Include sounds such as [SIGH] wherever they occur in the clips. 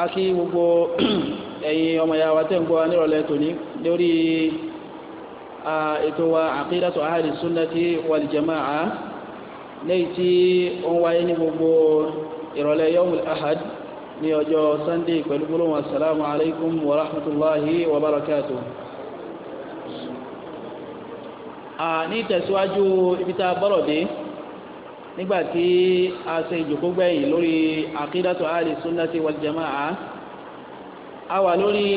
a kí gbogbo [CLEARS THROAT] ẹ̀yin ọmọ ìyá wa tẹ́ ń gbọ́ wa nírọ̀lẹ́ tòní lórí ètò wa àkídàtò ahli sunnati wal jama'a lẹ́yìn tí ó ń wáyé ní gbogbo ìrọ̀lẹ́ yawmul ahad ní ọjọ́ sunday pẹ̀lú gbólóhùn assalamu alaikum wa rahmatullahi wa barakatuh ní tẹ̀síwájú ibi tá a bọ́rọ̀ dé nígbà tí a ṣe ìjòkó gbẹ̀yìn lórí aqidatu ahli sunnati wal jama'a a wà lórí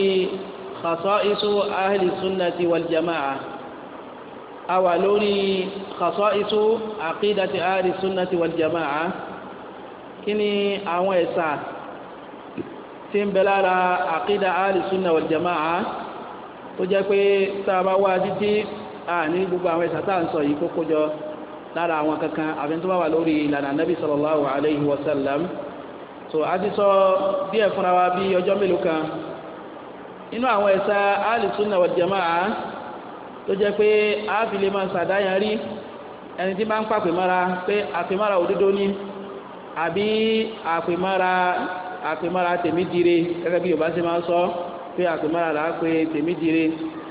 khasa'isu ahli sunnati wal jama'a a wà lórí khasa'isu aqidatu ahli sunnati wal jama'a kí ni àwọn ẹ̀sà tí ń bẹ lára àkídà wal jama'a tó jẹ́ pé tá a bá wá títí à gbogbo àwọn ẹ̀sà tá à ń sọ yìí kó lára àwọn kankan àfihàn tó bá wà lórí ìlànà nabi sallallahu alaihi wasallam so a ti sọ díẹ̀ fúnra wa bí ọjọ́ mélòó kan inú àwọn ẹ̀sà alìsúnà wal jamaa tó jẹ́ pé a fi lè máa sàdáyàn rí ẹni tí máa ń pàpè mọ́ra pé àpèmọ́ra òdodo ni àbí àpèmọ́ra tèmi dire gẹ́gẹ́ bí yorùbá ṣe máa sọ pé àpèmọ́ra là á tèmi dire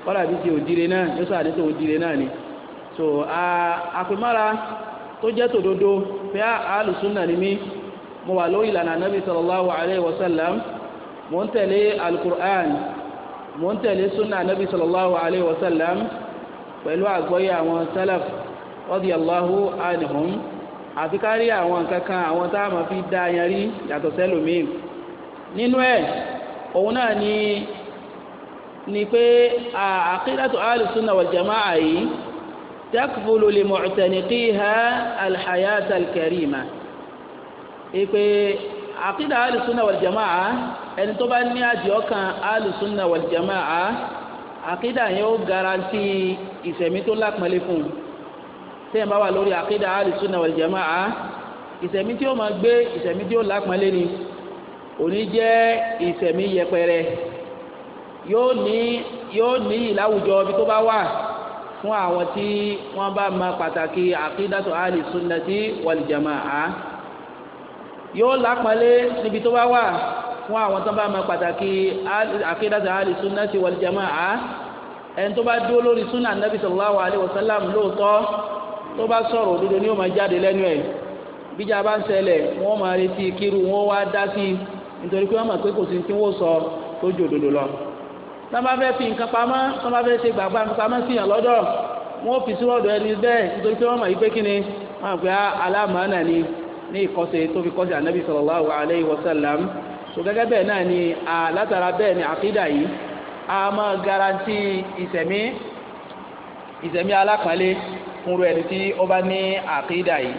wọ́n àbí ti òdire náà yóò sọ àdéhùn òdire náà ni so àpèmára tó jẹ́ tòdodo pé àlùsùnà ni mí mo wà lórí ìlànà anábì sallallahu alayhi wa sallam mo ń tẹ̀lé alukur'an mo ń tẹ̀lé sunna anábì sallallahu alayhi wa sallam pẹ̀lú àgbọ́yé àwọn salaf radiyallahu anhum àfi kárí àwọn kankan àwọn tá a máa fi dá yẹn yàtọ̀ sẹ́lòmíì nínú ẹ̀ òun náà ni ni pé àkídàtò alùsùnà wal jama'a yìí tẹ́kùfúlù lè mọ̀tẹ́nìkì ha alhayat alkarima ìpè àkídà alùsùnà wàlìjàmáà ẹni tó bá ní àjọ kan alùsùnà wàlìjàmáà àkídà yẹn ó garanti ìsẹ̀mí tó lápẹ́lẹ́ fún un tẹ́yìn bá wà lórí àkídà alùsùnà wàlìjàmáà ìsẹ̀mí tí ó máa gbé ìsẹ̀mí tí ó lápẹ́lẹ́ ni òní jẹ́ ìsẹ̀mí yẹpẹrẹ yóò ní yóò ní ìláwùjọ ibi tó bá wà fún àwọn tí wọ́n bá mọ pàtàkì àkídàtò àlì sunnati wal jama'a yóò lápọ̀lé níbi tó bá wà fún àwọn tó bá mọ pàtàkì àkídàtò àlì sunnati wal jama'a ẹni tó bá dúró lórí sunna nabi sallallahu alayhi wa sallam lóòótọ́ tó bá sọ̀rọ̀ òdodo ni ó máa jáde lẹ́nu ẹ̀ bíjà bá ń ṣẹlẹ̀ wọ́n máa retí kírú wọ́n wá dá sí nítorí pé wọ́n mọ̀ pé kò sí ní tí wọ́n sọ tó jòdòdò lọ tó bá fẹ́ fi nǹkan pamọ́ tó bá fẹ́ ṣe gbàgbà pamọ́ sí yàn lọ́dọ̀ wọ́n fi síwọ́dọ̀ ẹni bẹ́ẹ̀ nítorí pé wọ́n mọ̀ wípé kíni wọ́n àgbẹ̀ aláàmánà ni ní ìkọ́sẹ̀ tó fi kọ́sẹ̀ ànábì sallallahu alaihi wasallam tó gẹ́gẹ́ bẹ́ẹ̀ náà ni látara bẹ́ẹ̀ ni àkídà yìí a máa garanti ìsẹ̀mí ìsẹ̀mí alápọ̀nlé fún irú ẹni tí ó bá ní àkídà yìí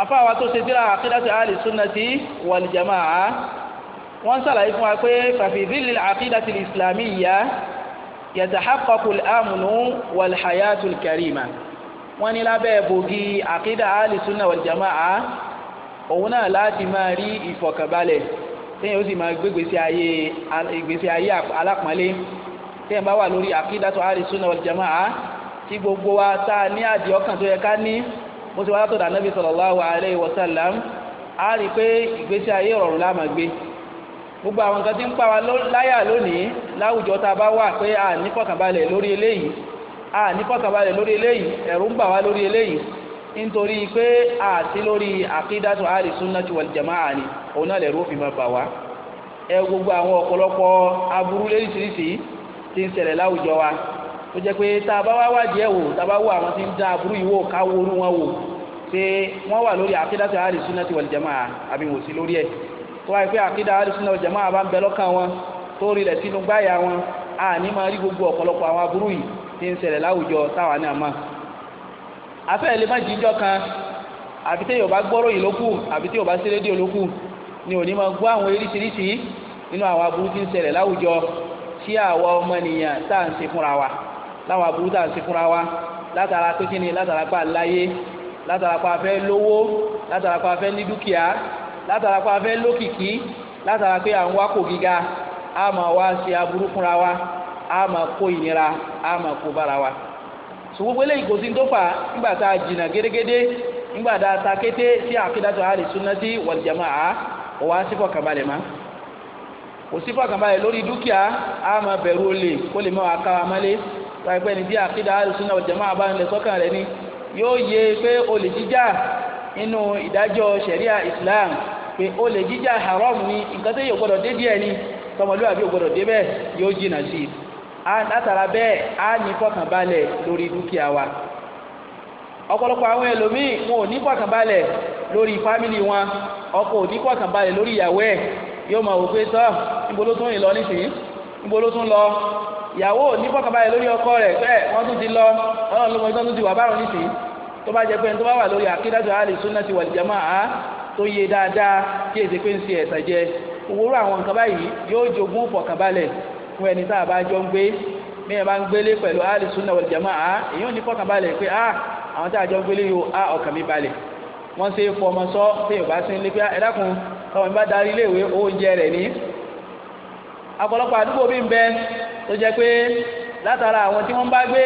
afáwa tó ṣe a àkídà tó ahli sunnati wal jama'a wọ́n sàlàyé fún wa pé fàfìdílì àkídàtì ìsìlámì yá yàtàhákọ́kù àmùnú wàlhàyàtù kẹrìmà wọ́n ní lábẹ́ bògì àkídà alìsúnà wàljàmáà òun náà láti máa rí ìfọ̀kànbalẹ̀ téèyàn ó sì máa gbé ìgbésí ayé alápọ̀nlé téèyàn bá wà lórí àkídàtù alìsúnà wàljàmáà tí gbogbo wa tá a ní àdìọ́kàn tó yẹ ká ní mo ti wá látọ̀dọ̀ ànábì sallallahu alaihi wasallam á rí pé ìgbésí ayé rọrùn la gbé gbogbo àwọn nǹkan tí ń pa wa láyà lónìí láwùjọ tá a bá wà pé a ní fọkànbalẹ̀ lórí eléyìí a ní fọkànbalẹ̀ lórí eléyìí ẹ̀rù ń bà wá lórí eléyìí nítorí pé a ti lórí àkídàtù ahli sunnati wal jama'a ni òun náà lẹ̀rù òfin máa bà wá ẹ gbogbo àwọn ọ̀pọ̀lọpọ̀ aburú lóríṣiríṣi tí ń ṣẹlẹ̀ láwùjọ wa ó jẹ́ pé tá a bá wá wádìí ẹ̀ wò tá a bá wò àwọn tí ń dá aburú yìí wò ká worú wọn wò pé wọ́n wà lórí àkídàtù ahli sunnati wal jama'a àbí wò sí lórí ẹ̀ tó wáyé pé àkídà alùsùnà wal jamaa bá ń bẹ lọ́kàn wọn tó rí lẹ̀ sínú gbáyà wọn a ní máa rí gbogbo ọ̀pọ̀lọpọ̀ àwọn aburú yìí tí ń ṣẹlẹ̀ láwùjọ táwa náà mọ̀ afẹ́ lè má jíjọ́ kan àbí tí yóò bá gbọ́rọ̀ yìí lókù àbí tí yóò bá sí rédíò lókù ni òní máa gbọ́ àwọn eríṣiríṣi nínú àwọn aburú tí ń ṣẹlẹ̀ láwùjọ tí àwa ọmọnìyàn tá à ń ṣe ni látara pa láyé látara pa afẹ́ lówó látara pa afẹ́ ní látara pé a fẹ́ lókìkí látara pé à ń wá kò gíga a máa wá ṣe aburú fúnra wa a máa kó ìnira a máa kó bára wa sùgbọ́n eléyìí kò sí tó fà nígbà tá a jìnnà gédégédé nígbà tá a ta kété sí àkídàtọ̀ àlè sunnati wal jamaa ó wá sí fọkànbalẹ̀ mọ́ kò sí fọkànbalẹ̀ lórí dúkìá a máa bẹ̀rù olè kó lè máa ká wa mọ́lé láì pẹ́ ni bí àkídà àlè sunna wal jamaa bá ń lẹ sọ́kàn rẹ̀ ni yóò yẹ pé olè jíjà nínú ìdájọ́ ṣẹ̀ríà Islam pé ó lè haram ni nǹkan tó yẹ gbọ́dọ̀ dé díẹ̀ ni tọmọlúwàbí ò gbọ́dọ̀ dé bẹ́ẹ̀ yóò jìnà sí i látara bẹ́ẹ̀ á ní fọkànbalẹ̀ lórí dúkìá wa ọ̀pọ̀lọpọ̀ àwọn ẹlòmíì wọn ò ní fọkànbalẹ̀ lórí fámìlì wọn ọkọ ò ní fọkànbalẹ̀ lórí ìyàwó ẹ̀ yóò máa wò pé tọ́ lọ nísìnyí níbo lọ ìyàwó ò ní fọkànbalẹ̀ ọkọ rẹ̀ pé wọ́n tún lọ ọlọ́run ló mọ ìtọ́jú ti wà nísìnyí tó bá jẹ pé tó bá wà lórí tó yé dáadáa kí èsì pé ń ṣe ẹ̀sà jẹ òwúrò àwọn nǹkan báyìí yóò jogún fọkànbalẹ̀ fún ẹni tá a bá jọ ń gbé bí bá ń gbélé pẹ̀lú ahlu sunna wal jama'a èyí ò ní fọkànbalẹ̀ pé a ah, àwọn tá a jọ ń gbélé yóò a ah, ọkàn mi balẹ̀ wọ́n ṣe fọmọ sọ pé yorùbá sí ilé pé ẹ dákun tọmọ bá darí iléèwé oúnjẹ rẹ̀ ní. ọ̀pọ̀lọpọ̀ àdúgbò bí ń bẹ tó jẹ́ pé látara àwọn tí wọ́n bá gbé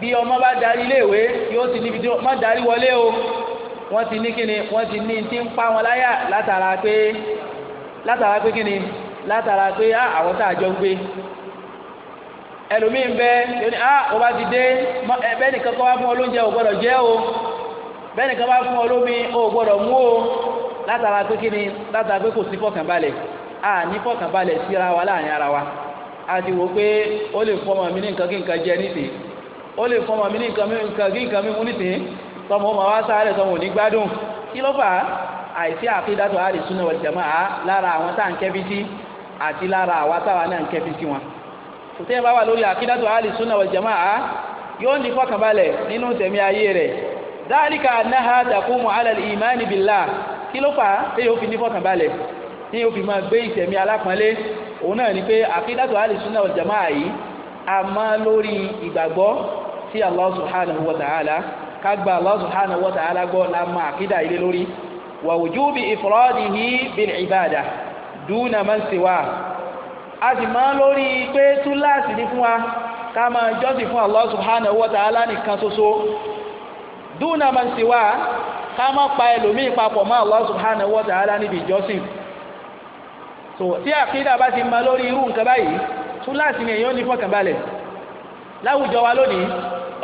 bí ọmọ bá darí iléèwé yóò ti níbi tí wọ́n darí wọlé o wọ́n ti ní kíni wọ́n ti ní ti ń pa wọn láyà látara pé látara pé kíni látara pé á ah, àwọn tá a jọ gbé ẹlòmíín bẹ lónìí á ah, o bá ti dé bẹ́ẹ̀ nìkan kọ́ bá fún ọ lóúnjẹ ò gbọ́dọ̀ jẹ o bẹ́ẹ̀ nìkan bá fún ọ lómi ò gbọ́dọ̀ mú o látara pé kíni látara pé kò sí fọkànbalẹ̀ a ní fọkànbalẹ̀ síra wa láàrin ara wa a ti wò pé ó lè fọmọ mi ní nǹkan kí nǹkan jẹ nísìnyí ó lè fọmọ mi ní nǹkan kí nǹkan mi mú tọmọ ọmọ wa sáré tọmọ òní gbádùn kí ló fà á àìsí àkídàtọ̀ àlè súnà wal jama'a lára àwọn tá à ń kẹ́bí sí àti lára àwa táwa náà ń kẹ́bí sí wọn. kò tẹ́yìn bá wà lórí àkídàtọ̀ àlè súnà wal jama'a yóò ní fọkànbalẹ̀ nínú tẹ̀mí ayé rẹ̀ dáríkà náà taqumu ala al-imani billah kí ló fà á tẹ́yìn ó fi ní fọkànbalẹ̀ ní ó fi máa gbé ìtẹ̀mí alápọ̀nlé òun náà ni pé àkídàtọ̀ àlè súnà wal jama'a yìí àmọ́ lórí ìgbàgbọ́ sí Allah subhanahu wa ta'ala kágbà Allah subhanahu wa ta'ala gbọ́ la mọ àkídà ilé lórí wa wujubi ifradihi bil ibada duna man siwa a sì máa lórí pé túláàsì ní fún wa ká máa jọ́sìn fún Allah subhanahu wa ta'ala nìkan ṣoṣo duna man siwa ká má pa ẹlòmíì papọ̀ mọ́ Allah subhanahu wa ta'ala níbi so tí àkídà bá ti máa lórí irú nǹkan báyìí túláàsì ni èèyàn ní fọkànbalẹ̀ láwùjọ wa lónìí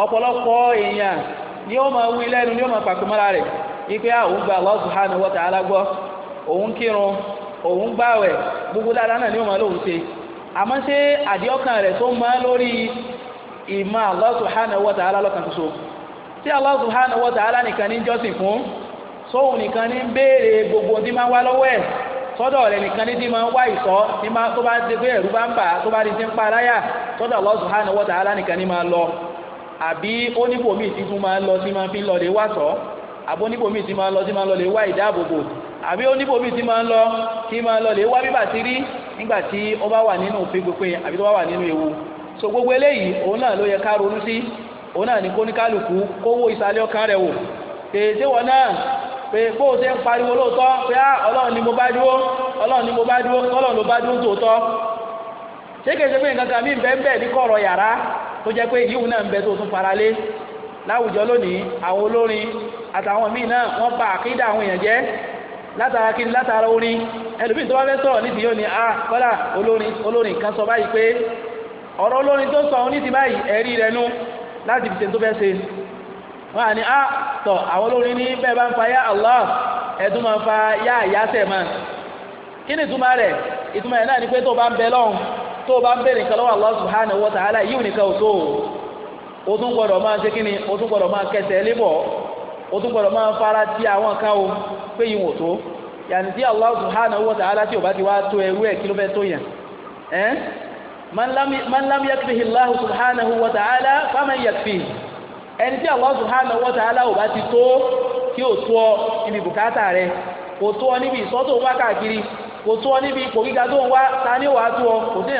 ọ̀pọ̀lọpọ̀ èèyàn ni ó ma wí lẹ́nu ni ó máa pàkó rẹ̀ ipe àwọn ah, gba Allah subhanahu wa ta'ala gbọ́ òun kírun òun gbogbo dáadáa náà ni ó ma lóun ṣe àmọ́ ṣé àdíọ́kàn rẹ̀ tó máa lórí ìmọ̀ Allah subhanahu wa ta'ala lọ́kàn so tí Allah subhanahu wa alá nìkan ní fún sóhun nìkan ní béèrè gbogbo tí máa wá lọ́wọ́ ẹ̀ rẹ̀ nìkan ní tí máa wá tó bá ti pé ẹ̀rú àbí oníbòmí tí tún máa ń lọ sí máa fi ń lọ lè wá sọ àbí oníbòmí tí máa ń lọ sí máa ń lọ lè wá ìdáàbòbò àbí oníbòmí tí máa ń lọ tí máa ń lọ lè wá bíbà ti rí nígbà tí ó bá wà nínú pépépé àbí tó bá wà nínú ewu so gbogbo eléyìí òun náà ló yẹ ká ronú sí òun náà ní kóníkálukú kówó ìsàlẹ̀ ọkàn wọn náà pé bó o ṣe ń pariwo lóòótọ́ pé á ọlọ́run ni mo bá dúró ọlọ́run ni mo bá dúró tó jẹ́ pé yíwu náà ń bẹ tó tún faralé láwùjọ lónìí àwọn olórin àtàwọn míì náà wọ́n bà àkídà àwọn èèyàn jẹ́ látara kí ni látara orin ẹlòmíì tó bá fẹ́ sọ̀rọ̀ nídìí yóò ní a ah, kọ́là olórin olórin kan sọ báyìí pé ọ̀rọ̀ olórin tó sọ òun nídìí báyìí ẹ̀rí rẹ̀ nú láti fi ṣe tó fẹ́ ṣe wọ́n á ní a ah, tọ̀ àwọn olórin ní bẹ́ẹ̀ bá ń fa yá Allah ẹ̀dùn máa ń fa yá àyáṣẹ̀ máa kí ni ìtumọ̀ rẹ̀ ìtumọ̀ rẹ̀ náà ni pé tó bá ń bẹ lọ́hùn tó o bá ń bẹ̀rẹ̀ Allah subhanahu wa ta'ala yíò nìkan otu tó o gbọ́dọ̀ máa ṣe kí ni gbọ́dọ̀ máa kẹsẹ̀ lébọ̀ gbọ́dọ̀ máa fara ti àwọn kan o wò tó Allah wa ta'ala tí o bá ti wá tó ẹrú ẹ̀ tó yẹn man lam yakfihi Allah subhanahu wa ta'ala faman yakfihi ẹni Allah subhanahu wa ta'ala ò bá ti otu o ọ ọ kò tó ọ níbi ipò gíga tó ń wá ta wàá ọ kò sí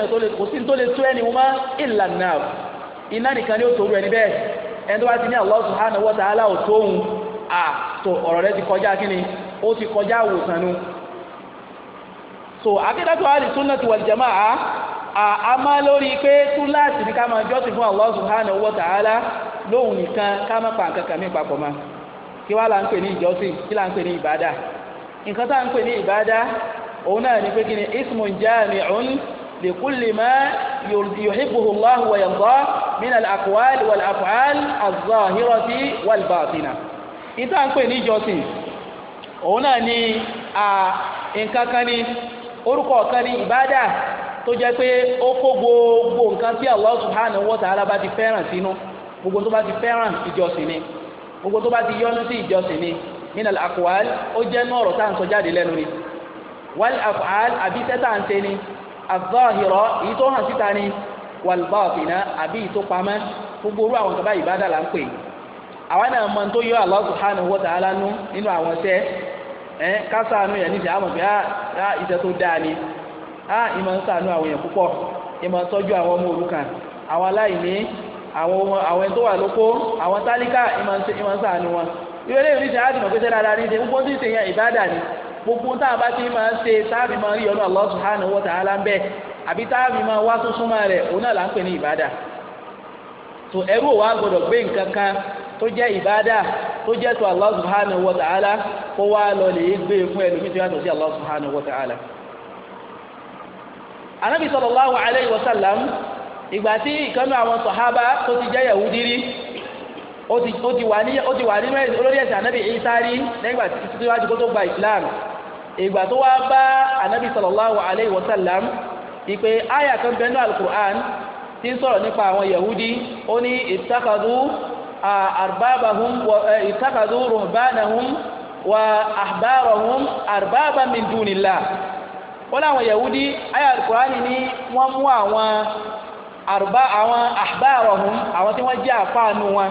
ní tó lè tó ẹni wọn ìlànà iná nìkan ni ó tó rú ẹni bẹ́ẹ̀ ẹni tó bá ti ní Allah subhanahu wa tó à tó rẹ ti kọjá kí ni ti kọjá àwòsàn nu so a máa lórí pé tún láti ká máa ma kí wá ń pè ní ìjọsìn kí ń pè ní nǹkan tá à ń òun náà ní pé kí ni ismun jami'un li kulli ma yuhibbuhu Allahu wa yarda min al-aqwal wal af'al az-zahirati wal batina ìta ń pè ní ìjọsìn òun náà ní nǹkan kan ní orúkọ kan ní ìbádà tó jẹ́ pé ó kó gbogbo nǹkan tí Allah subhanahu wa ta'ala bá ti fẹ́ràn sínú gbogbo tó bá ti fẹ́ràn ìjọsìn ni gbogbo tó bá ti yọ́nú sí ìjọsìn ni min al ó jẹ́ nú ọ̀rọ̀ tá ń sọ jáde lẹ́nu ni والأفعال af'al àbí tẹ́tà الظاهرة tẹ́ ni az-zahira èyí tó hàn síta ni wal batina àbí ìtó pamẹ́ gbogbo orú àwọn kaba ìbádà là ń pè àwa náà mọ tó yọ Allah subhanahu wa ta'ala nú nínú àwọn tẹ́ ẹ kásánú yẹn níbi àmọ̀ pé á iṣẹ́ tó dáa ni á ìmọ̀ ń sànú àwọn yẹn púpọ̀ ìmọ̀ tọ́jú àwọn ọmọ òrukàn àwọn aláìní àwọn ẹni tó wà lóko àwọn tálíkà ìmọ̀ ń sànú wọn ìwé lẹ́yìn oníṣẹ́ á dìmọ̀ pé ni gbogbo tá a bá ti máa ń ṣe táàbì máa rí ọlọ́ Allah subhanahu wa ta'ala ń bẹ̀ àbí táàbì máa wá tún súnmọ́ rẹ̀ òun náà là ń pè ní ìbádà tó ẹrú òwa gbọdọ̀ gbé nǹkan kan tó jẹ́ ìbádà tó jẹ́ tó Allah subhanahu wa ta'ala kó wá lọ lè gbé e fún ẹlòmíì tó yàtọ̀ sí Allah subhanahu wa ta'ala. anábì sallallahu alayhi wa ìgbà tí ìkànnì àwọn sàhábà ó ti ó ti wà ní ó ti wà nínú olórí ẹ̀sìn anabi isaari nígbà tí wàá jùkọ́ tó gba islam ìgbà tó wàá bá anabi sallallahu alayhi wa sallam ìpè àyà kan bẹ́ẹ̀ náà alukur'an ti ń sọ̀rọ̀ nípa àwọn yahudi ó ní ìtàkàdú arbabahum wa ìtàkàdú e, ruhbanahum wa ahbarahum arbaba min dunillah wọ́n láwọn yahudi àyà alukur'an ni wọ́n mú àwọn àrùbá àwọn tí wọ́n jẹ́ àfáànù wọn.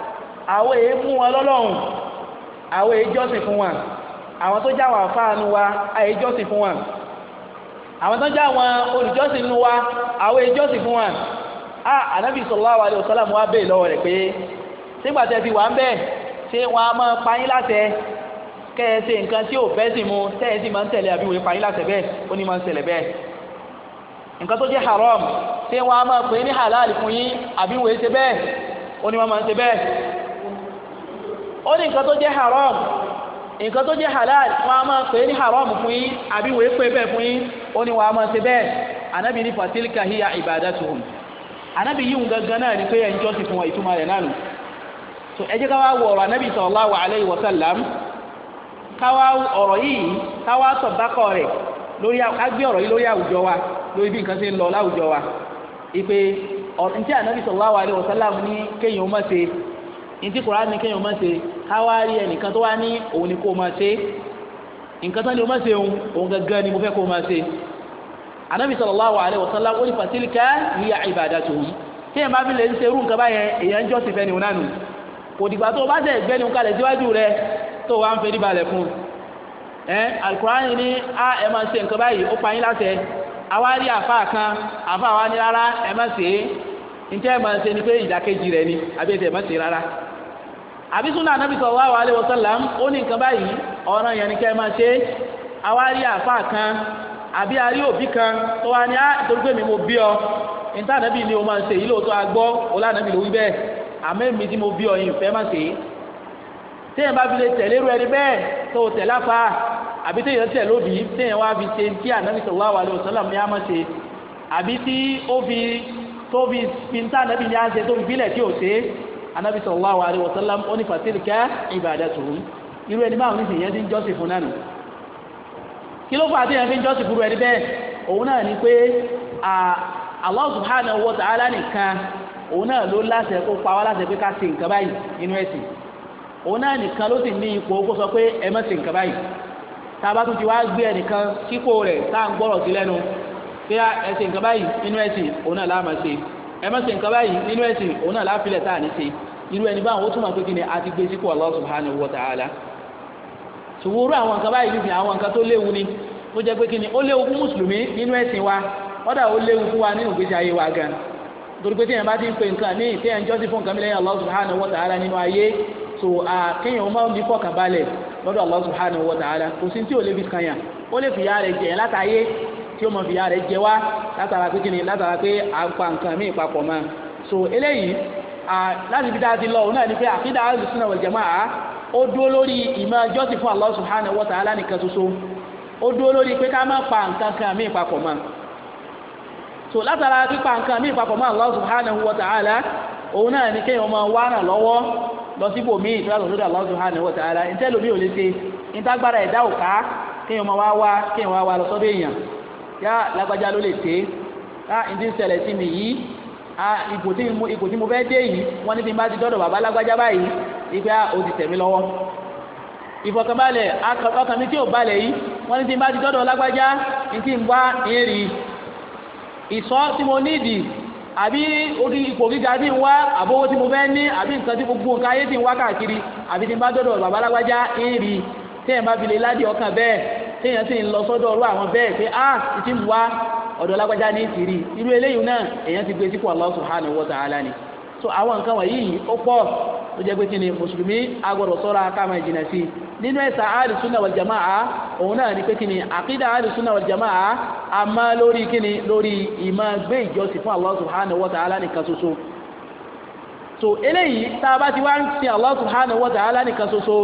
àwọn èyí mú wọn lọ́lọ́run àwọn èyí jọ́sìn fún wọn àwọn tó já wọn àfáànú wa àyè jọ́sìn fún wọn àwọn tó já wọn olùjọ́sìn nú wa àwọn èyí jọ́sìn fún wọn a ànábì sallallahu alaihi wasallam wa bẹ́ẹ̀ lọ́wọ́ rẹ̀ pé sígbà tẹ́ fi wà ń bẹ́ẹ̀ ṣé wọn a máa pa yín láṣẹ kẹ́ ẹ ṣe nǹkan tí ò fẹ́ sì mu tẹ́ ẹ sì máa ń tẹ̀lé àbí wọ́n pa yín láṣẹ bẹ́ẹ̀ ó ní máa ń ṣẹlẹ̀ bẹ́ẹ̀ nǹkan tó jẹ́ haram ṣé wọn a máa pè é ní halal fún yín àbí wọ́n ṣe bẹ́ẹ̀ ó ní wọ́n máa ń bẹ́ẹ̀ ó ní nǹkan tó jẹ́ haram nǹkan tó jẹ́ halal wọ́n á máa pè é ní haram fún yín àbí wọ́n pè bẹ́ẹ̀ fún yín ó ní wọ́n á máa ṣe bẹ́ẹ̀ anábì ní fatilka hiya ibadatuhum anábì yíhun gangan náà ni pé ẹ̀ ń jọ́sìn fún wọn ìtumọ̀ rẹ̀ náà nù so ẹ jẹ́ ká wá wọ ọ̀rọ̀ anábì sallallahu alayhi wa sallam ká wá ọ̀rọ̀ yìí ká wá sọ̀ bákọ̀ rẹ̀ lórí ká gbé ọ̀rọ̀ yìí lórí àwùjọ wa lórí bí nǹkan ṣe ń lọ láwùjọ wa ìpè ọ̀rọ̀ ntí anábì sallallahu alayhi wa sallam ní kéèyàn ó má ṣe ntí kura ni kéèyàn máa ṣe káwá ẹnìkan tó wá ní òun ni kó máa ṣe nǹkan tó ní o máa ṣe òun òun gangan ni mo fẹ́ kó máa ṣe anabi sallallahu alayhi wa sallam ó ní fatilka hiya ibadatuhum téèyàn bá fi lè ń ṣe irú nǹkan báyẹn èèyàn ń jọ́ sí fẹ́ni onánu kò dìgbà tó o bá tẹ̀ gbẹ́ni kalẹ̀ síwájú rẹ tó o ń fẹ́ níbalẹ̀ fún un ẹ alukurani a ẹ máa ṣe nǹkan báyìí ó pa yín láṣẹ àwa rí àfa kan àfa wa ní rárá ẹ máa ṣe ni pé ìdákejì rẹ ni àbí ẹ máa ṣe rárá àbí súnà anábì sallallahu alaihi wasallam ó ní nǹkan báyìí ọ̀ràn yẹn ni kẹ́ ẹ máa ṣe awárí àfa kan àbí arí òbí kan tó wá ní á torí pé mi mo bí ọ níta anábì ni o máa ṣe yìí lóòótọ́ agbọ́ ọlá anábì ló wí bẹ́ẹ̀ àmọ́ èmi tí mo bí ọ yìí fẹ́ máa ṣe téèyàn bá fi lè tẹ̀lé irú ẹni bẹ́ẹ̀ tó o tẹ̀ láfa àbí téèyàn tẹ̀ lóbi téèyàn wá fi ṣe tí anábì sallallahu alaihi wasallam ní á máa ṣe àbí tí ó fi tó fi fi anábì ní á ṣe tó fi bílẹ̀ tí ò ṣe é anábì sallallahu alaihi wasallam ó ní fatilka ibadatuhum irú ẹni báwọn nísìnyí yẹn ti ń jọ́sìn fún náà kí ló fà á tí yẹn fi ń jọ́sìn fún ẹni bẹ́ẹ̀ òun náà ni pé Allah subhanahu wa ta'ala nìkan òun náà ló láṣẹ kó pa wá láṣẹ pé ká ṣe nǹkan báyìí nínú ẹ̀sìn òun náà nìkan ló sì ní ipò kó sọ pé ẹ má tá a bá tún ti wá gbé ẹnìkan sípò tá à ń gbọ́rọ̀ sí lẹ́nu pé ẹ ṣe nǹkan báyìí nínú ẹ̀sìn òun ẹ má ṣe nǹkan báyìí nínú ẹ̀sìn òun náà láfilẹ̀ tá à ní ṣe irú ẹni báwọn ó túmọ̀ pé kí ni a ti gbé sípò Allah subhanahu wa ta'ala ṣùgbọ́n àwọn nǹkan báyìí nìyí àwọn nǹkan tó léwu ni ó jẹ́ pé kí ni ó léwu fún mùsùlùmí nínú ẹ̀sìn wa kọ́dà ó léwu fún wa nínú ìgbésí ayé wa gan torí pé téèyàn bá ti ń pe nǹkan míì téèyàn jọ́sìn fún nǹkan mi lẹ́yìn Allah subhanahu wa ta'ala nínú ayé so kéèyàn máa ń bí fọkànbalẹ̀ lọ́dọ̀ Allah subhanahu wa ta'ala kò sí tí ò lè fi kàn yàn ó lè fi yára jẹ̀yàn látàyé tí ó mọ fìyà rẹ̀ jẹ wá látara pé kíni látara pé à ń pa nǹkan míì papọ̀ mọ́ so eléyìí láti fi dáa ti lọ òun náà ni pé àkídà alùsùnà wal jamaa ó dúró lórí ìmọ̀ jọ́sìn fún Allah subhanahu wa ta'ala nìkan ṣoṣo ó dúró lórí pé ká má pa nǹkan kan míì papọ̀ mọ́ so látara pípa nǹkan míì papọ̀ mọ́ Allah subhanahu wa ta'ala òun náà ni kéèyàn máa wá ràn lọ́wọ́ lọ síbò míì tó yàtọ̀ lórí Allah subhanahu wa ta'ala ìtẹ́lómi ò lè ṣe ìtagbára ẹ̀dá òká kéèyàn máa wá wá kéèyàn wá wá lọ sọ́dọ̀ yá lágbájá ló lè tè é á ìdí ṣẹlẹ̀ sí mi yìí á ipò tí mo ipò tí mo fẹ́ dé yìí wọ́n ní bí n bá ti dọ́dọ̀ bàbá lágbájá báyìí ìgbà ó ti tẹ̀ mí lọ́wọ́ ìfọ̀kànbalẹ̀ ọkàn mi tí ò balẹ̀ yìí wọ́n ní tí n bá ti dọ́dọ̀ lágbájá ní tí n bá ń rí ìsọ́ tí mo nídìí àbí orí ipò gíga tí ń wá àbówó tí mo fẹ́ ní àbí nǹkan tí gbogbo nǹkan ayé tí ń wá káàkiri àbí tí n bá dọ́dọ̀ bàbá lágbájá ń rí téèyàn sì ń lọ sọ́dọ̀ ọ̀rọ̀ àwọn bẹ́ẹ̀ pé a ah, ti mú wa ọ̀dọ̀ lágbájá ní ìtìrí irú eléyìí náà èèyàn ti gbé sípò Allah subhanahu wa ta'ala ni so àwọn nǹkan wọ̀nyí ó pọ̀ tó jẹ́ pé kí ni mùsùlùmí agbọ̀dọ̀ sọ́ra ká máa jìnà sí nínú ẹ̀sà alìsúnà wal jama'a òun náà ni pé kí ni àkídà alìsúnà wal jama'a a máa lórí kí ni lórí ìmá gbé ìjọsìn fún Allah subhanahu wa ta'ala nìkan ṣoṣo so eléyìí tá a bá ti wá ń sin Allah subhanahu wa ta'ala nìkan ṣoṣo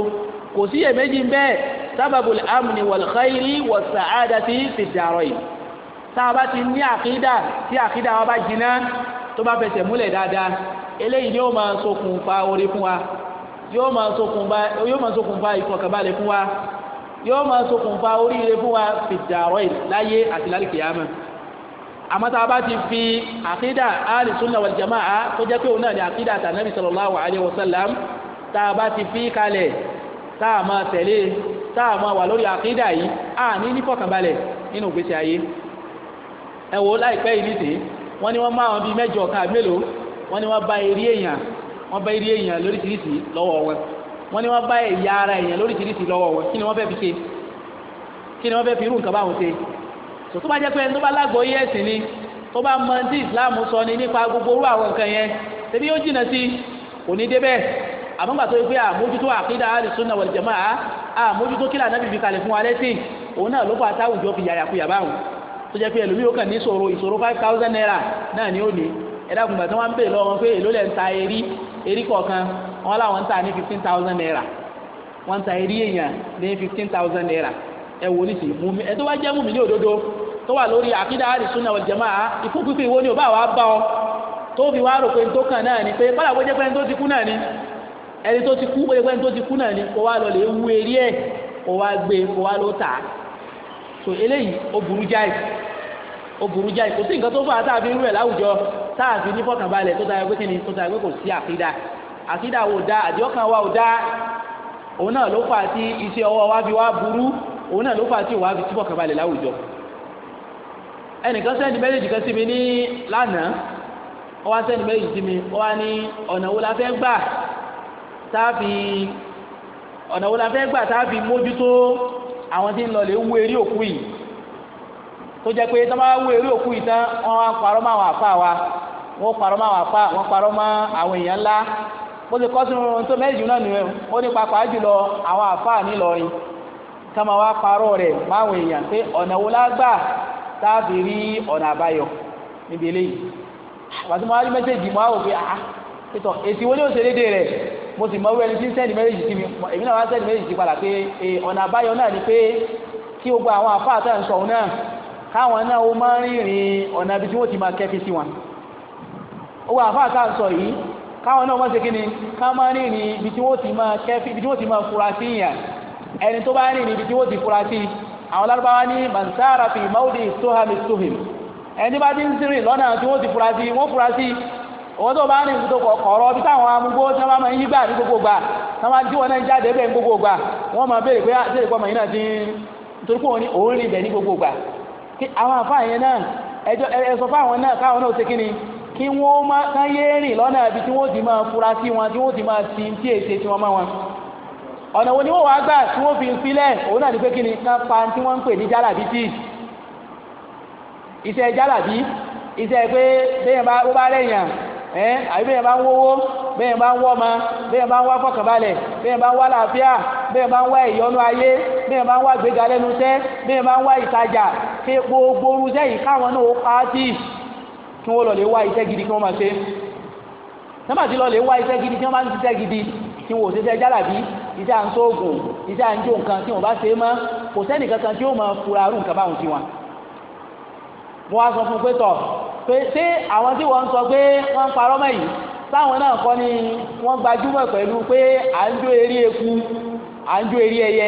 kò sí iyèméjì bẹ́ẹ̀ sábàbùl amni wal khayri was sa'adati fid darain tá a bá ti ní àkídà tí àkídà wa bá jiná tó bá fẹsẹ̀ múlẹ̀ dáadáa eléyìí yóò máa ṣokùnfà orí fún wa yóò máa ṣokùnfà yóò máa ṣokùnfà ìfọ̀kànbalẹ̀ fún wa yóò máa ṣokùnfà oríire fún wa fid darain láyé àti lálùkìyàmà àmọ́ tá a bá ti fi àkídà ahlu sunna wal jamaa tó jẹ́ pé òun náà ni àkídà tànàbì sallallahu alaihi wasallam tá a bá ti fi kalẹ̀ tá a máa tẹ̀lé tá a máa wà lórí àkídà yìí a ní nífọ̀kànbalẹ̀ nínú ìgbésí ayé ẹ wò láìpẹ́ yìí nìsín wọ́n ní wọ́n máa wọn bíi mẹ́jọ kan àbí mélòó wọ́n ní wọ́n bá eré èèyàn wọ́n bá eré èèyàn lóríṣiríṣi lọ́wọ́ wọn wọ́n ní wọ́n bá ẹ̀yà ara èèyàn lóríṣiríṣi lọ́wọ́ wọn kí ni wọ́n fẹ́ fi ṣe kí ni wọ́n fẹ́ fi irú nǹkan báwọn ṣe tó bá jẹ́ pé tó bá lágbo yé ẹ̀sìn ni tó bá mọ tí Islam sọ ni nípa gbogbo orú àwọn nǹkan yẹn tẹbi yóò jìnnà sí kò ní débẹ̀ àmọ́gbà tó yẹ pé àmójútó àkídà àlùsùnà wal jamaa àmójútó kílà nábì fi kalẹ̀ fún wa lẹ́sìn òun náà ló fà táwùjọ fi yàyà kuyà báwọn tó jẹ́ pé ẹlòmíì ó kàn ní ìṣòro ìṣòro five thousand naira náà ni ó ní ẹ̀dá kùgbà tí wọ́n ń bèèrè lọ́wọ́ pé èló lẹ̀ ń ta erí erí kọ̀ọ̀kan wọn làwọn ń ta ní fifteen thousand naira wọ́n ń ta erí èèyàn ní fifteen thousand naira ẹ wò nísì mùmí ẹ tó wá jẹ́ mùmí ní òdodo tó wà lórí àkídà àdìsúnà wal jamaa ìfúnpípé ìwọ ni ò bá wa bá ọ tó fi wá rò pé tó kàn náà ni pé bọ́lá bó jẹ́ pé tó ti kú náà ni ẹni tó ti kú pẹ́ẹ́pẹ́ ẹni tó ti kú náà ni kò wá lọ lè wú eré ẹ̀ kò wá gbé kò wá ló tà á so eléyìí ó burú jáì ó burú jáì kò sí nǹkan tó fà á táàbí irú ẹ̀ láwùjọ táàbí ní fọkànbalẹ̀ tó tayọ pé kí ni tó tayọ pé kò sí àkídà àkídà wò dá àdìọ́kàn wa ò dá òun náà ló fà á tí iṣẹ́ ọwọ́ wa fi wá burú òun náà ló fà á tí òwá fi tí fọkànbalẹ̀ láwùjọ ẹnìkan sẹ́ni méjèèjì kan sí mi ní lánàá ó wá sẹ́ni méjèèjì sí mi ó ní ọ̀nà wo la fẹ́ gbà táàbì ọ̀nà wo la fẹ́ gbà táàbì mójútó àwọn tí ń lọ lè wú eré òkú yìí tó jẹ́ pé tọ́ba wú eré òkú yìí tán wọ́n á parọ́ mọ́ àwọn àfa wa wọ́n parọ́ mọ́ àwọn àfa wọ́n parọ́ mọ́ àwọn èèyàn ńlá bó ti kọ́ sínú ohun tó mẹ́rin náà nìyẹn ó ní pàápàá jùlọ àwọn àfa nílọrin kama wa parọ́ rẹ̀ máwọn èèyàn pé ọ̀nà wo la gbà táàbì rí ọ̀nà àbáyọ níbi eléyìí àbátúmọ̀ wá rí mẹ́sẹ̀jì mọ́ mo sì mọ wẹ́ni tí ń sẹ́ndì mẹ́rẹ́jì sí mi èmi náà wá sẹ́ndì mẹ́rẹ́jì sí padà pé ọ̀nà àbáyọ náà ni pé kí gbogbo àwọn àfáà tá à ń sọ òun náà káwọn náà ó máa ń rìnrìn ọ̀nà ibi tí wọ́n ti máa kẹ́fí sí wọn owó àfáà tá à ń sọ yìí káwọn náà wọ́n ṣe kí ni ká máa rìnrìn ibi tí wọ́n ti máa kẹ́fí ibi tí wọ́n ti máa fura sí yàn ẹni tó bá rìnrìn ibi tí wọ́n ti fura sí àwọn lárúbáwá ní mansara fi maudi tohami tohim ẹni bá ti ń rìn lọ́nà tí wọ́n ti fura sí wọ́n fura sí òun tó bá rìn tó kọ̀ọ̀rọ̀ bí táwọn amúgbó tí wọ́n bá máa ń yígbà ní gbogbo gbà tí wọ́n tí náà jáde bẹ́ẹ̀ gbogbo gbà wọ́n máa béèrè pé àti ìpọ́ màá ti ń torí òun gbogbo gbà kí àwọn àfáà náà ẹjọ́ ẹsọ fáwọn náà náà ṣe kí ni kí wọ́n máa yé rìn lọ́nà tí wọ́n ti máa wọn ọ̀nà ẹ àbí bẹ́ẹ̀ bá ń wówó bẹ́ẹ̀ bá ń wọ́ ma bẹ́ẹ̀ bá ń wá fọkànbalẹ̀ bẹ́ẹ̀ bá ń wá làáfíà bẹ́ẹ̀ bá ń wá ìyọnu ayé bẹ́ẹ̀ bá ń wá gbéga lẹ́nu iṣẹ́ bẹ́ẹ̀ bá ń wá ìtajà ṣe gbogbo orúṣẹ́ yìí káwọn náà ó pa á tì kí wọ́n lọ lè wá iṣẹ́ gidi kí wọ́n máa ṣe nígbà tí lọ lè wá iṣẹ́ gidi tí wọ́n bá ń ṣiṣẹ́ gidi tí wọ́n ò ṣiṣẹ́ jálàbí iṣẹ́ à ń sóògùn iṣẹ́ à ń jó nǹkan tí wọ́n bá ṣe é mọ́ kò sẹ́nìkankan tí ó máa fura arú nǹkan pé ṣé àwọn tí wọ́n ń sọ pé wọ́n ń parọ́ mọ́ yìí táwọn náà kọ́ ni wọ́n gbajúmọ̀ pẹ̀lú pé à ń jó eré eku à ń jó eré ẹyẹ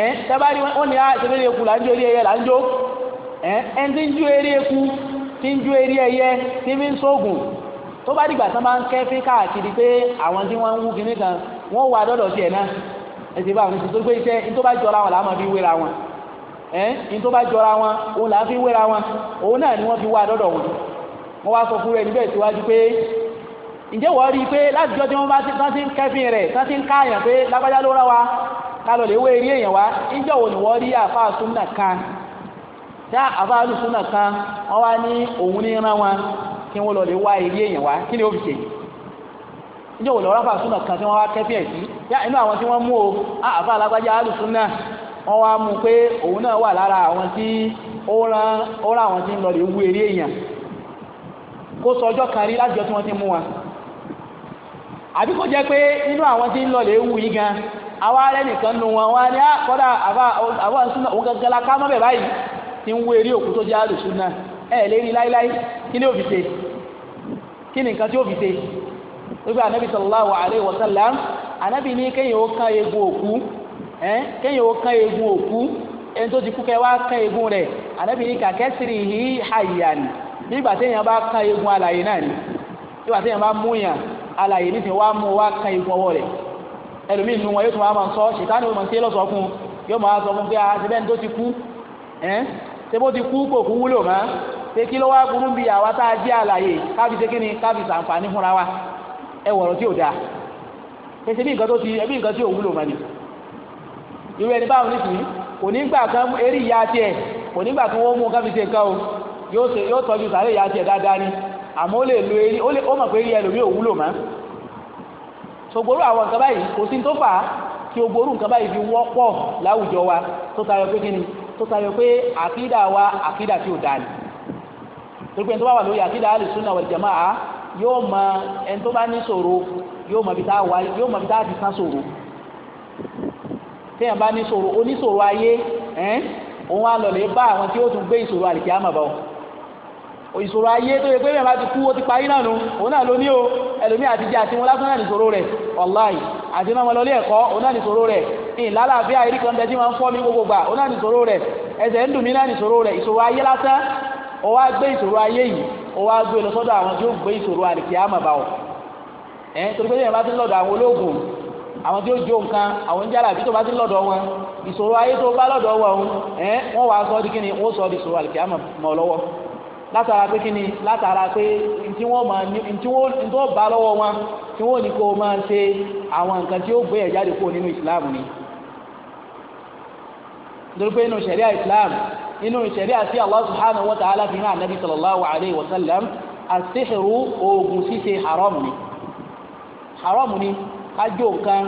ẹ tẹ́bárí wọ́n ní àṣẹbí ah, eré eku là ń jó eré ẹyẹ là ń jó ẹ ẹ ti ń jó eré eku ti ń jó eré ẹyẹ ti fi ń sóògùn tó bá dìgbà tán bá ń kẹ́fín káàkiri pé àwọn tí wọ́n ń wú kinní kan wọ́n wà dọ́dọ̀ tiẹ̀ náà ẹ ti bá àwọn ìṣètò iṣẹ́ ní tó bá jọra wọn làá máa wéra wọn. ẹ́ ní tó bá jọra wọn òun là fi wéra wọn òun náà ni wọ́n fi wá dọ́dọ̀ wọn wọ́n wá sọ fún rẹ̀ níbẹ̀ síwájú pé ǹjẹ́ wọ́n pé láti tí wọ́n bá ń kẹ́fìn rẹ̀ ti ń pé lágbájá ló rá wa kálọ̀ lè wé eré èèyàn wá ǹjẹ́ wo ni wọ́n rí àfáà súnà kan àfáà súnà kan wọ́n wá ní òun ní rán wọn kí wọ́n lọ lè wá èèyàn wọ́n wá mú pé òun náà wà lára àwọn tí ó rán àwọn tí ń lọ lè wú eré èyàn kó sọ ọjọ́ kan rí láti jọ tí wọ́n ti mú wa àbí kó jẹ́ pé nínú àwọn tí ń lọ lè wú yìí gan rẹ̀ nìkan nù wọn wá ní àkọ́dà àwọn ìsúná òun la báyìí ń wú òkú tó náà ẹ̀ ni nǹkan tí anabi ẹ kéèyàn ó kán eegun òkú ẹni tó ti kú kẹ wá kán eegun rẹ ànábì ní kàkẹ́sìrì yìí àyà ni nígbà téèyàn bá kán eegun alàyè náà ni nígbà téèyàn bá mú yàn alàyè nísìnyí wá mú wá kán eegun ọwọ́ rẹ ẹlòmíì nu wọn yóò tún wá máa sọ ṣètánì wọn máa ṣe lọ́sọ̀ fún yóò máa sọ fún pé a ti bẹ́ẹ̀ ni tó ti kú ẹ ṣé bó ti kú kò kú wúlò mọ́ ṣé kí ló wá burú bí àwa tá a jẹ́ alàyè káfi ṣe kí ni ṣàǹfààní fúnra wa ẹ wọ̀rọ̀ tí ò dáa ṣe bí nǹkan tó ti ẹbí nǹkan tí ò wúlò mọ́ ni irú ẹni báwọn nísìnyí kò kan eré ìyá tiẹ̀ kò ní kan wọ́n mú kan fi ṣe nǹkan o yóò tọ́jú sàárè ìyá tiẹ̀ dáadáa ni àmọ́ ó lè lo eré ó mọ̀ pé eré ẹlòmíì ò wúlò mọ́ sogboru àwọn nǹkan báyìí kò sí tó fà á kí ogboru nǹkan báyìí fi wọ́pọ̀ láwùjọ wa tó tayọ pé kíni tó tayọ pé àkídà wa àkídà tí ò dáa ni torí pé ẹni tó bá wà lórí àkídà alìsúnà wal jamaa yóò mọ ẹni tó bá ní ṣòro yóò mọ bí tá a téèyàn bá níṣòro oníṣòro ayé ẹ́n òun á bá àwọn tí ó tún gbé ìṣòro àlìkí o ìṣòro ayé tó yẹ pé bá ti kú ó ti parí náà nù òun náà ló ní o ẹlòmí àti jẹ àti wọn lásán náà nìṣòro àti náà òun náà nìṣòro kan gbogbo gbà òun náà nìṣòro ń dùn mí náà nìṣòro ìṣòro ayé lásán ó wá gbé ìṣòro ayé yìí ó wá gbé lọ àwọn tí ó gbé ìṣòro àwọn tí ó jó nǹkan àwọn jálà bí tó bá ti lọ́dọ̀ wọn ìṣòro ayé tó bá lọ́dọ̀ wọn òun ẹ̀ wọ́n wàá sọ di kíni wọ́n sọ di ìṣòro àlìkíyàmọ̀ mọ̀ lọ́wọ́ látara pé kíni látara pé ntí wọ́n máa ní ntí wọ́n bá lọ́wọ́ wọn tí wọ́n ní kó máa ṣe àwọn nǹkan tí ó gbé ẹ̀ jáde kúrò nínú ìsìláàmù ni nítorí pé inú ṣẹ̀ríà ìsìláàmù inú ṣẹ̀ríà sí Allah subhanahu wa ta'ala fi hàn nabi sallallahu alaihi wa sallam àti ìṣòro oògùn ṣíṣe haram ni haram ni kájò kan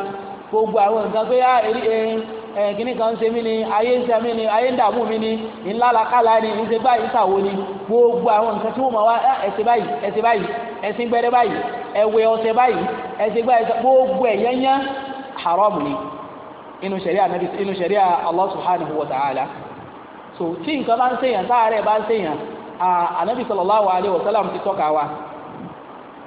gbogbo àwọn nǹkan pé ah, eh, eh, kíní kan ń ṣe mí ni ayé ń ṣe mí ni ayé ń dààmú mi ni ńlá lakálá ni ń ṣe báyìí ṣàwo ni gbogbo àwọn nǹkan tí wọ́n máa wá ah, ẹ̀sìn báyìí ẹ̀sìn báyìí ẹ̀sìn gbẹ́rẹ́ báyìí ẹ̀wẹ̀ ọ̀sẹ̀ báyìí ẹ̀sìn gbáyìí gbogbo ẹ̀ yẹ́nyẹ́ haram ni inú ṣẹ̀ríà Ànábì inú ṣẹ̀ríà Allah subhanahu wa ta'ala so tí nǹkan bá ń ṣèyàn táàrẹ̀ bá ń ṣèyàn ah, Ànábì sallallahu alaihi wa sallam ti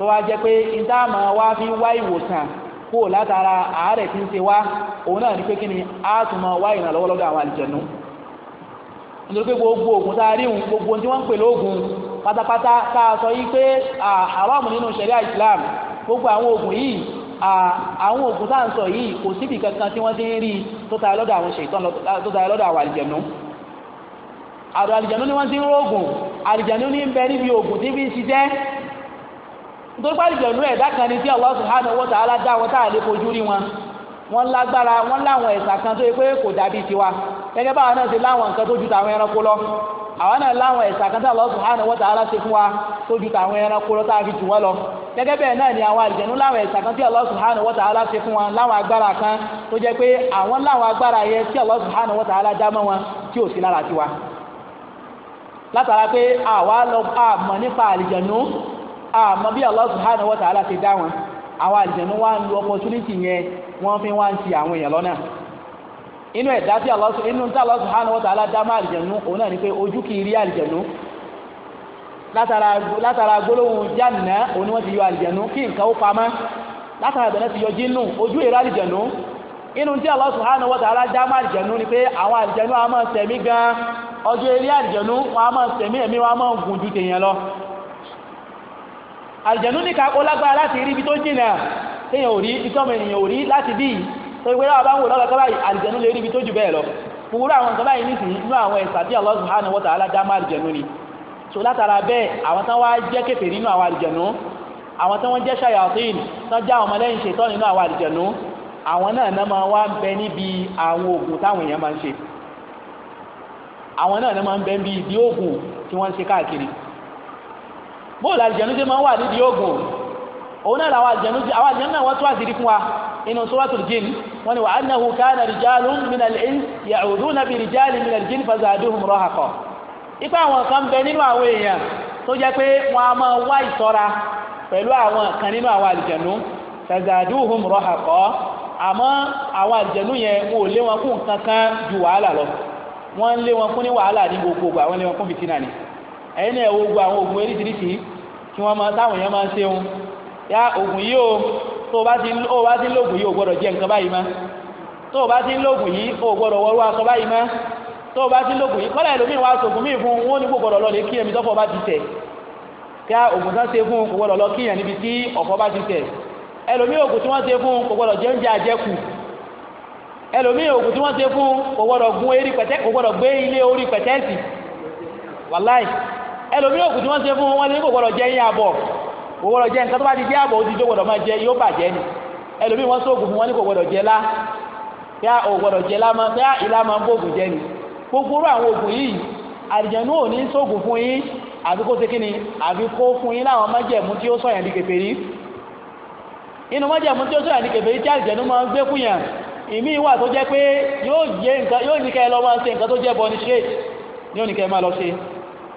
tó wá jẹ́ pé ìdáàmà wá fi wá ìwòsàn kó látara àárẹ̀ tí ń ṣe wá òun náà ní pé kí ni a tún máa wá ìrànlọ́wọ́ lọ́dọ̀ àwọn àlìjẹ̀nú nítorí pé gbogbo ògùn tá rí gbogbo tí wọ́n ń pè pátápátá tá sọ yí pé àrọ́ọ̀mù nínú ṣẹ̀ríà Islam gbogbo àwọn ògùn yìí àwọn ògùn tá sọ yìí kò síbi kankan tí wọ́n ti ń rí tó ta lọ́dọ̀ àwọn ṣètọ́n tó ta ni wọ́n ti ń rógùn àlìjẹ̀nú ní ń níbi ògùn tí fi ń ṣiṣẹ́ nítorí pé àlùjọ̀nú ẹ̀dá kan ni tí Allah subhanahu wa ta'ala dá wọn táà lè fojú rí wọn wọ́n lágbára wọ́n láwọn ẹ̀sà kan tó yẹ pé kò dàbí tiwa gẹ́gẹ́ báwa náà ṣe láwọn nǹkan tó ju tàwọn ẹranko lọ àwa náà láwọn ẹ̀sà kan tí Allah subhanahu wa ta'ala ṣe fún wa tó ju tàwọn ẹranko lọ táà fi jù wọ́n lọ gẹ́gẹ́ bẹ́ẹ̀ náà ni àwọn àlùjọ̀nú láwọn ẹ̀sà kan tí Allah subhanahu wa ta'ala ṣe fún wọn láwọn agbára kan tó jẹ́ pé àwọn láwọn agbára yẹn tí Allah subhanahu wa ta'ala dá mọ́ wọn tí ò sí lára tiwa látara pé àwa lọ àmọ́ nípa àlùjọ̀nú àmọ́ bí Allah subhanahu wa ta'ala ti dá wọn àwọn àlìjẹ̀nú wá ń lo opportunity yẹn wọ́n fi wá ń ti àwọn èèyàn lọ́nà inú ẹ̀dá tí inu inú tí Allah subhanahu wa ta'ala dá má òun náà ni pé ojú kì rí àlìjẹ̀nú látara gbólóhùn jáàná òun ni wọ́n ti yọ kí nǹkan ó látara ti yọ jínú ojú inú tí má ni pé àwọn a máa tẹ̀mí gan ọjọ́ eré wọn àlùjànnú ní kakó lágbára láti rí ibi tó jìnà téèyàn ò rí ìtọ́mọ ènìyàn ò rí láti bí tó gbé láwọn bá ń wò lọ́gbà kọ́ báyìí àlùjànnú lè rí ibi tó jù bẹ́ẹ̀ lọ gbogbo àwọn nǹkan báyìí nìsín àwọn ẹ̀sà tí Allah subhanahu ta'ala dá mọ́ ni so látara bẹ́ẹ̀ àwọn tán wá jẹ́ kèfèrí nínú àwọn àlùjànnú àwọn tán wọ́n jẹ́ ṣàyàtín tán já ọmọ lẹ́yìn ṣètọ́ nínú àwọn àlùjànnú àwọn náà náà máa wá ń bẹ níbi àwọn oògùn táwọn èèyàn máa ń ṣe àwọn náà náà máa ń bẹ bóòlù àlìjẹ̀nú ṣe máa ń wà nídìí oògùn òun náà làwọn àlìjẹ̀nú àwọn àlìjẹ̀nú náà wọ́n tó àṣírí fún wa inú suratul jin ya'uduna bi rijalin minal jin fazaduhum rahaqa ipa àwọn kan bẹ nínú àwọn èèyàn tó jẹ́ pé wọ́n a máa wá ìṣọ́ra pẹ̀lú àwọn kan nínú àwọn àlìjẹ̀nú fazaduhum rahaqa àmọ́ àwọn àlìjẹ̀nú yẹn wọn ò lé wọn wọ́n lé wọn fún ní wàhálà ní gbogbo àwọn lé wọn fún fìtínà ni ẹ̀yin náà wo gbogbo àwọn oògùn eríṣiríṣi kí wọ́n máa táwọn èèyàn máa ń ṣe wọn yá oògùn yìí o tó o bá ti ó o bá ti ń lògùn yìí o gbọ́dọ̀ jẹ nǹkan báyìí má tó o bá ti ń lògùn yìí o gbọ́dọ̀ wọrú aṣọ báyìí má tó o bá ti ń lògùn yìí kọ́lá ẹlòmíì wá sògùn míì fún wọn ní kò gbọ́dọ̀ lọ lè kí ẹ̀mí tọ́fọ́ bá ti tẹ̀ kí oògùn tán ṣe fún gbọ́dọ̀ lọ kíyàn níbi tí ọ̀fọ́ ẹlòmíràn òkú tí wọ́n ṣe fún wọn wọ́n lé kò gbọ́dọ̀ jẹ́ yín àbọ̀ kò gbọ́dọ̀ jẹ́ nǹkan tó bá ti jẹ́ àbọ̀ ó ti jó gbọ́dọ̀ máa jẹ yóò bàjẹ́ ni ẹlòmíì wọ́n sóògùn fún wọn ní kò gbọ́dọ̀ jẹ lá yá ò gbọ́dọ̀ jẹ lá máa yá ìlà máa ń bóògùn jẹ ni gbogbo orú àwọn oògùn yìí àlìjẹ̀nú ò ní sóògùn fún yín àbí kó ṣe kí ni àbí kó fún yín láwọn májẹ̀mú tí ó sọ̀yàn di kèfèrí inú májẹ̀mú tí ó sọ̀yàn di kèfèrí tí àlìjẹ̀nú máa ń gbé kúyàn ìmí wà tó jẹ́ pé yóò ní kẹ́ lọ máa ṣe nǹkan tó jẹ́ bọ́ ní ṣe ní ò ní kẹ́ máa lọ ṣe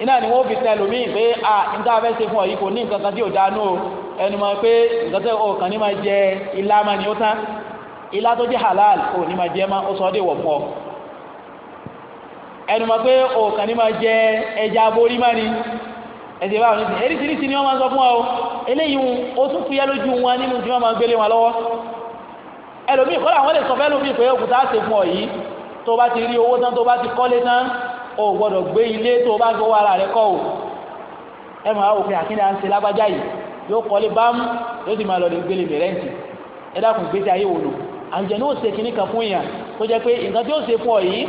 iná ni wọ́n fi tẹ lómi pé à níta fẹ́ ṣe fún ọ yìí kò ní nǹkan kan tí ò dánú o ẹnu mọ̀ pé nǹkan tẹ́ o kàn ní máa jẹ ilá máa ní ó tán ilá tó jẹ́ halal o ní ma jẹ máa ó sọ ọ́ dé wọ̀ fún ọ ẹnu mọ̀ pé o kàn ní máa jẹ ẹja aborí máa ní ẹ̀sìn báwọn oníṣẹ́ eríṣiríṣi ni wọ́n máa sọ fún ọ o eléyìí o tún fi yẹ́ wọn nínú tí wọ́n máa gbélé wọn lọ́wọ́ ẹlòmíì kọ́lá àwọn lè sọ fẹ́ lómi pé òkúta ṣe fún ọ yìí tó bá ti rí owó tán tó bá ti kọ́lé tán o gbọ́dọ̀ gbé ilé tó o bá gbowó ara rẹ kọ́ o ẹ o wò pé àkíndé à ń ṣe lágbájá yìí yóò kọ́lé bámú yóò sì máa lọ lè gbélé mẹ́rẹ́ǹtì ẹ dákun ayé wò lò ní ó ṣe kínní kan fún èèyàn tó jẹ́ pé nǹkan tí ó ṣe fún ọ yìí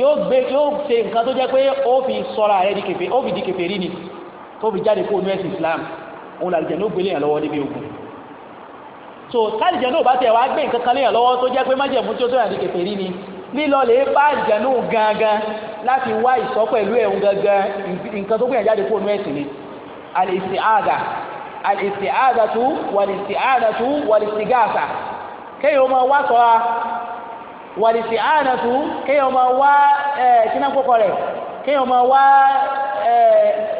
yóò gbé yóò nǹkan tó jẹ́ pé ó fi sọ́ra rẹ̀ di kèfèrí ó fi di kèfèrí ni tó Islam òun làlùjẹ̀ ní ó gbélé yàn lọ́wọ́ níbi ogun so náà bá tẹ̀ wá gbé nǹkan kan léyàn lọ́wọ́ tó jẹ́ pé májẹ̀mú di lílọ lè bá àjẹnú gangan láti wá ìsọ pẹ̀lú ẹ̀hún gangan nǹkan tó gbìyànjú àdékò ònú ẹ̀sìn ni al-isti'adha al-isti'adhatu wal-isti'anatu wal-istighatha kéèyàn máa wá sọ́ra wal-isti'anatu kéèyàn máa wá ẹ̀ kínákókò rẹ̀ kéèyàn máa wá ẹ̀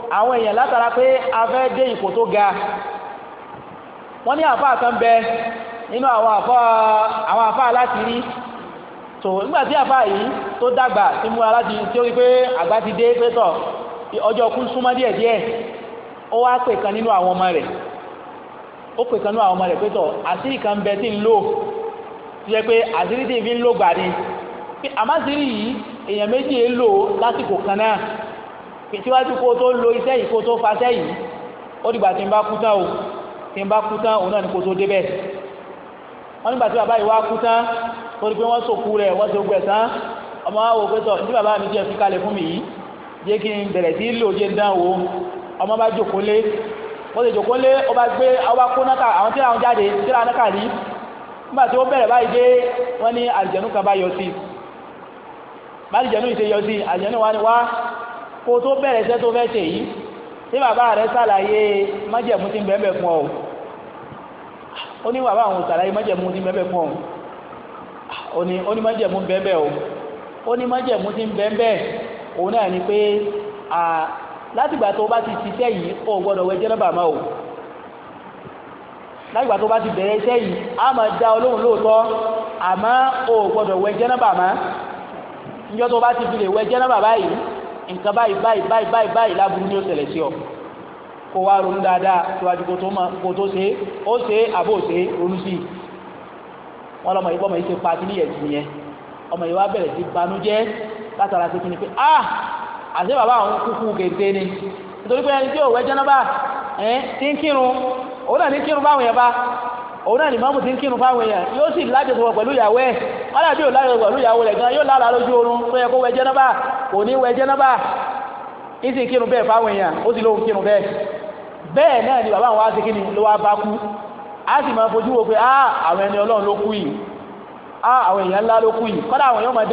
àwọn èèyàn látara pé a fẹ́ dé ipò tó ga wọ́n ní àfáà kan bẹ nínú àwọn àfáà láti rí tó nígbà tí àfáà yìí tó dàgbà tí múra láti tí ó rí pé àgbà ti dé pé tọ̀ ọjọ́ kú súnmọ́ díẹ̀ díẹ̀ ó wá pè kan nínú àwọn ọmọ rẹ̀ ó pè kan nínú àwọn ọmọ rẹ̀ pé tọ̀ àṣírí kan bẹ tí ń lò tó yẹ pé àṣírí tí ń fi ń lò gbà ni àmásírí yìí èèyàn méjì ń lò lásìkò kan náà síwájú kó tó lo iṣẹ́ yìí kó tó fa iṣẹ́ yìí ó dìgbà tí n bá kú tán o tí n bá kú tán òun náà ni kó tó débẹ̀ wọ́n nígbà tí bàbá yìí wá kú tán torí pé wọ́n sòkú rẹ̀ wọ́n ti gbẹ̀ tán ọmọ wa wò pé tọ̀ ní bàbá mi jẹ́ fi kalẹ̀ fún mi yìí jẹ́ kí n bẹ̀rẹ̀ sí lò jẹ́ dán o ọmọ bá jókòó lé wọ́n ti jókòó lé ọba gbé ọba kó náà àwọn tíra àwọn jáde tíra náà kà nígbà tí ó bẹ̀rẹ̀ báyìí dé wọ́n ní àlìjẹ̀nú kan bá yọ sí i bá àlìjẹ̀nú yìí ṣe yọ sí i àlìjẹ̀nú wa ni wá kó tó bẹ̀rẹ̀ iṣẹ́ tó fẹ́ ṣe yìí tí bàbá rẹ̀ sàlàyé májẹ̀mú ti bẹ̀ẹ̀bẹ̀ fún ọ ó ní bàbá àwọn sàlàyé májẹ̀mú ti bẹ̀ẹ̀bẹ̀ fún ọ ó ní májẹ̀mú bẹ̀ẹ̀bẹ̀ o ó ní májẹ̀mú ti bẹ̀ẹ̀bẹ̀ òun náà ni pé látìgbà tó bá ti ṣiṣẹ́ yìí ó gbọ́dọ̀ wẹ jẹ́nàbà tó bá ti bẹ̀rẹ̀ iṣẹ́ yìí a máa dá olóhùn lóòótọ́ àmọ́ ó gbọ́dọ̀ wẹ jẹ́nàbà máa níjọ́ tó nǹkan báyìí báyìí báyìí báyìí báyìí láburú ní ó ṣẹlẹ̀ sí ọ kó wá ronú dáadáa síwájú kó tó mọ kó tó ṣe ó ṣe àbó ṣe ronú sí i wọn lọmọ yìí yìí ṣe pa kí níyẹn ti yẹn ọmọ yìí wá bẹ̀rẹ̀ sí banújẹ́ látara ṣe kí ni pé ah àti bàbá àwọn kúkú gèdè ni nítorí pé ẹni tí ò wẹ́ jẹ́nàbà ẹ̀ ti ń kírun òun náà ní kírun báwọn yẹn bá òun náà ni mọ́mù ti ń kírun fáwọn èèyàn yóò sì lájọsọ̀wọ̀ pẹ̀lú ìyàwó ẹ̀ kọ́lá bí ò lájọsọ̀wọ̀ pẹ̀lú ìyàwó rẹ̀ gan yóò lára lójú oorun tó yẹ kó wẹ jẹ́nàbà kò ní wẹ jẹ́nàbà ìsìn kírun bẹ́ẹ̀ fáwọn èèyàn ó sì lóhun kírun bẹ́ẹ̀ bẹ́ẹ̀ náà ni bàbá àwọn wá sí a sì máa fojú wo pé á àwọn ẹni ọlọ́run ló kú yìí àwọn èèyàn ńlá ló kú yìí àwọn máa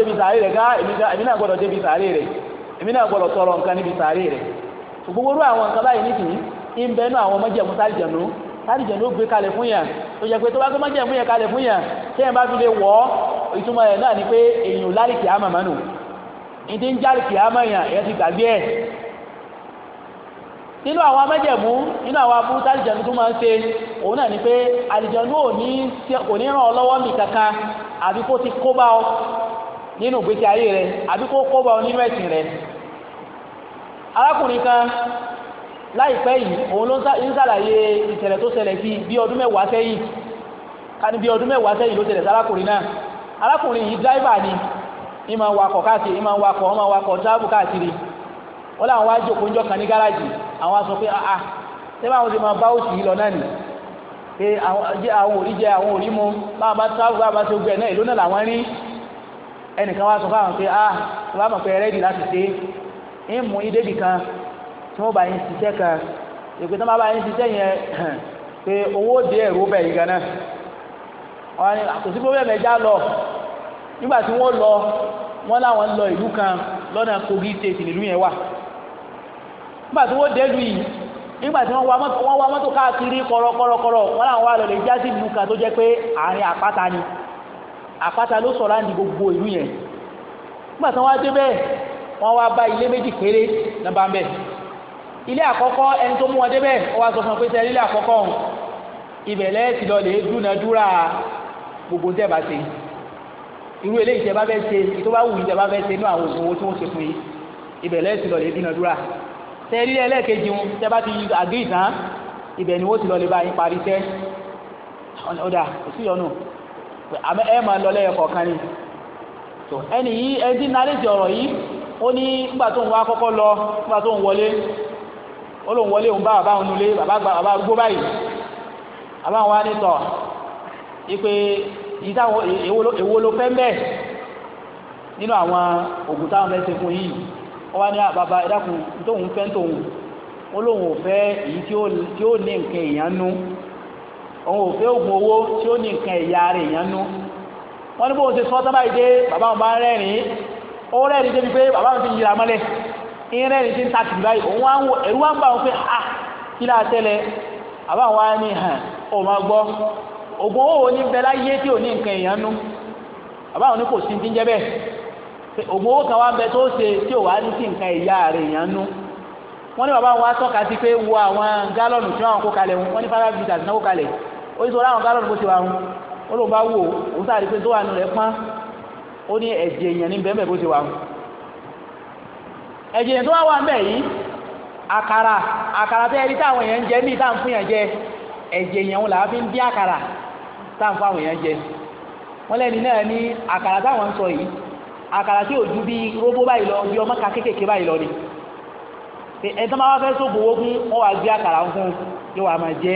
débi tálìjẹ̀ ló gbé kalẹ̀ fún yàn tó jẹ́ pé tó bá gbé mọ́jẹ̀ fún yàn kalẹ̀ fún yàn tí yàn bá fi lè wọ́ ìtumọ̀ rẹ̀ náà ni pé èèyàn lálìkì àmà mọ́nu ìdí ń jálìkì àmà yàn èèyàn ti gbàgbé ẹ̀ nínú àwọn amẹ́jẹ̀mú nínú àwọn abúrú tálìjẹ̀nú tó máa ń ṣe òun náà ni pé ọ nínú ìgbésí rẹ àbí kó ọ nínú rẹ láìpẹ́ yìí òun ló ń sàlàyé ìṣẹ̀lẹ̀ tó ṣẹlẹ̀ sí bí ọdún mẹ́wàá sẹ́yìn kani bí ọdún mẹ́wàá sẹ́yìn ló ṣẹlẹ̀ sárákùnrin náà arákùnrin yìí dráìbà ni ìmọ̀ wakọ̀ káàkiri ìmọ̀ wakọ̀ ọmọ wakọ̀ tíráàbù káàkiri wọ́n láwọn wá jókòó ń jọ kan ní gáràjì àwọn aṣọ pé àà ṣé báwọn ti máa bá òsì yìí lọ náà nì pé àwọn òrí jẹ tí wọ́n bá yín ṣiṣẹ́ kan ìpè tí wọ́n bá yín ṣiṣẹ́ yẹn [CLEARS THROAT] pé owó dé ẹ̀rú bẹ̀ yìí gan náà wọ́n ní àkòsí pọ́bẹ́mẹ̀ já lọ nígbà tí wọ́n lọ wọ́n láwọn ń lọ ìlú kan lọ́nà Kogi state nílùú yẹn wà nígbà tí wọ́n dẹ́lu yìí nígbà tí wọ́n wá mọ́tò káàkiri kọ̀rọ̀kọ̀rọ̀ wọ́n láwọn wá lọ lè já sí ìlú kan tó jẹ́ pé àárín àpáta ni àpáta ló sọ̀rọ̀ àǹdí gbogbo ìlú yẹn nígbà tí wọ́n wá débẹ̀ wọ́n wá bá ilé méjì péré náà bá ń bẹ̀ ilé àkọ́kọ́ ẹni tó mú wọn débẹ̀ ó wá sọ fún ọ pé sẹ́yìn ilé àkọ́kọ́ ọ̀hún ibẹ̀ lẹ́ẹ̀tì lọ lè dúnadúrà gbogbo tẹ́ bá ṣe irú eléyìí tẹ́ bá fẹ́ ṣe tó bá wù yín tẹ́ bá fẹ́ ṣe inú àwọn oògùn owó tí wọ́n ṣe fún yín ibẹ̀ lẹ́ẹ̀tì lọ lè dúnadúrà sẹ́yìn ilé ẹlẹ́ẹ̀kejì wọn tẹ́ bá ti àgé ìtàn ibẹ̀ ni wọ́n ti lọ lè bá yín parí tẹ́ ọ̀dà kò sí yọnu ẹ máa lọ lẹ́yìn kọ̀ọ̀kan ni ẹni yìí ẹni tí nalẹ́ ti ọ̀rọ̀ yìí ó ní nígbà tó ń wá ó lóun wọlé òun bá bàbá òun nulẹ̀ bàbá gba bàbá gbó báyìí bàbá wa ní tọ̀ ipe yìí táwọn èwo ló fẹ́ mbẹ́ nínú àwọn ògùn táwọn fẹ́ ṣe fún yìí wọ́n wá ní bàbá ẹ dákun tóun fẹ́ tóun ó lóun ò fẹ́ èyí tí ó ní nǹkan èèyàn nú òun ò fẹ́ owó tí ó ní nǹkan ẹ̀yà rẹ̀ èèyàn nú wọ́n ní bóun ṣe sọ́ tábàyí dé bàbá wọn bá rẹ́rìn-ín ó rẹ́rìn-ín débi pé bàbá wọn ti yíra ìrìn ẹni tí ń ta tìlú báyìí òun wá ń wo ẹ̀rú wá ń bá wọn pé à ah, kí láà tẹ́lẹ̀ àbá wa ní hàn ó máa gbọ́ ògùn owó ní bẹ láyé tí ò ní nǹkan èèyàn nú àbá wọn ní kò sí ti ń jẹ́ bẹ́ẹ̀ ògùn owó kan wá ń bẹ tó ṣe tí ò wá ní sí nǹkan ìyá rẹ̀ èèyàn nú wọ́n ní bàbá wa tọ́ka sí pé wo àwọn gálọ́nù tí wọ́n kó kalẹ̀ wọ́n ní five litres náà kó kalẹ̀ ó ní sọ láwọn gálọ́nù bó ti wà wọn ó lóun bá wò ó sáré pé tó wà nù rẹ̀ pọ́n ó ní ẹ̀jẹ̀ èèyàn ní bẹ́ẹ̀ bó ti wà wọn ẹ̀jìnlẹ̀ tó wá wà mẹ́ yìí àkàrà àkàrà tẹ́ ẹni táwọn èèyàn ń jẹ ní ìtàn fún yàn jẹ ẹ̀jẹ̀ yẹn wọn làá fi ń dín àkàrà táwọn fún àwọn èèyàn jẹ wọn lẹ́ni náà ní àkàrà táwọn ń sọ yìí àkàrà tí ò ju bí róbó báyìí lọ bí ọmọ ká kéékèèké báyìí lọ ni ẹni tó máa wá fẹ́ sóògùn owó fún wọn wá gbé àkàrà fún yóò wá máa jẹ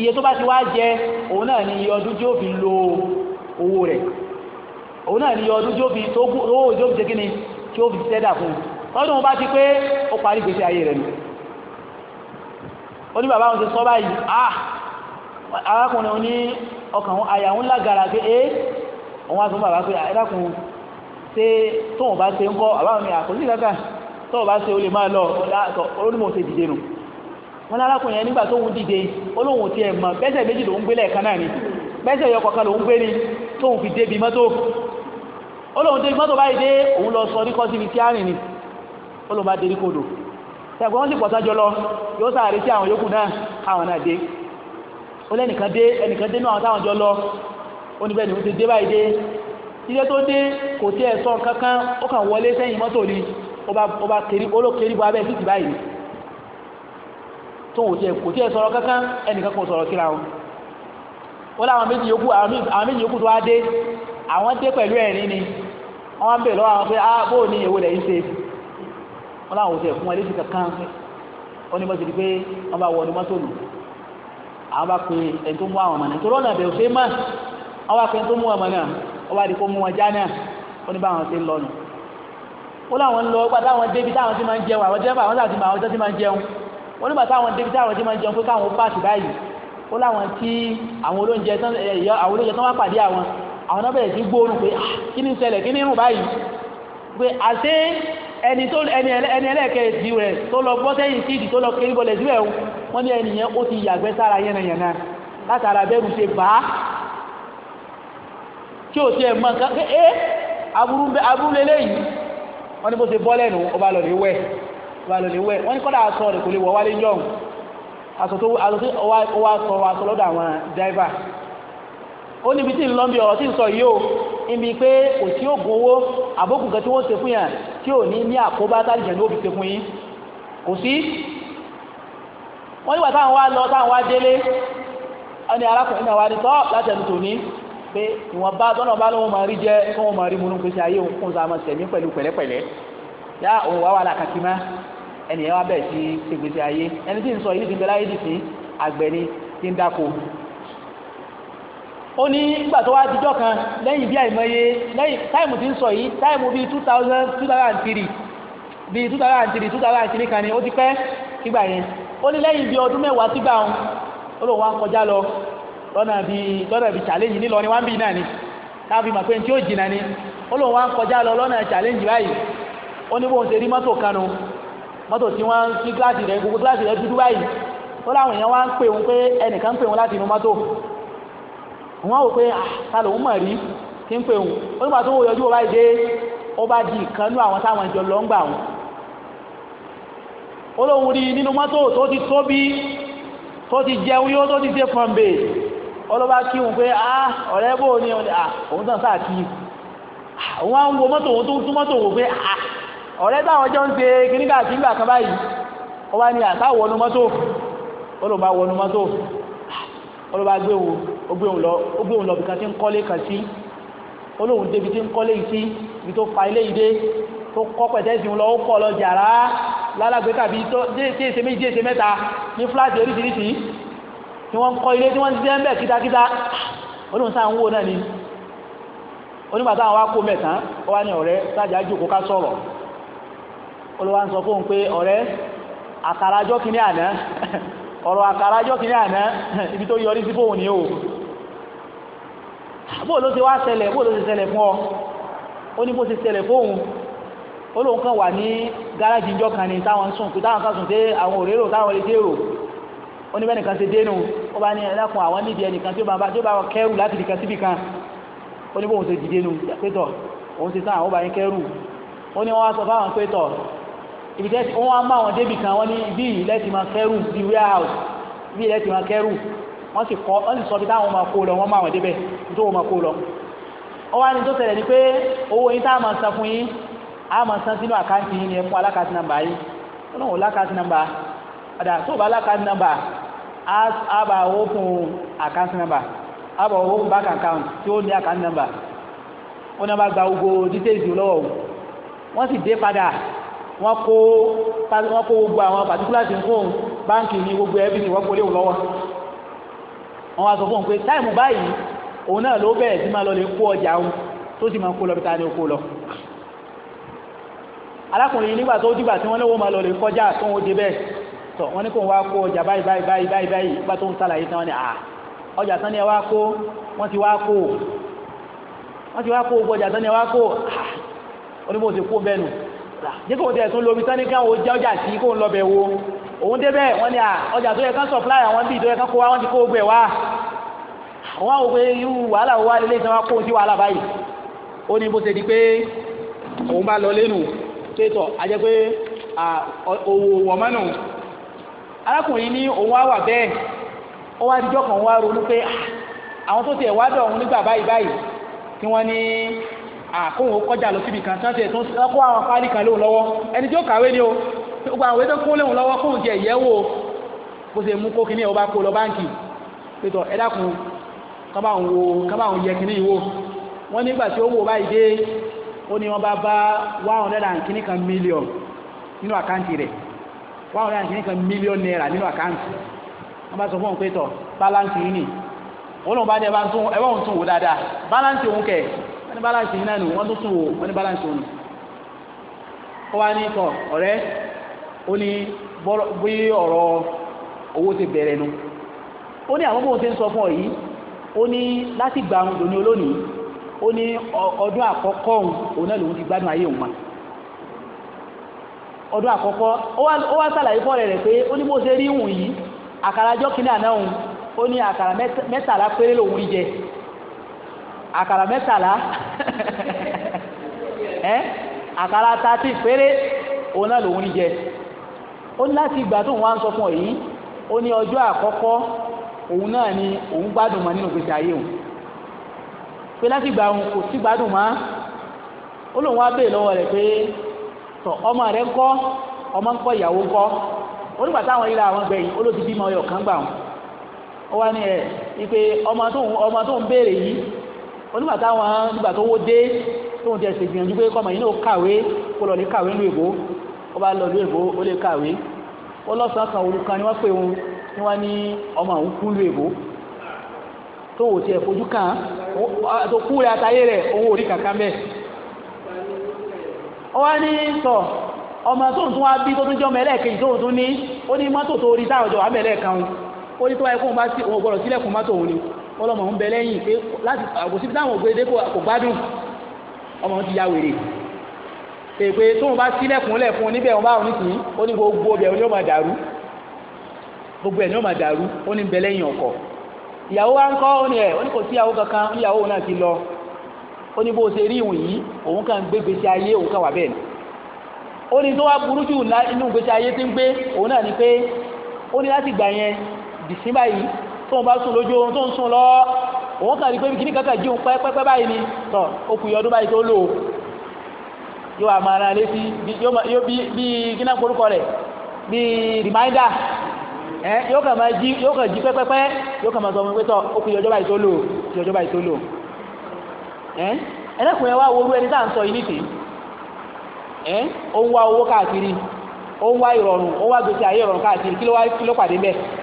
iye tó bá ti wá jẹ òun náà ni iye ọdún tí ó fi lo owó rẹ̀ òun náà ni ọdún tí ó fi tó owó tí ó fi ṣe kí ni tí ó fi sẹ́dà fún un lọ́dún bá ti pé ó parí gbèsè ayé rẹ̀ nù ó ní bàbá wọn ti sọ báyìí ah arákùnrin òní ọkàn àyà ń lágara pé ee òun wá sọ pé arákùnrin ṣe tóun bá ṣe ń kọ́ àbáwọn ni àkóso kàkà tóun bá se ó lè máa lọ olómọ̀ ṣe dìde nù wọn lárákùnrin yẹn nígbà tóun dìde olóhùn tiẹ̀ mọ̀ bẹ́sẹ̀ méjì lòún gbé lẹ́ẹ̀kan náà ni bẹ́sẹ̀ yọkọ̀ọ̀kan lòún gbé ni tóun fi débi mọ́tò olóhùn tó gbọ́tò báyìí dé òun lọ sọ ríkọ́ síbi tí a rìn ní olóhùn bá dérí kodò tẹ́gbọ́n wọ́n sì pọ̀ sájọ lọ yóò sáré sí àwọn yòókù náà àwọn náà dé ó lẹ́nìkan dé ẹnìkan dé náà táwọn jọ lọ ó níbẹ̀ nìhun ti dé báyìí dé ilé tó dé ni ó wá dé àwọn dé pẹ̀lú ẹ̀rín ni wọ́n bèèrè lọ́wọ́ àwọn pé á ah, bó ní èwo lẹ̀ yìí ṣe wọ́n láwọn òṣèlú fún ẹlẹ́sì kankan ó ní mọ́tò pé wọ́n bá wọ ọdún mọ́tò nù àwọn bá pe ẹni tó mú àwọn ọmọ náà torí ọ̀nà ìbẹ̀rù ṣe mọ́ wọ́n bá pe ẹni tó mú ọmọ náà wọ́n bá di kó mú wọn já náà ó ní báwọn ṣe ń lọ nù ó láwọn ń lọ pàtó àwọn débi táwọn ti máa ń jẹun àwọn jẹun àwọn láti máa àwọn ti máa ń jẹun ó nígbà táwọn débi táwọn ti máa ń jẹun pé káwọn pàṣẹ báyìí ó láwọn tí àwọn olóúnjẹ tán wá pàdé àwọn àwọn náà bẹ̀rẹ̀ sí gbóòórùn pé ah, kí ni ṣẹlẹ̀ kí ni rùn báyìí pé àṣé ẹni tó ẹni ẹlẹ́ẹ̀kẹ́ ìdí rẹ̀ tó lọ bọ́ sẹ́yìn sí ìdí tó lọ kéré bọ́lẹ̀ síbẹ̀ wọ́n ní ẹnìyẹn ó ti yàgbẹ́ sára yánnayànna látara bẹ́rù ṣe bá kí o tiẹ̀ mọ nǹkan ẹ́ aburú aburú lélẹ́yìí wọ́n ní bó ṣe bọ́ lẹ́nu ọba lọ lè wẹ̀ ọba lọ lè wẹ̀ wọ́n ní kọ́dà aṣọ rẹ̀ kò lè wọ̀ wálé yọ̀hún aṣọ tó wá sọ aṣọ lọ́dọ̀ àwọn dáìbà ó níbi tí ń lọ bí ọ̀rọ̀ tí ń sọ yìí ó níbi pé kò sí oògùn owó àbókù kan tí wọ́n ṣe fún yàn tí ò ní ní àkóbá tálìjẹ̀ ní òbí ṣe fún yín kò sí wọ́n nígbà táwọn wá lọ táwọn wá délé wọ́n ní arákùnrin náà wá ní tọ́ láti ẹnu tòní pé ìwọ̀n bá tọ́nà bá lóun máa rí jẹ kí wọ́n máa rí múnú pèsè ayé òun fún sàmọ́ sẹ̀mí pẹ̀lú pẹ̀lẹ́pẹ̀lẹ́ yá òun wá wà lákàtí má ẹnìyẹn wá bẹ̀ sí ìgbésí ayé ẹni tí ń sọ yìí ti bẹ láyé dì sí àgbẹ̀ ni tí ń dáko ó ní nígbà wá dijọ́ kan lẹ́yìn bí àìmọye lẹ́yìn táìmù tí ń sọ yìí táìmù bíi two thousand two thousand and three bíi two thousand and three kan ni ó ti pẹ́ ìgbà yẹn ó ní lẹ́yìn bíi ọdún mẹ́wàá sígbà ọ̀hún ó lóun wá ń ni ni báyìí ó ní bóun ṣe rí mọ́tò kan mọ́tò tí wọ́n ń fi gíláàsì rẹ̀ gbogbo wọ́n wò pé àtàlò ah, ń mọ̀ rí tí ń pè wọn ó nígbà tó wọ́n yọjú ọba ìdé ọba di ìkanú àwọn táwọn ìjọ lọ ń gbà wọn olóhun rí nínú mọ́tò tó ti tóbi tó ti jẹun yóò tó ti dé pọ̀m̀bè ọlọ́ba kí wọn pé ah ọ̀rẹ́ bò ní ah, òun tàn sáà kí wọn ah, á ń wo mọ́tò òun tó tún mọ́tò wò pé ah ọ̀rẹ́ táwọn jọ ń ṣe kíníkà sí ìgbà kan báyìí ọba ni àtàwọnú mọ́tò olùbá wọnú mọ́tò ọlọ́ba gbé òun ó gbé òun lọ ó gbé òun lọ bìkan tí ń kọ́lé kan sí olóhùn débi tí ń kọ́lé yìí sí ibi tó fa ilé yìí dé tó kọ́ pẹ̀tẹ́sì ń lọ ó kọ́ lọ jàrá lálágbé tàbí tó déèsè méjì déèsè mẹ́ta ní fúláàtì oríṣiríṣi tí wọ́n kọ́ ilé tí wọ́n ń ń bẹ̀ kítakíta olóhùn sáà ń wò náà ni onígbà táwọn wá kó mẹ́tàn ó wá ní ọ̀rẹ́ sájà jòkó ká sọ̀rọ̀ olówó [LAUGHS] ọ̀rọ̀ àkàrà ajọ́ kìíní àná ibi tó yọrí sí bóun ni o bóò ló ti wá ṣẹlẹ̀ bóò ló ti ṣẹlẹ̀ fún ọ ó ní bó ti ṣẹlẹ̀ fóun ó lóun kàn wà ní gáràjì ìjọ kan ní táwọn sùn pé táwọn kan sùn pé àwọn òrérò táwọn lè dérò ó ní bẹ́nìkan ṣe dénú ó bá ní ẹlẹ́kùn àwọn nídìí ẹnìkan tí ó bá tí ó bá kẹrù láti ibìkan síbì kan ó ní bóun ṣe dìde pétọ̀ òun ti tán àwọn ó kẹrù ó ní wọ́n wá sọ fáwọn pétọ̀ ibi tẹ́sí wọ́n á máa wọn débì kan wọ́n ní bí ilẹ̀tì máa kẹ́rù bí warehouse bí ilẹ̀tì máa kẹ́rù wọ́n sì kọ́ wọ́n sì sọ bí táwọn máa kó lọ wọ́n máa wọn débẹ̀ tó wọ́n máa kó lọ. ó wá ní tó tẹ̀lé ni pé owó yín tá a máa san fún yín a máa san sínú àkáǹtì yín ni ẹ fún alákàtì nàmbà yín ó náà wò lákàtì nàmbà padà tó bá alákàtì nàmbà a bá owó fún àkáǹtì nàmbà a bá owó fún bank account tí ó ní àkáǹtì nàmbà ó náà bá gba gbogbo details lọ́wọ́ wọ́n sì dé padà wọ́n kó wọ́n kó gbogbo àwọn pàtíkúláàsì fóun báńkì ní gbogbo ẹbí ni wọ́n kó léwu lọ́wọ́ wọ́n wá sọ fóun pé táìmù báyìí òun náà ló bẹ̀rẹ̀ sí máa lọ lè kó ọjà òun tó sì máa kó lọ bí ta ni ó kó lọ alákùnrin nígbà tó dìgbà tí wọ́n lówó máa lọ lè kọjá tó ń dé bẹ́ẹ̀ tọ̀ wọ́n ní kò wá kó ọjà báyìí báyìí báyìí báyìí dípò òun tẹ̀ tún lóbi tán ní káwọn jẹ́ ọjà sí kóun lọ bẹ̀ wo òun débẹ̀ wọ́n ní ọjà tó yẹ kán supply àwọn bíi tó kán kó wa wọ́n ti kó gbẹ̀ wá àwọn àwọn òwe irú wàhálà wo wá lélẹ́yìn tí kó ohun wàhálà báyìí ó ní bó ṣe di pé òun bá lọ lẹ́nu pétọ̀ ajẹ́ pé owó wọ̀mọ́nù arákùnrin ní òun wá wà bẹ́ẹ̀ ó wá àkóhùn kọjá lọ síbi kan sáńtẹ̀ tó ń kó àwọn páálí kan lóhùn lọ́wọ́ ẹni tí ó kàwé ni o gbogbo àwọn ètò kún lóhùn lọ́wọ́ kóhùn jẹ ìyẹ́wò bó ṣe mú kó kíní ẹ̀ ó bá kó lọ báǹkì pétọ̀ ẹ dákun kábàáhùn wo kábàáhùn yẹ kíní ìwò wọ́n nígbà tí ó wò báyìí dé ó ní wọ́n bá bá one hundred and kíní kan mílíọ̀n nínú àkáǹtì rẹ̀ one hundred and kíní kan mílíọ̀n náírà nínú àkáǹtì wọ́n bá sọ fún òun pétọ̀ báláǹsì yìí nì òun náà bá ní ẹ bá ń tún ẹ bá ń tún wò dáadáa báláǹsì òun kẹ̀ wọ́n ní balance yìí náà nù wọ́n tó tún wò wọ́n ní balance òun ó wá ní tọ̀ ọ̀rẹ́ ó ní bí ọ̀rọ̀ owó ti bẹ̀rẹ̀ nu ó ní àwọn bóun ti ń sọ fún ọ yìí ó ní láti gba àwọn òdòní olónìí ó ní ọdún àkọ́kọ́ òun òun náà lòun ti gbádùn ayé òun mà ọdún àkọ́kọ́ ó wá sàlàyé fọ́ọ̀rẹ́ rẹ̀ pé ó ní bó ṣe rí ìwùn yìí àkàrà ọjọ́ kìíní àná òun ó ní àkàrà mẹ́tàlá péré lòun rí jẹ àkàrà mẹ́tàlá [LAUGHS] ẹ́ àkàrà tààtì péré òun náà lòun ní jẹ ó ní láti ìgbà tó wọ́n á ń sọ fún ọ yìí ó ní ọjọ́ àkọ́kọ́ òun náà ni òun gbádùn mọ́ nínú gbèsè ayé òun pé láti ìgbà òun kò sí gbádùn mọ́ ó lóun wá béè lọ́wọ́ rẹ̀ pé tọ̀ ọmọ rẹ̀ ń kọ́ ọmọ ń kọ́ ìyàwó ń kọ́ onígbà táwọn ilé àwọn gbẹ̀yìn ó ló ti bímọ ọyọ̀ kan gbà wọn ó wá ní ẹ̀ ipe ọmọ tó ń béèrè yìí onígbà táwọn nígbà tó wó dé tó ń tẹ̀sẹ̀ gbìyànjú pé kọ́mọ̀ yìí náà kàwé kó lọ lè kàwé ní èbó ó bá lọ lé èbó ó lè kàwé ó lọ́sàn-án kan òru ni wọ́n pè wọn ni wọ́n ní ọmọ àwọn kú ní èbó tó wò tiẹ̀ fojú kàn án tó kú rẹ̀ àtayé rẹ̀ owó orí kankan bẹ́ẹ̀ ó wá ní sọ ọmọ tó ń tún wá bí tó tún jọ mẹ́lẹ́ẹ̀kejì tó ń tún ní ó ní mọ́tò tó rí táwọn jọ wà mẹ́lẹ́ẹ̀kan ó ní tó wáyé fóun bá sí òun gbọ́dọ̀ sílẹ̀kùn mọ́tò òun ni ọlọ́mọ ń bẹ lẹ́yìn pé láti àgòsí táwọn ògbédé kò gbádùn ọmọ ti ya wèrè pèpè tóun bá sílẹ̀kùnlẹ̀ fún un níbẹ̀ wọn bá wọn nìkì ó ní gbogbo ọbẹ̀ ó ní ó máa dàrú gbogbo ẹ̀ ní ó máa dàrú ó ní bẹ lẹ́yìn ọkọ ìyàwó wa ń kọ́ ó ní ẹ̀ ó ní kò síyàwó kankan níyàwó náà ti lọ ó ní bó ṣe rí ìwọ̀n yìí òun kàn gbé gbèsè ayé òun kàn wà bẹ́ẹ̀ ni ó ní tó wá burú jù inú gbèsè ayé ti ń gbé òun náà ni pé ó ní láti gbà yẹn dìsín báyìí tó ń bá sùn lójú oorun tó ń sùn lọ òun kàn rí pé kíní kankan jíun pẹ́pẹ́pẹ́ báyìí ni tọ̀ ó yọdún báyìí tó lò yóò wà máa ra létí bí kíná korúkọ rẹ̀ bí yóò máa jí yóò jí pẹ́pẹ́pẹ́ sọ yọjọ́ báyìí tó lò yọjọ́ báyìí tó lò yẹn wá ẹni tá à ń sọ yìí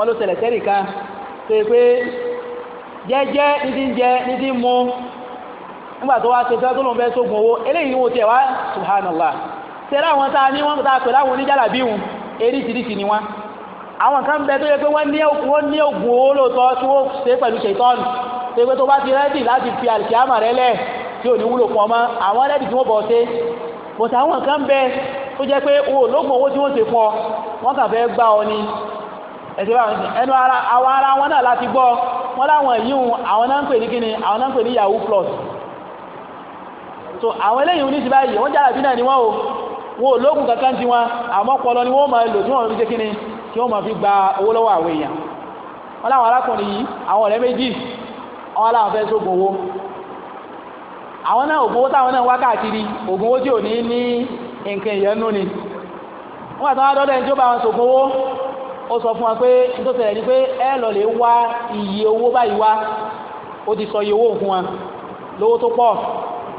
wọn ló ṣẹlẹ̀ sẹ́rì kan tó yẹ pé jẹ́jẹ́ ní ti ń jẹ ní ti ń mu nígbà tó wá ṣe tẹ́ tó lòun fẹ́ sógun owó eléyìí wo tiẹ̀ wá subhanallah tẹ́lá àwọn tá a ní wọ́n tá a pẹ̀lú àwọn oníjàlábí wọn eríṣiríṣi ni wọ́n àwọn kan bẹ tó yẹ pé wọ́n ní oògùn owó lóòótọ́ tí wọ́n ṣe pẹ̀lú ṣètọ́nù tó yẹ pé tó bá ti rẹ́dì láti fi àlìkíámà rẹ lẹ̀ tí ò ní wúlò fún ọmọ àwọn rẹ́dì tí wọ́n bọ̀ ṣe bọ̀tà àwọn kan bẹ tó jẹ́ pé o lóògùn owó tí wọ́n ṣe fún ọ wọ́n kàn fẹ́ gbá ọ ni ẹ̀sẹ̀ báwọn sì ẹnu ara àwọn ara wọn náà láti gbọ́ wọn láwọn yíhun àwọn náà ń pè ní kíni àwọn náà ń pè ní yahoo plus so àwọn eléyìí ní ti báyìí wọ́n jára bí náà ni wọ́n o wọn ò lóògùn kankan ti wọn àmọ́ pọlọ ni wọ́n máa lò tí wọ́n fi ṣe kíni tí wọ́n máa fi gba owó lọ́wọ́ àwọn èèyàn wọn láwọn arákùnrin yìí àwọn ọ̀rẹ́ méjì wọn ni wọ́n àtàwọn adọ́dọ̀ ẹni tí ó sọ fún wa pé tó ṣẹlẹ̀ ni pé ẹ lọ lè wá iye owó báyìí wá ó ti sọ iye owó fún wa lówó tó pọ̀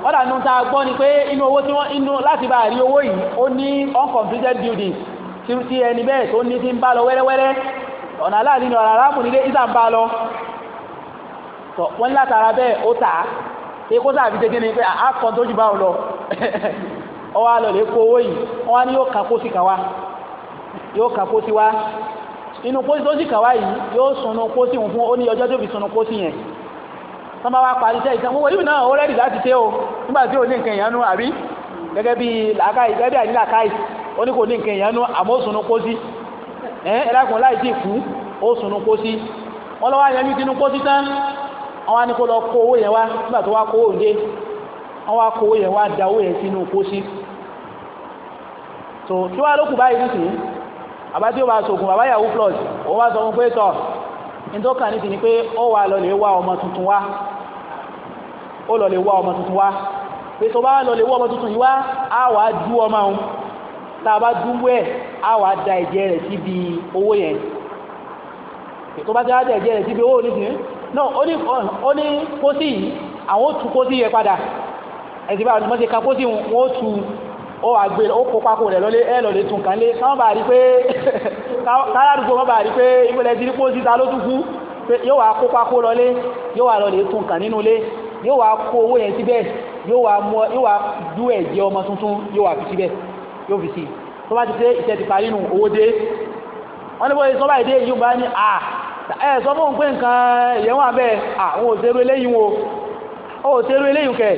wọ́n dà nù tá a gbọ́ ni pé inú owó tí wọ́n inú láti bá rí owó yìí ó ní uncompleted building tí ẹni bẹ́ẹ̀ tó ní ti ń bá lọ wẹ́rẹ́wẹ́rẹ́ ọ̀nà aláàlú ni ọ̀nà aráàmù nílé ìsà ń bá lọ tọ̀ wọ́n ní látara bẹ́ẹ̀ ó tà á kó sáà fi ṣe kíni pé àá kan tó jù bá lọ ọwọ́ [LAUGHS] alọ̀ lè kó owó yìí wọ́n wá yóò kà kó sí kà wá yóò kà kó sí wá inú pósí tó sì kàwá yìí yóò sunu pósí òun fún ó ní ọjọ́ tó fi sunu pósí yẹn tọ́n bá wá parí iṣẹ́ ìsan owó ìbìnà ó rẹ́dì láti tẹ́ o nígbà tí ò ní nǹkan ìyanu àbí gẹ́gẹ́ bí làákàì gẹ́gẹ́ bí àìnílàákàì ó ní kò ní nǹkan ìyanu àmọ́ sunu pósí ẹ̀ ẹ̀lákùn láì sí ìkú ó sunu pósí wọ́n lọ́wọ́ àyẹ̀mí tinú pósí tán àwọn ni kó lọ kó owó yẹn wá nígbà tó wá kó owó wọ́n wá kó owó yẹn wá da owó yẹn sínú pósí so tí wàá lókù àbá tí ó bá sògùn bàbá yahoo plus ó wá sọ pé tọ̀ ìtọ́kà ní ti ni pé ó wà lọ lè wá ọmọ tuntun wá ó lọ lè wá ọmọ tuntun wá pé tó bá lọ lè wá ọmọ tuntun yìí wá á wà dú ọmọ òun tá a bá dúwó ẹ̀ á wà da ẹ̀jẹ̀ rẹ̀ síbi owó yẹn tó bá ti ẹ̀jẹ̀ rẹ̀ síbi owó nísìnyí náà ó ní kó sí àwọn ó tu kó sí yẹ padà ẹ̀sìn ó wà gbé ó kó pákó rẹ̀ lọ́lé ẹ lọ́lé tún kan lé káwọn bá rí pé káràdùgbò wọn bá rí pé ìpínlẹ̀ tí kó síta ló tún kú yóò wá kó pákó lọ́lé yóò wà lọ́lé tún kan nínú ilé yóò wá kó owó yẹn síbẹ̀ yóò wá dú ẹ̀jẹ̀ ọmọ tuntun yóò wá fi síbẹ̀ yóò fi sí tó bá ti dé iṣẹ́ ti parí nù owó dé wọ́n ní bóyá sọ́bà ìdé yìí bá ní à ẹ̀ sọ fún pé nǹkan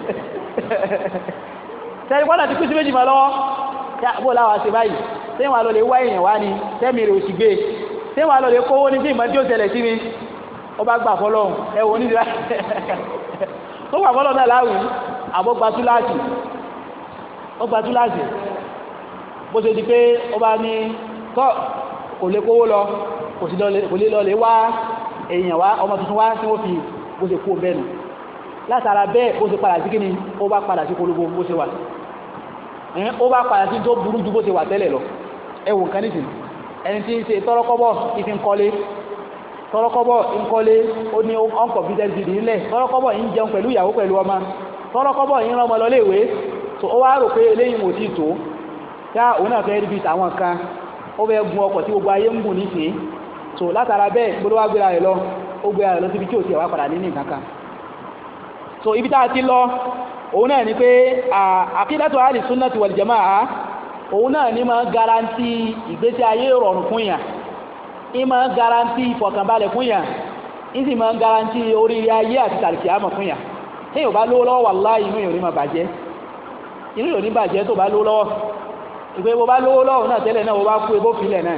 [LAUGHS] sẹ́yìn pọ́nà ti kú sí méjì mọ́ lọ́wọ́ bó láwa ṣe báyìí sẹ́yìn wà lọ lè wá èèyàn wá ni sẹ́mi rè òsì gbé sẹ́yìn wà lọ lè kówó ní sí ìmọ̀ tí ó ṣẹlẹ̀ sí mi ó bá gbà fọlọ́ ẹ wò nídìí láti tó gbà fọlọ́ náà láwùú àbó gbatúláàsì ó gbatúláàsì bó ṣe di pé ó bá ní tọ́ kò lè kówó lọ kò lè lọ lè wá èèyàn wá ọmọ tuntun wá tí wọ́n fi bó ṣe kú bẹ́ẹ̀ nù látara bẹ́ẹ̀ ó ṣe padà sí kíni ó bá padà sí polówó bó ṣe wà ẹ̀ ó bá padà sí tó burú ju bó ṣe wà tẹ́lẹ̀ lọ ẹwù nǹkan nìsín ẹni tí ń ṣe tọ́rọ́kọ́bọ̀ ìfi ń kọ́lé tọ́rọ́kọ́bọ̀ ń kọ́lé ó ní uncompetent bìdì nílẹ̀ tọ́rọ́kọ́bọ̀ ń jẹun pẹ̀lú ìyàwó pẹ̀lú ọmọ tọ́rọ́kọ́bọ̀ ń rán ọmọ lọ léèwé tó ó wá rò pé eléyìí sí tó tí ò sí ẹ̀wá padà nínú ìkankan so ibi tá a ti lọ òun náà ni pé àkídàtò alìsúnnàtì wal jamaa òun náà ni máa garanti ìgbésí ayé rọrùn fún yàn ní máa garanti ìfọ̀kànbalẹ̀ fún yàn ní sì máa garanti oríire ayé àti tàlìkìámọ̀ fún yàn tí yóò bá lówó lọ́wọ́ wallahi inú yóò ní máa bàjẹ́ inú yóò ní bàjẹ́ tó bá lówó lọ́wọ́ ìgbé bó bá lówó lọ́wọ́ náà tẹ́lẹ̀ náà bó bá kú ebó filẹ̀ náà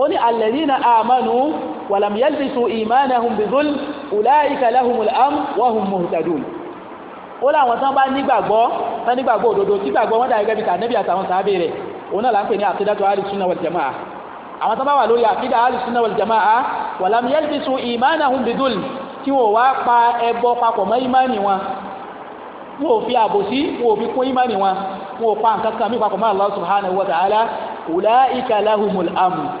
ó ní alladhina amanu walam yalbisu imanahum bizulm ulaika lahumul amn wa hum muhtadun ó láwọn tán bá nígbàgbọ́ tán nígbàgbọ́ òdodo tí gbàgbọ́ wọn dàgẹ́ bí tànẹ́bí àtàwọn sàábé rẹ̀ òun náà là ń pè ní àtidátọ̀ alìsúná wal jamaa àwọn tán bá wà lórí àkídà alìsúná wal jamaa walam yalbisu imanahum bizulm tí wọ́n wá pa ẹbọ papọ̀ mọ́ ìmánì wọn wọ́n ò fi àbòsí wọ́n fi kún ìmánì wọn wọ́n pa nǹkan kan mí papọ̀ mọ́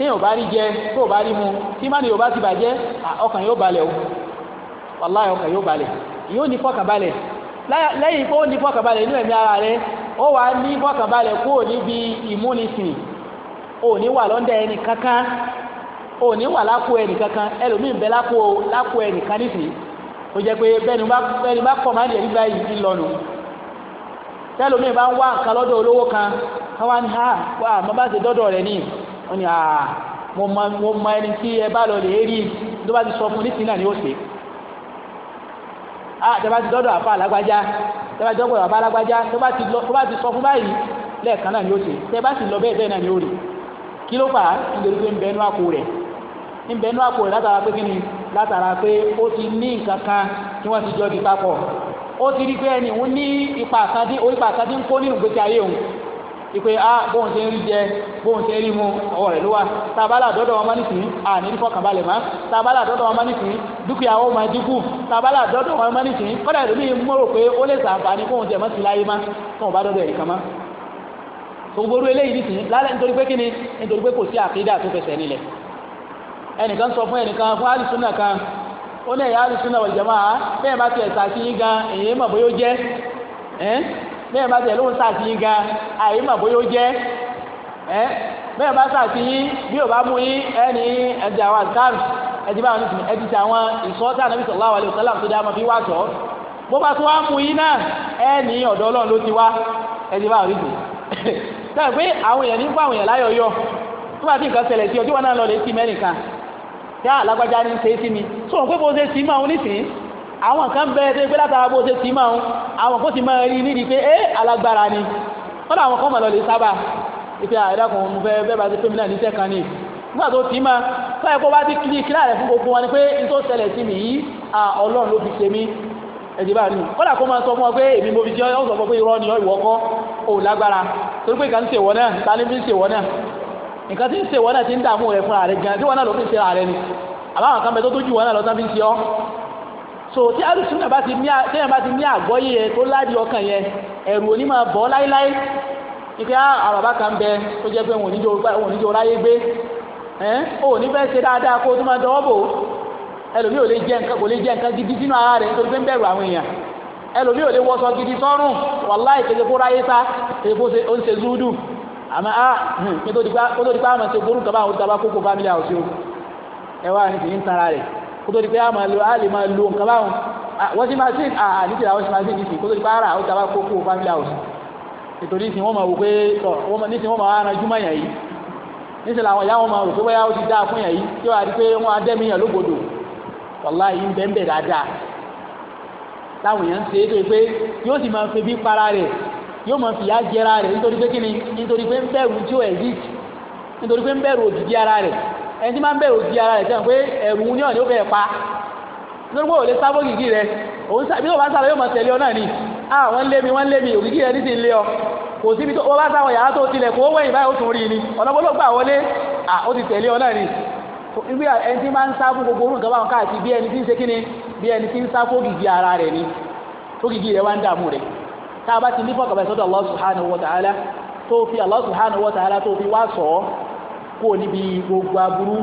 téèyàn ò bá rí jẹ tó bá rí mu tí má ní yóò bá ti bàjẹ́ ọkàn yóò balẹ̀ o wàláhì ọkàn yóò balẹ̀ yóò ní fọkànbalẹ̀ lẹ́yìn pé ó ní fọkànbalẹ̀ inú ẹ̀mí ara rẹ ó wà ní o níbi ìmúnisìn o wà lọ́ndẹ̀ ẹnì kankan o wà lápò ẹnì kankan ẹlòmíì bẹ lápò lápò ẹnì kan nísìnyí ó jẹ pé bẹ́ẹ̀ni bá kọ̀ máa ń yẹ nígbà yìí ńlọnù tẹ́lòmíì bá ń wá nǹkan wọ́n ní àà ah, mo mọ mo mọ ẹni tí ẹ bá lọ lè rí tó bá ti sọ fún nísìnyí náà ni ó ṣe ah tẹ́ bá ti dọ́dọ̀ àfa alágbájá tẹ́ bá ti dọ́dọ̀ àfa alágbájá tó bá ti lọ tó bá ti sọ fún báyìí lẹ́ẹ̀kan náà ni ó ṣe tẹ́ bá sì lọ bẹ́ẹ̀ bẹ́ẹ̀ náà ni ó rí kí ló fà á nítorí pé ń bẹ inú àpò rẹ̀ ń bẹ inú àpò rẹ̀ látara pé kí ni látara pé ó ti ní nǹkan kan tí wọ́n ti jọ di papọ̀ ó ti rí pé ẹni òun ní ipa àkàndín orí ipa àkàndín kó nínú ìgbésí ayé òun ipe a ah, bóun ṣe ń rí jẹ bóun ṣe ń rí mu ọwọ́ rẹ̀ ló wà tabala dọ́dọ̀ wọn mánìkì àní ní fọkànbalẹ̀ má tabala dọ́dọ̀ wọn mánìkì dúkìá ó máa dínkù tabala dọ́dọ̀ wọn mánìkì kọ́dà ìlú mi mọ̀rò pé ó lè sàǹfààní mọ́tì láyé má tó bá dọ́dọ̀ eléyìí lálẹ́ nítorí pé kíni nítorí pé kò sí tó fẹsẹ̀ nílẹ̀ ẹnìkan sọ fún ẹnìkan fún kan ó ní ẹ̀yà mẹ́rin bá tẹ̀ lóhùn sàtìyín gan àyè mà bóyá ó jẹ́ ẹ́ mẹ́rin bá sàtìyín bí ò bá mú yín ẹni ẹ̀dì àwọn àdìkárù ẹ̀dì báwọn nìsín ẹ̀dì tí àwọn ìsọ́tà nàbí sallallahu alaihi wasallam tó dé àmọ́ fi wá sọ bó bá tó wá mú yín náà ẹni ọ̀dọ̀ ọlọ́run ló ti wá ẹ̀dì báwọn nìsín [LAUGHS] sẹ́yìn pé àwọn èèyàn ní fún àwọn èèyàn láyọ̀ yọ tó bá ti nǹkan ṣẹlẹ̀ sí ọjọ́ wọn náà lọ lè sí mẹ́rin kan yá alágbájá ní ṣe é sí mi tó pé bó ṣe sí mọ́ àwọn oníṣìí àwọn kan bẹ́ẹ̀ tó gbé látara bó ṣe ti máa ń àwọn kó ti máa rí nídìí pé ẹ́ alágbára ni wọ́n lọ àwọn kan mọ̀ lọ lè sábà ìpè àdákùn mo fẹ́ bẹ́ẹ̀ bá ti fẹ́mi náà ní sẹ́kan ni nígbà tó ti máa fẹ́ kó bá ti kí kílá rẹ̀ fún gbogbo wọn ni pé n tó ṣẹlẹ̀ sí mi yìí ọlọ́run ló fi ṣe mí ẹ̀dì bá rí kọ́lá kó máa sọ fún ọ pé èmi mo fi jẹ́ ọ̀sọ̀ fún kọ́ ò lágbára ń ṣèwọ náà náà ti ń dààmú rẹ̀ fúnra rẹ̀ gan tí wọn náà ló fi ń ṣe ara ni àbáwọn kan bẹ tó tó jù wọn náà lọ fi ń ṣe ọ́ so tí alùsùnà bá ti ní téèyàn bá ti ní àgbọ́yé yẹn tó ládìí ọkàn yẹn ẹ̀rù òní máa bọ́ láíláí ìpé ah, àbàbá kan bẹ tó jẹ́ pé òun níjó ráyé gbé ẹ́n òun ní fẹ́ ṣe dáadáa kó tó máa dánwọ́bò ẹlòmí ò lè jẹ nǹkan kò lè jẹ nǹkan gidi sínú ara rẹ̀ nítorí pé ń bẹ̀rù àwọn èèyàn ẹlòmí ò lè wọṣọ gidi sọ́rùn wàláì kéde kó ráyé sá kéde kó ó ń ṣe zúdù àmọ́ á ah, hmm, kó tó di pé àwọn ṣe gbórúkọ báwọn olùtàbá kókó family house o ẹ wá ní ti ń tara rẹ̀ kó tó di pé a máa lo a lè máa lo nǹkan báwọn washing machine àà ní tìlà washing machine nìsín kó tó di pé ara ó taba kókó family house nítorí nísìn wọ́n máa wò pé tọ̀ nísìn wọ́n máa ran júmọ̀ yẹn yìí nísìn làwọn ìyá wọn máa rò pé bóyá ó ti dáa fún yẹn yìí tí wàá di pé wọ́n adẹ́miyàn lógbòdò wàláhì ń bẹ́ẹ̀ bẹ́ẹ̀ dáadáa táwọn èèyàn ń ṣe é tó yẹ pé yóò sì máa fi bí para rẹ̀ yóò máa fìyà jẹra rẹ̀ nítorí pé kíni nítorí pé ń bẹ̀rù tí ó exist nítorí pé ń bẹ̀rù òjijì ara rẹ̀ ẹni tí máa ń bẹ̀rù di ara rẹ̀ sẹ́wọ̀n pé ẹ̀rù ní ọ̀nà ó fẹ́ pa lórí pé òlé sábó gìgì rẹ òun sábà bí wọ́n bá sábà yóò máa tẹ̀lé ọ náà ni ah wọ́n lé mi wọ́n lé mi ògìgì rẹ ní ti lé ọ kò síbi tó wọ́n bá sáwọn yàrá tó tilẹ̀ kó wẹ̀yìn báyìí ó tún rí ni ọ̀nà bó ló gbà wọlé ah ó ti tẹ̀lé ọ náà ni ibi ẹni tí máa ń sá fún gbogbo orúkọ báwọn káàkiri bí ẹni tí ń ṣe kíni ni ògìgì rẹ wá ń dààmú rẹ tá a bá ti Allah subhanahu wa ta'ala tó Allah subhanahu wa ta'ala tó fi kúrò níbi gbogbo aburú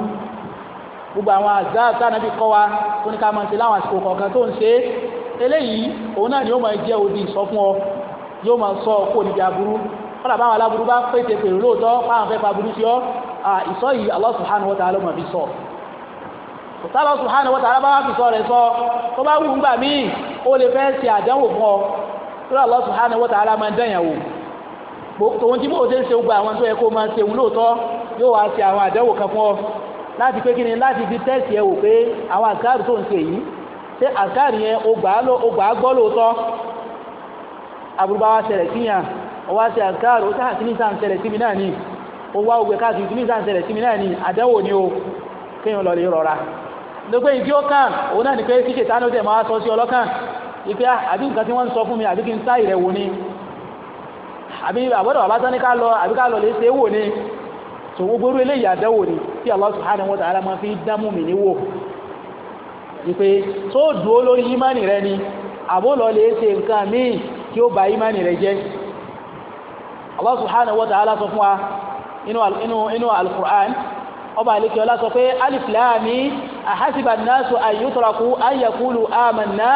gbogbo àwọn àzá tánàbí kọ́ wa tó ní ká máa ń ṣe láwọn àsìkò kọ̀ọ̀kan tó ń ṣe eléyìí òun náà ni ó máa jẹ́ odi ìsọ fún ọ yóò máa sọ kúrò níbi aburú kọ́nà báwọn aláburú bá pètè pèrò lóòótọ́ páwọn fẹ́ pa aburú sí ọ ìsọ yìí Allah subhanahu wa ta'ala máa fi sọ tàbí subhanahu wa ta'ala bá wá fi sọ rẹ̀ sọ tó bá wù ń gbà míì ó lè fẹ́ subhanahu wa ta'ala máa ń tòun tí mò ń ṣe gba àwọn tó yẹ kó máa ṣe òun lóòótọ́ yóò wá ṣe àwọn àdánwò kan ọ láti pé kíni láti fi tẹ́sì ẹ wò pé àwọn àkáàrù tó ń ṣe yìí ṣé àkáàrù yẹn o gbọ́ lóòótọ́ àbúrúbá ṣẹlẹ̀ síyàn o wá ó sáà ń ṣẹlẹ̀ sí mi náà ni wá káàkiri ń ṣẹlẹ̀ sí mi náà o lọ rọra ìdí ó kàn òun náà ni pé tánú tẹ̀ máa sọ sí ọlọ́kàn ìpé àbí àbí àbọ̀dọ̀ bàbá tán ní ká lọ àbí ká lọ lè ṣe é wò ni tó gbogbo orí eléyìí àdánwò ni tí Allah subhanahu wa ta'ala máa fi dámú mi níwò wípé tó dúó lórí ìmánì rẹ ni àbó lọ lè ṣe nǹkan míì kí ó ba ìmánì rẹ jẹ́ Allah subhanahu wa ta'ala sọ fún wa inú al-Qur'an ọba àlekè ọlá sọ pé alif ahasiba nasu an yutraku amanna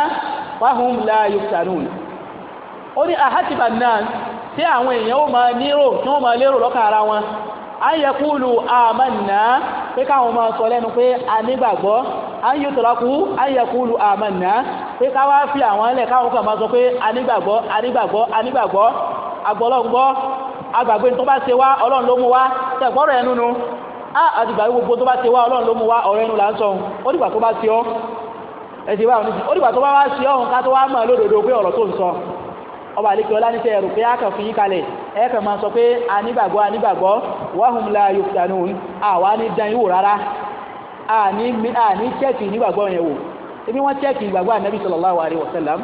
wa la yuftanun ó ní ahasiba an tí àwọn èèyàn ó máa nírò tí wọ́n máa lérò lọ́kàn ara wọn ayẹkúlù àmànà pé káwọn máa sọ lẹ́nu pé a nígbàgbọ́ ayétọ́lákú ayẹkúlù àmànà pé káwá fi àwọn ẹlẹ̀ káwọn kan máa sọ pé a nígbàgbọ́ a a nígbàgbọ́ agbọ́lọ́gbọ́ agbàgbé tó bá ṣe wá ọlọ́run ló mú wá tẹ̀gbọ́rọ̀ ẹnu nu àdìgbà gbogbo tó bá ṣe wá ọlọ́run ọba àlekè ọlá níṣẹ́ ẹ̀rù pé àkàn fi yín kalẹ̀ ẹ̀kàn máa sọ pé anígbàgbọ́ anígbàgbọ́ wahum la yuftanun àwa ní dan ìwò rárá àní chẹ́ẹ̀kì nígbàgbọ́ yẹn wò ebi wọ́n chẹ́ẹ̀kì ìgbàgbọ́ ànábì sallallahu alaihi wasallam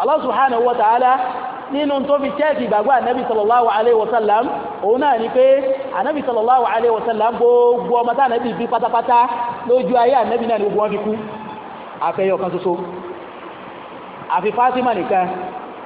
Allah subhanahu wa ta'ala nínú tó fi chẹ́ẹ̀kì ìgbàgbọ́ ànábì sallallahu alaihi wasallam òun náà ni pé ànábì sallallahu alaihi wasallam gbogbo ọmọ tá ànábì bí pátápátá lójú ayé ànábì náà ni gbogbo wọn fi kú àfẹyọ kan ṣoṣo àfi Fátímà nìkan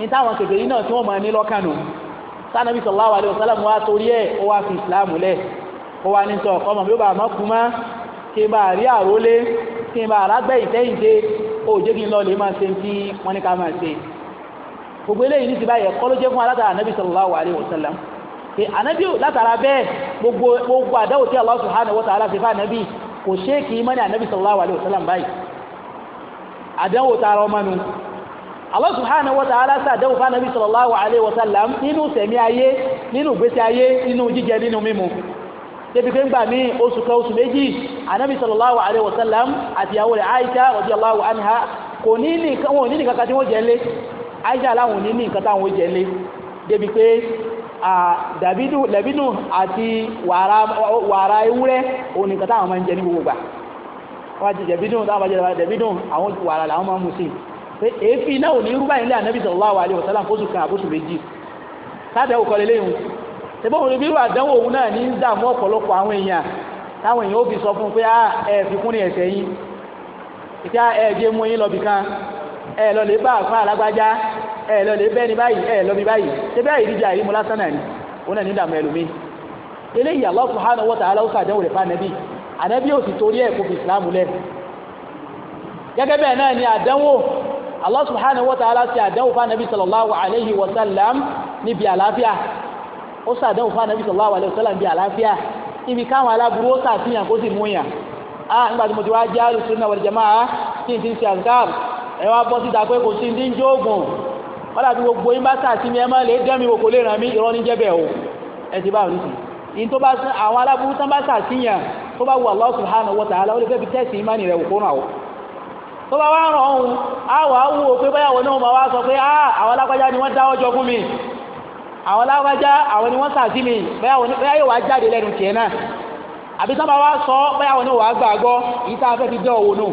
ní táwọn kèfèrí náà tí wọ́n máa ní lọ́kànnù sanabi sallallahu alayhi wa sallam wa torí ẹ̀ ó wá fi islam lẹ̀ ó wá ní sọ ọmọ mi ó bá mọ́kú má kí n bá rí àrólé kí n bá rágbẹ́ ìtẹ́yìnde ó jẹ́ kí n lọ lè máa ṣe tí wọ́n ní ká máa ṣe gbogbo eléyìí ní báyẹ̀ kọ́ ló jẹ́ fún alátara anabi sallallahu alayhi wa sallam pé látara bẹ́ẹ̀ gbogbo àdáwò tí Allah subhanahu wa ta'ala fi fa anabi kò ṣe é mọ́ ní anabi sallallahu alayhi wa báyìí àdáwò tààrà ọmọ nu Allah subhanahu wa ta'ala sàdẹ́wò fún anabi sallallahu alayhi wa sallam nínú tẹ̀mí ayé nínú gbèsè ayé nínú jíjẹ nínú mímu débi pé ń gbà mí oṣù kan oṣù méjì anabi sallallahu alayhi wa sallam àtìyàwó rẹ̀ aisha radiyallahu anha kò ní nìkan wọn ò ní nìkan kan tí wọ́n jẹ lé aisha aláwọn ò ní nìkan táwọn jẹ lé débi pé pé èéfì náà ò ní rú báyìí lé ànábì sallallahu alaihi wasallam fóṣù kan àbóṣù méjì ládàá òkọ lélẹ́yìn ṣẹbọ́n òní bí irú àdánwò òun náà ní dààmú ọ̀pọ̀lọpọ̀ àwọn èèyàn táwọn èèyàn ó fi sọ fún un pé á ah, ẹ fi kún ní ẹ̀ṣẹ̀ yín ìta ah, ẹ jẹ́ mú yín lọ́bì kan ẹ lọ lè bá àfa alágbájá ẹ lọ lè bẹ́ni báyìí ẹ lọ́bi báyìí ni ẹ̀ gẹ́gẹ́ bẹ́ẹ̀ náà ni àdánwò Allah subhanahu wa ta'ala ṣe àdánwò fún anabi sallallahu alayhi wa sallam níbi àlàáfíà ó ṣe àdánwò fún anabi sallallahu alayhi wa sallam níbi àlàáfíà ibi káwọn aláburú ó ṣàfihàn kó sì múyàn á ah, nígbà tí mo ti wá jẹ́ alùsùn náà wal jama'a kí n ti ń ṣe àǹkáàbù ẹ wá bọ́ síta pé kò sí ní jóògùn wọ́n dàbí gbogbo yín bá sàtí mi ẹ má lè dẹ́mi wò kò lè ràn mí irọ́ ní jẹ́bẹ̀ o ẹ ti bá wọn nísìn yìí tó bá àwọn aláburú tán bá sàtí yàn tó bá wù Allah subhanahu wa ta'ala ó lè fẹ́ fi tẹ́sí ìmánì rẹ̀ wò kó ràn wọ́n tó bá wá ràn ọ̀hún á wà á wúwo pé báyàwó náà máa wá sọ pé á àwọn alágbájá ni wọ́n dá ọjọ́ fún mi àwọn alágbájá àwọn ni wọ́n sàdí mi báyàwó wá jáde lẹ́nu tiẹ̀ náà àbí sábà wá sọ báyàwó náà wà gbàgbọ́ yìí tá fi dẹ́ òwò náà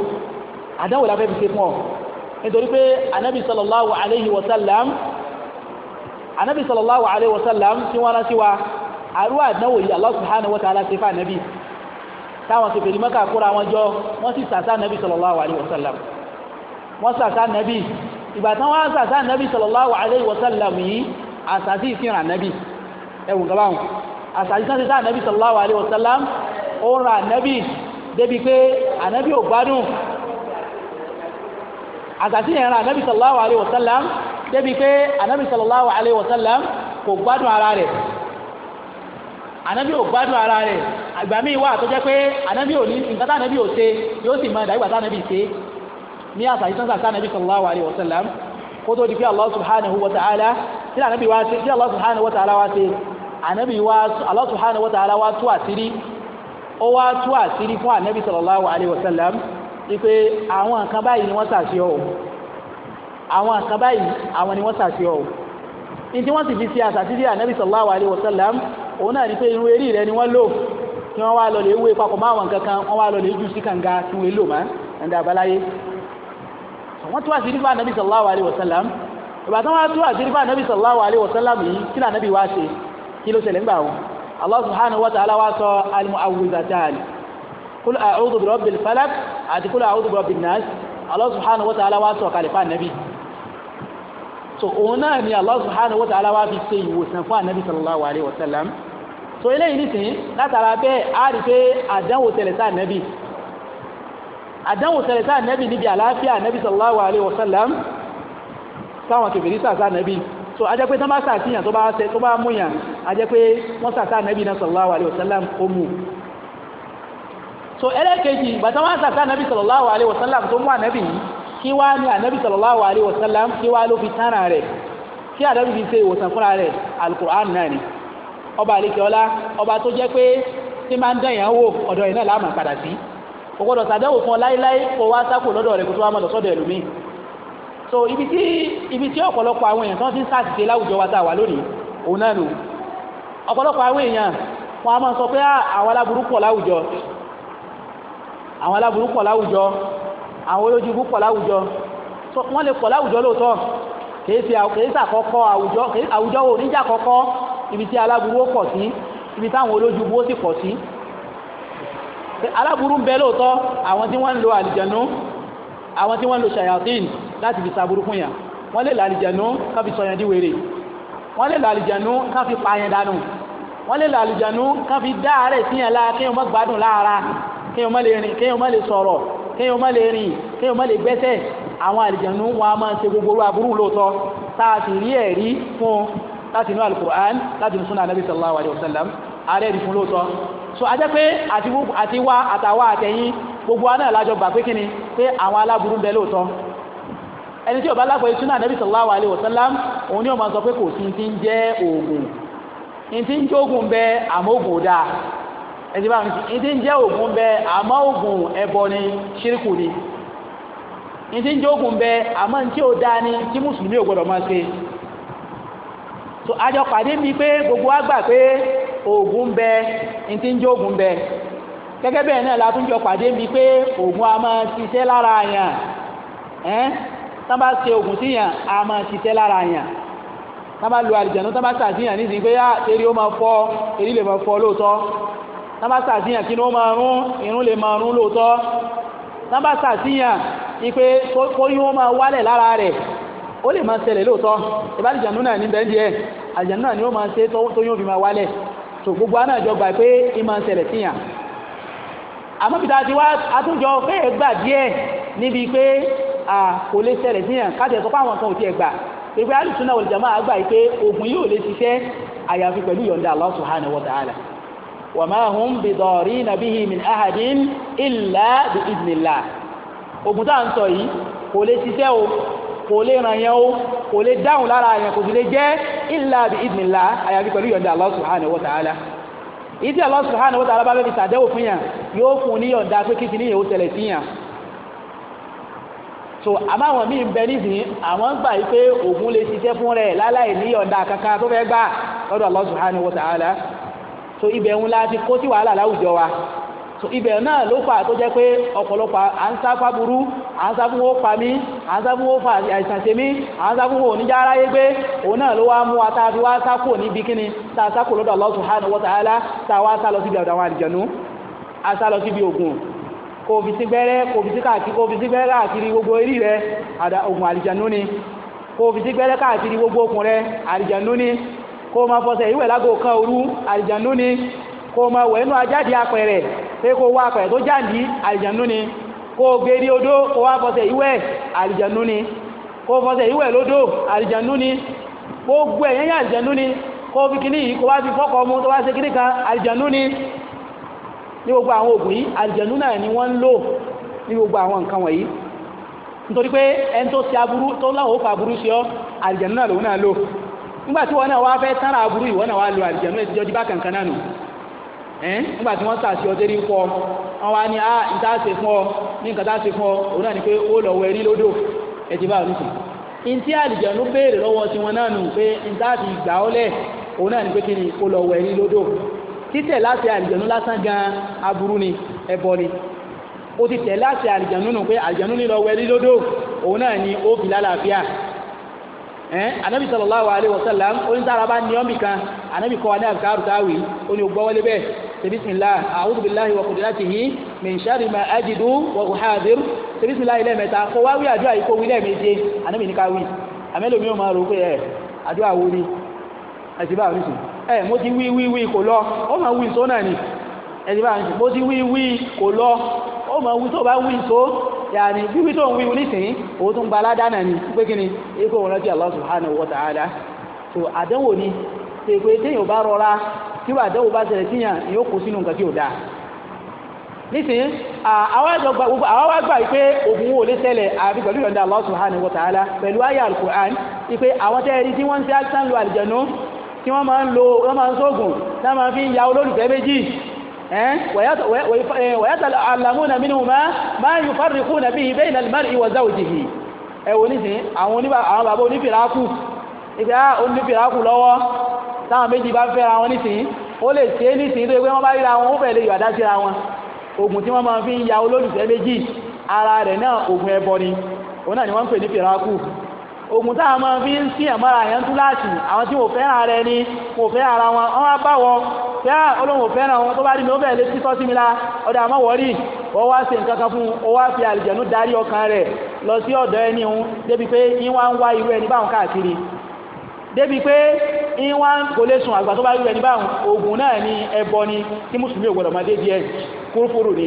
àdáwò la fi ṣe fún ọ nítorí pé anabi sallallahu alayhi wa anabi sallallahu alayhi wa sallam tí wọ́n rán sí wa àrùn àdánwò yìí Allah subhanahu wa ta'ala ṣe fún táwọn kèfèrí Mẹ́kà kóra wọn jọ wọ́n sì sàṣà nàbì sallallahu alaihi wasallam wọ́n sàṣà nàbì ìgbà tán wọ́n sàṣà nàbì sallallahu alaihi wasallam yìí àṣàṣì ìfihàn nàbì ẹ̀wù gabawọn àṣàṣì sáṣẹ sáà nàbì sallallahu alaihi wasallam ó ń ra nàbì débi pé ànàbì ò gbádùn àṣàṣì yẹn ra nàbì sallallahu alaihi wasallam kò gbádùn ara rẹ̀ ànábì ò gbádùn ara rẹ̀ àgbà míì wà tó jẹ́ pé ànábì ò ní nǹkan tá ànábì ò ṣe yóò sì máa dàgbà tá ànábì ṣe ní àṣà yìí sánsà ànábì sallallahu alaihi wasallam kó tó di pé Allah subhanahu wa ta'ala tí ànábì wá ṣe tí Allah subhanahu wa ta'ala wá ṣe ànábì wá Allah subhanahu wa ta'ala wá tú àṣírí ó wá tú àṣírí fún ànábì sallallahu alaihi wasallam òun náà ni pé irun eré rẹ ni wọ́n lò kí wọ́n wá lọ lè wé papọ̀ mọ́ àwọn kankan wọ́n wá lọ lè jù sí kànga tí wọ́n lò máa ẹ̀ndà àbáláyé wọ́n tó àṣírí fún ànábì sallallahu alaihi wasallam ìgbà tó wọ́n tó wasallam ni ànábì wá ṣe kí ló ṣẹlẹ̀ Allah subhanahu wa ta'ala wá al-mu'awwidhatan kul a'udhu bi rabbil falaq àti kul a'udhu bi rabbin nas Allah subhanahu wa ta'ala wá sọ kalẹ̀ fún so òun náà ni Allah subhanahu wa ta'ala wá fi ṣe ìwòsàn fún ànábì sallallahu alayhi wa so eléyìí nìsín látara bẹ́ẹ̀ á rí pé àdánwò tẹ̀lẹ̀ sí ànábì àdánwò tẹ̀lẹ̀ sí ànábì níbi àlàáfíà ànábì sallallahu alayhi wa sallam táwọn so a jẹ́ pé tán bá sàṣìyàn tó bá ṣe tó bá múyàn a jẹ́ pé wọ́n mú so ẹlẹ́kejì ìgbà tán wọ́n sàṣà ànábì sallallahu alayhi wa sallam yìí kí wá ní ànábì sallallahu alaihi wasallam kí wá ló fi tánà rẹ̀ kí ànábì fi ṣe ìwòsàn fúnra rẹ̀ alukur'an náà ni ọba àlekẹ́ọ́lá ọba tó jẹ́ pé tí máa ń dẹ̀yàn wò ọ̀dọ̀ yìí náà láàmà padà so ibi tí ibi tí ọ̀pọ̀lọpọ̀ àwọn èèyàn tó ti ń sàṣìṣe láwùjọ wa tá a wà lónìí òun náà nù ọ̀pọ̀lọpọ̀ àwọn èèyàn wọn a máa sọ pé ah, àwọn aláburú láwùjọ àwọn olójúbú pọ̀ láwùjọ wọ́n lè pọ̀ láwùjọ lóòótọ́ kèésì àkọ́kọ́ àwùjọ àwùjọ wo níjà àkọ́kọ́ ibi tí aláburú ó pọ̀ sí ibi táwọn olójúbú ó sì pọ̀ sí aláburú ń bẹ lóòótọ́ àwọn tí wọ́n ń lo àlìjànú àwọn tí wọ́n ń lo ṣayatin láti fi sa burúkú yàn wọ́n lè làlìjànú ká fi sọyàn di wèrè wọ́n lè làlìjànú ká fi pààyàn dànù wọ́n lè làlìjànú lè sọ̀rọ̀ kéèyàn má lè rìn kéèyàn má lè gbẹ́sẹ̀ àwọn àlìjẹ̀nu wọn a máa ṣe gbogbo orú aburú lóòótọ́ tá a sì rí ẹ̀rí fún láti inú alukur'an láti inú sunnah anabi sallallahu alayhi wa sallam ààrẹ ẹ̀rí fún lóòótọ́ so a jẹ́ pé àti wá àtàwá àtẹ̀yìn gbogbo aná lájọ gbà pé kí ni pé àwọn aláburú ń bẹ lóòótọ́ ẹni tí ó bá sunnah anabi sallallahu alayhi wa sallam òun ni ó máa sọ pé kò sí ti ń jẹ́ oògùn ìtí ń jógun bẹ àmógùn dáa ẹtì bá mi ti ìdí ń jẹ́ ògùn bẹ àmọ́ ògùn ẹbọ ni ṣírkù ni ìdí ń jẹ́ ògùn bẹ àmọ́ tí ó dáa ni tí mùsùlùmí ò máa ṣe so àjọ pàdé mi pé gbogbo wa gbà pé ògùn bẹ ìdí ń jẹ́ ògùn bẹ gẹ́gẹ́ bẹ́ẹ̀ náà la tún jọ pàdé mi pé ògùn a máa ṣiṣẹ́ lára yàn ẹ́n tán bá ṣe ògùn sí a máa ṣiṣẹ́ lára yàn tán bá lu àlìjànú tán bá ṣàṣìyàn nísìnyí pé yá ah, eré ó máa fọ́ eré lè máa fọ́ lóòótọ́ nọ́mbà sàtíyàn kí ní ó máa rún irun lè máa rún lóòtọ́ nọ́mbà sàtíyàn ipé kó yíó máa wálẹ̀ lára rẹ̀ ó lè máa ṣẹlẹ̀ lóòtọ́ ìbálìjànú náà ní bẹ́ẹ̀ díẹ̀ àjànú náà ni ó máa ṣe tó yóò fi máa wálẹ̀ tó gbogbo aná jọ gbà pé í máa ṣẹlẹ̀ síyàn àmọ́ bí wá atúnjọ fẹ́ẹ̀ gbà díẹ̀ níbi pé à kò lè ṣẹlẹ̀ síyàn káṣẹ̀ sọ fáwọn kan ò tiẹ̀ gbà pé alùsùn náà olùjàmọ́ àgbà yìí pé oògùn yóò lè ṣiṣẹ́ àyàfi pẹ̀lú yọ̀ǹda Allah subhanahu wa ta'ala wa ma hum bidarrina bihi min ahadin illa bi idhnillah ogun tá à ń sọ yìí kò lè ṣiṣẹ́ o kò lè ràn yẹn o kò lè dáhùn lára yẹn kò sì lè jẹ́ illa bi idhnillah àyàfi pẹ̀lú yọ̀ǹda Allah subhanahu wa ta'ala ìdí Allah subhanahu wa ta'ala bá bẹ́ẹ̀ fi sàdẹ́wò fún yàn yóò fún ní yọ̀ǹda pé kí kìíní yẹn tẹ̀lẹ̀ sí yàn so àmọ́ àwọn míì ń bẹ nísìnyí àwọn ń gbà yí pé ògùn lè ṣiṣẹ́ fún rẹ̀ láláì ní yọ̀ǹda kankan tó fẹ́ gbà lọ́dọ̀ Allah subhanahu wa ta'ala so ibẹ̀ ń la ti kó sí wàhálà láwùjọ wa so ibẹ̀ náà ló fà tó jẹ́ pé ọ̀pọ̀lọpọ̀ à ń sáfà burú à ń sáfún ó pa mí à ń sáfún ó fa àìsàn ṣe mí à ń sáfún ó níjà aráyé gbé òun náà ló wá mú wa tá a fi wá sákò níbi kíni tá a sákò lọ́dọ̀ Allah subhanahu wa ta'ala tá a wá sá lọ síbi ọ̀dọ̀ àwọn àlìjẹ̀nu a sá lọ síbi ògùn kò fi sí gbẹ́rẹ́ kò fi sí káàkiri gbogbo eré rẹ ògùn àlìjẹ̀nu ni kò fi sí gbẹ́rẹ́ káàkiri gbogbo okùn rẹ àlìjẹ̀nu ni kó ma máa fọṣẹ ìwẹ̀ lágò kan òru àlìjànú ni kó o máa wẹ̀ inú ajáde apẹ̀rẹ̀ pé kó o wá apẹ̀rẹ̀ tó jáǹdí àlìjànú ni kó gbé ní odó kó wá fọṣẹ ìwẹ̀ àlìjànú ni kó o ìwẹ̀ lódò àlìjànú ni gbogbo ẹ̀yẹ́ ni kó fi kíní yìí kó fi fọ́kọ̀ kan ni ní gbogbo àwọn yìí náà ni wọ́n ń lò ní gbogbo àwọn nǹkan wọ̀nyí nítorí pé ẹni tó aburú tó aburú nígbàtí wọn náà wá fẹ́ tánra aburú ìwọ náà wá lo àlìjẹ̀nú ẹ̀ tíjọ́ díbà kankan nù ẹ́n nígbàtí wọ́n sàṣì ọdẹ rí fọ wọn wá ní ah fún ọ ní nǹkan fún ọ òun náà ni pé ó lọ wẹ ní lódò ẹ ti bá ọ nìkan ntí àlìjẹ̀nú béèrè lọ́wọ́ tí wọn náà nù pé níta ti gbà ọ lẹ̀ òun náà ni pé kí ni ó lọ ni ẹbọ ni ó ti ni ó fi lálàáfíà anabi eh, sallallahu alayhi wa sallam onítàrà bá ní ọ́nbì kan anabi kọ́ wa ní àbíká àrùtáwì ó ní gbọ́wọ́lé bẹ́ẹ̀ tẹ̀bísìnlá a'udhu billahi wa qudratihi min sharri ma ajidu wa uhadir tẹ̀bísìnlá ilẹ̀ mẹ́ta kó wá wí àdúrà yìí kó anabi ní ká wí amẹ́lòmí ò máa rò pé ẹ̀ eh, àdúrà wo ni ẹ̀sì bá orísun ẹ̀ eh, mo ti wí wí wí kò lọ ó máa wí só náà ni ẹ̀sì bá orísun mo ti wí wí kò lọ ó máa wí yàní bíbí tó ń wíwú nísìnyí òun tó ń gbalá dáná ni pé kí ni ikú òun rántí Allah subhanahu wa ta'ala so àdánwò ni ṣe pé téèyàn bá rọra tí wàá àdánwò bá ṣẹlẹ̀ síyàn yóò kó sínú nǹkan tí ò dáa nísìnyí àwọn wá gbà pé wo lè tẹ́lẹ̀ àbí pẹ̀lú ìyọ̀ǹda Allah subhanahu wa ta'ala pẹ̀lú ayé al-Qur'an ipe àwọn tẹ́ẹ̀rí tí wọ́n ń ṣe àtàn lu àlìjẹ̀nú tí wọ́n máa ń lo wọ́n máa ń sóògùn tí wọ́n máa fi ń ya olólùfẹ́ méjì ويتعلمون منهما ما يفرقون به بين المرء وزوجه ẹ̀wọ̀n nísìn àwọn bàbá onífìràkù ìgbà ah, onífìràkù lọ́wọ́ táwọn méjì bá fẹ́ra wọn nísìn ó lè ṣe é nísìn tó ẹgbẹ́ wọn bá ríra wọn ó fẹ́ ògùn táwọn máa fi ń sí àmọ́ra àyàn túláàsì àwọn tí wò fẹ́ràn rẹ ni wò fẹ́ràn ara wọn wọ́n wá bá wọn tí á olóhùn fẹ́ràn wọn tó bá rí mi ó bẹ̀rẹ̀ lé títọ́ sí mi la ọ̀dà àmọ́ wọ́rí wọ́n wá ṣe nǹkan kan fún un ó wá fi àlìjẹ̀nú darí ọkàn rẹ̀ lọ sí ọ̀dọ̀ ẹni òun débi pé ń wá ń wá ni ẹbọ ni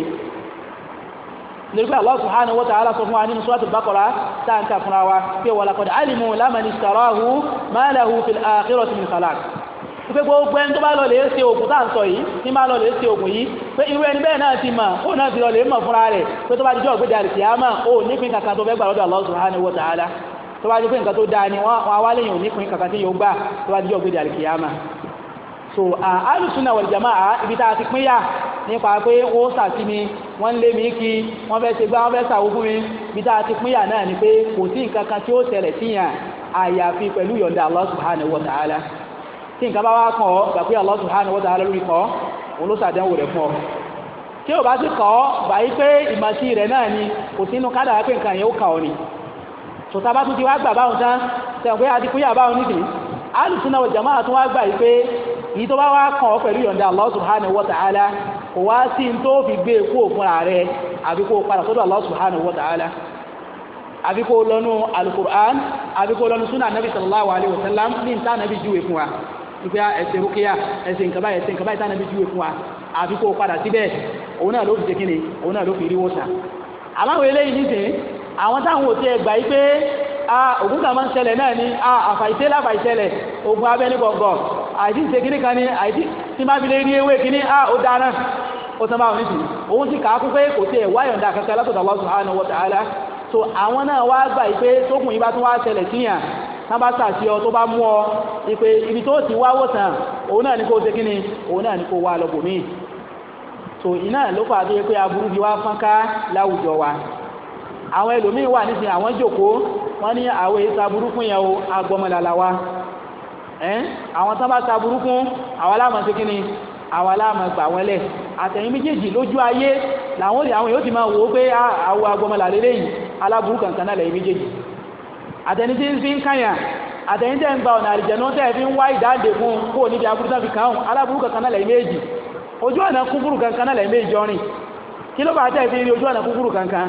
nítorí pé Allah subhanahu wa ta'ala sọ fún wa nínú suratul Baqara tá à ń kà fúnra wa pé wa laqad alimu liman ishtarahu ma lahu fil akhirati min khalaq pé gbogbo ẹni tó bá lọ lè ṣe ògùn tá à ń sọ yìí ní máa lọ lè ṣe ògùn yìí pé irú ẹni bẹ́ẹ̀ náà ti mọ̀ ó náà ti lọ lè mọ̀ fúnra rẹ̀ pé tó bá dijọ́ ògbéjà rẹ̀ kìámà ó nípìn kankan tó fẹ́ gbà lọ́dọ̀ Allah subhanahu wa ta'ala tó bá di pé nǹkan tó dáa ni wọ́n wá lẹ́yìn ònípìn kankan tí yóò gbà tó bá dijọ́ ògbéjà rẹ̀ kìámà so uh, alùsùnà wal jama'a ibi tá a ti pín yà nípa pé wọ́n sàtí mi wọ́n lé mi kí wọ́n fẹ́ ṣe gbá wọ́n fẹ́ sàwó mi ibi tá a ti pín yà náà ni pé kò sí nǹkan kan tí ó tẹ̀lẹ̀ síyàn àyàfi pẹ̀lú yọ̀ǹda Allah subhanahu wa ta'ala tí nǹkan bá wá kàn ọ́ gbà pé Allah subhanahu wa ta'ala lórí kàn òun ló sàdánwò rẹ̀ fún ọ tí ò bá sì kàn ọ́ gbà yí pé ìmọ̀sí rẹ̀ náà ni kò sínú kádàá pé nǹkan yẹn ó kàn ọ́ ni sọ̀tà bá tún ti wá gbà báwọn tán tẹ̀wọ̀n pé a ti pín yà báwọn nídìí alùsùnà wal jama'a tún wá gbà yí pé èyí tó bá wá kàn ọ́ pẹ̀lú yọ̀ǹda Allah subhanahu wa ta'ala kò wá sí n tó fi gbé kú òfúnra rẹ àbí kó padà sọ́dọ̀ Allah subhanahu wa ta'ala àbí kó lọ́nu alukur'an àbí kó lọ́nu sunnah nabi sallallahu alayhi ní n ta júwe fún wa ìgbé ẹsẹ̀ rúkìá ẹsẹ̀ nkàbá ẹsẹ̀ nkàbá ìta ogun kan máa ń ṣẹlẹ̀ náà ni àfàìṣẹ́ láfàìṣẹlẹ̀ ogun abẹ́ni gọ̀gọ̀ àìsí ìṣe kíní kan ni àìsí tí má fi lè rí ewé kíní à ó dáná ó tán báwọn nìsí òun ti kàákú pé kò tí ẹ̀ wáyọ̀ǹda kankan látọ̀dọ̀ Allah subhanahu wa ta'ala so àwọn náà wá gbà pé tókùn yìí bá tún wá ṣẹlẹ̀ síyàn tán bá sàṣì ọ tó bá mú ọ ìpè ibi tó ti wá wòsàn òun náà ni kò ṣe kíni òun náà ni kò wá lọ bòmíì so iná ló fà á tó yẹ pé aburú bí wá fọ́nká láwùjọ wa àwọn ẹlòmíì wà nísìnyí àwọn jòkó wọ́n ní àwọn èyí taburúkú yẹn o agbọmọlàlà wa ẹ́n àwọn tán bá taburúkú àwọn aláàmọ̀ sí kíni àwọn aláàmọ̀ gbà wọ́n lẹ̀ àtẹ̀yìn méjèèjì lójú ayé làwọn àwọn yóò ti máa wò ó pé àwọn agbọmọlà lélẹ́yìn aláburú kankan náà lẹ́yìn méjèèjì àtẹ̀yìn tí ń fi ń kàyà àtẹ̀yìn tẹ́ ń gba ọ̀nà àlìjẹ̀nú tẹ́ fi ń wá ìdáǹdè fún kó o níbi aburú tán fi kàn án kí ló bá tẹ́ fi rí ojú ọ̀nà kúkúrú kankan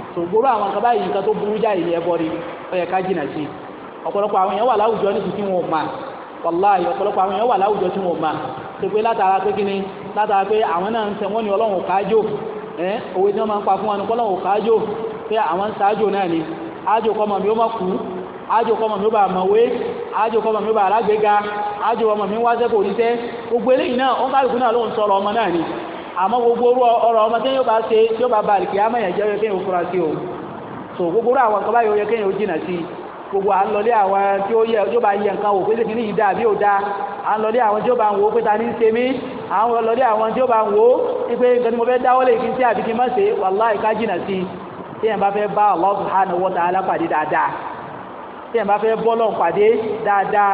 sògbóró àwọn akaba báyìí nǹkan tó burú jáì ní ẹbọ rí ó yẹ ká jìnà sí ọ̀pọ̀lọpọ̀ àwọn èèyàn wà láwùjọ ní tuntun wọn mà wàláì ọ̀pọ̀lọpọ̀ àwọn èèyàn wà láwùjọ tí wọn mà tó pé látara pé kíni látara pé àwọn náà ń ní ọlọ́run tí wọ́n máa pa fún wọn kọ́lọ́run pé àwọn ń ṣáájò náà ni ájò kọ́mọ mi ó kú ájò kọ́mọ ọmọ àmọ́ gbogbo orú ọ̀rọ̀ ọmọ tẹ́yìn bá ṣe tí ó bá ba àlìkì àmọ́ ìyànjẹ́ yẹ kéèyàn fura sí o so gbogbo orú àwọn nǹkan báyìí ó yẹ kéèyàn ó jìnà sí gbogbo à ń lọlé àwọn tí ó yẹ tí ó bá yẹ nǹkan wò pé ṣe kìíní yìí dá àbí ò dá à ń lọlé àwọn tí ó bá ń wò pé ta ní ń ṣe mí à ń lọlé àwọn tí ó bá ń wò pé nǹkan tí mo fẹ́ dáwọ́ lè fi ṣe àbí kí n má ṣe wàláì ká jìnà sí téèyàn bá fẹ́ bá Allah subhanahu wa ta'ala pàdé dáadáa téèyàn bá fẹ́ bọ́lọ̀ pàdé dáadáa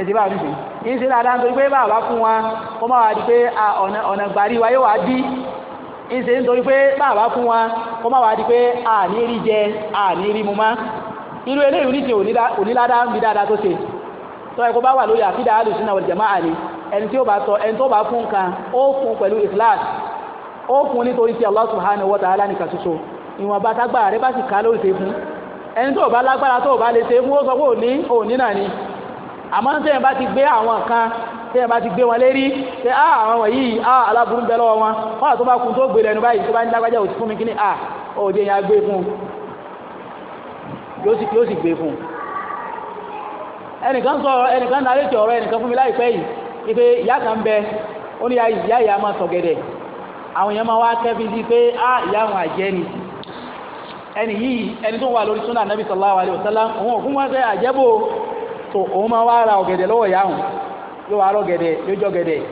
ẹ̀sìn bá mi sìn yín sí dáadáa nítorí pé bàbá fún wa kó má wá di pé ọ̀nà gbàrí wa yóò wá dí yín sí nítorí pé bàbá fún wa kó má wá di pé àní rí jẹ àní rí mu má irú eléyìí ní ti oníládá ń bi dáadáa tó ṣe tó ẹ kó bá wà lórí àkídà alùsùn àwọn ìjàmá àlè ẹni tí ó bá tọ ẹni tó bá fún nǹkan ó fún pẹ̀lú ikhlas ó fún nítorí ti Allah subhanahu wa ta'ala nìkan ṣoṣo ìwọ̀nba tágbára rẹ bá sì ká lórí ṣe fún ẹni tó bá lágbára tó bá lè ṣe fún ó sọ pé òní òní náà ni àmọ́ tẹ́yìn bá ti gbé àwọn kan tẹ́yìn bá ti gbé wọn lérí tẹ́ á àwọn wọ̀nyí á aláburú bẹ́ lọ́wọ́ wọn wọ́n tó bá kun tó gbé lẹ́nu báyìí tó bá ń dágbájá òtún fún mi kíní à òde yẹn á gbé fún yóò sì yóò sì gbé fún ẹnìkan sọ̀rọ̀ ẹnìkan náà létí ọ̀rọ̀ ẹnìkan fún mi láìpẹ́ yìí ipe ìyá kan bẹ ó ní ìyá ìyá máa sọ̀gẹ̀dẹ̀ àwọn èèyàn máa wá kẹ́bí sí pé á ìyá àwọn àjẹ́ ni ẹnì yìí ẹni tó wà lórí súnà nàbì sallallahu alaihi wasallam òun òkú wọn fẹ́ àjẹ́bò so òun ma wa ara ọ̀gẹ̀dẹ̀ lọwọ ìyá yóò wá gẹ̀dẹ̀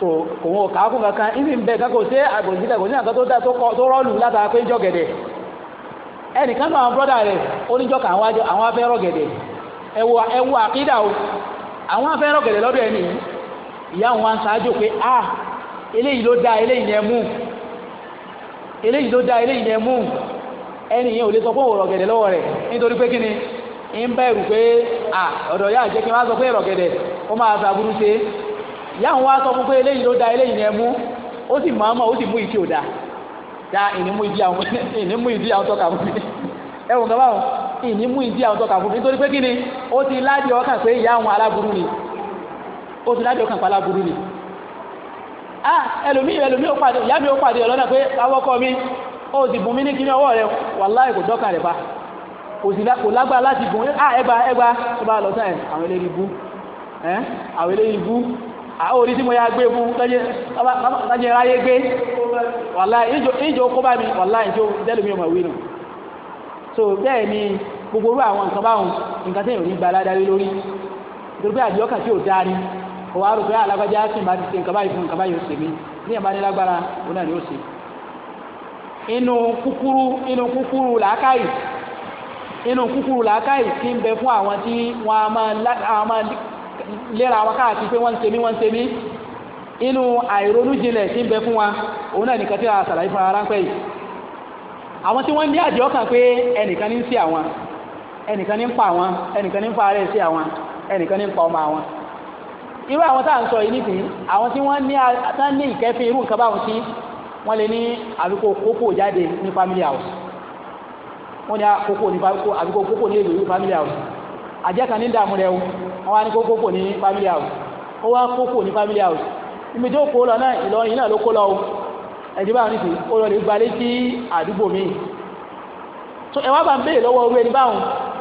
so òun ò káàkùn kankan ibi ń bẹ kankan ṣe àgbòsílẹ̀ kò tó dá tó látara pé jọ gẹ̀dẹ̀ ẹnìkan náà àwọn kan àwọn afẹ́ ẹwọ ẹwọ àkídà o àwọn afẹ́ lọ́dọ̀ ẹni ìyá òun ń ṣáájú pé a eléyìí ló dá eléyìí yẹn mú eléyìí ló dá eléyìí yẹn mú ẹni yẹn ò lè sọ fún lọ́wọ́ nítorí pé ń bẹ̀rù pé à ọ̀dọ̀ yá jẹ́ kí n sọ pé ìrọ̀gẹ̀dẹ̀ ó máa ta burú ṣe yá ń wá sọ fún pé eléyìí ló da eléyìí yẹn mú ó sì máa mọ̀ ó sì mú ìdí ò da da ìnímú ìdí ìdí àwọn tọ́ka fún mi ẹ̀wọ̀n kan báwọn ìnímú ìdí àwọn tọ́ka fún mi nítorí pé kí ni ó ti ọkàn pé ìyá aláburú ni ó ti ọkàn pé aláburú ni a ẹlòmíì ẹlòmíì ó pàdé ìyá mi ó pàdé ọlọ́nà pé awọ́kọ mi ó bùn mí ní kíní ọwọ́ rẹ wàláì kò dọ́kàn rẹ̀ kò sì kò lágbára láti gùn ah ẹgbà ẹgbà tó bá lọ sáyẹn àwọn eléyìí bú ẹ àwọn eléyìí bú àwọn orí tí mo yà gbé fún lọ́jẹ́ ráyé gbé wàláì ìjọ kó bá mi wàláì ìjọ dẹ́lùmí ọmọ ìwé náà so bẹ́ẹ̀ ni gbogbo orú àwọn nǹkan báhùn nǹkan tẹ́yìn ò ní gba lórí pé tí wá ah, ti nǹkan báyìí fún nǹkan báyìí ó mí ní ẹ̀bá ní lágbára òun náà ni inú kúkúrú làákàyè tí ń bẹ fún àwọn tí wọ́n a máa lera wọn káàkiri pé wọ́n ń wọ́n ń inú àìronú jinlẹ̀ tí ń bẹ fún wa òun náà nìkan tí a sàlàyé fún ara pẹ́ yìí àwọn tí wọ́n ní àjẹ́ ọkàn pé ẹnìkan ní sí àwọn ẹnìkan ní pa àwọn ẹnìkan ní fa rẹ̀ sí àwọn ẹnìkan ní pa ọmọ àwọn irú àwọn táà ń sọ yìí nìkan àwọn tí wọ́n ní àtàn ní ìkẹ́fín irú nǹkan báwọn sí wọ́n lè ní àbíkó kókó jáde ní family house wọ́n ní ah, kókó ní àbíkó kókó ní èrò family house àjẹ́ka ní dààmú rẹ̀ wọ́n wá ní kókó ní family house ó wá kókó ní family house ibi tí ó kó lọ náà Ìlọrin náà ló kó lọ ẹ̀dìbà ní ti ó lọ lè gbalé sí àdúgbò míì so ẹwà bá ń bèèrè lọ́wọ́ orí ẹni báhùn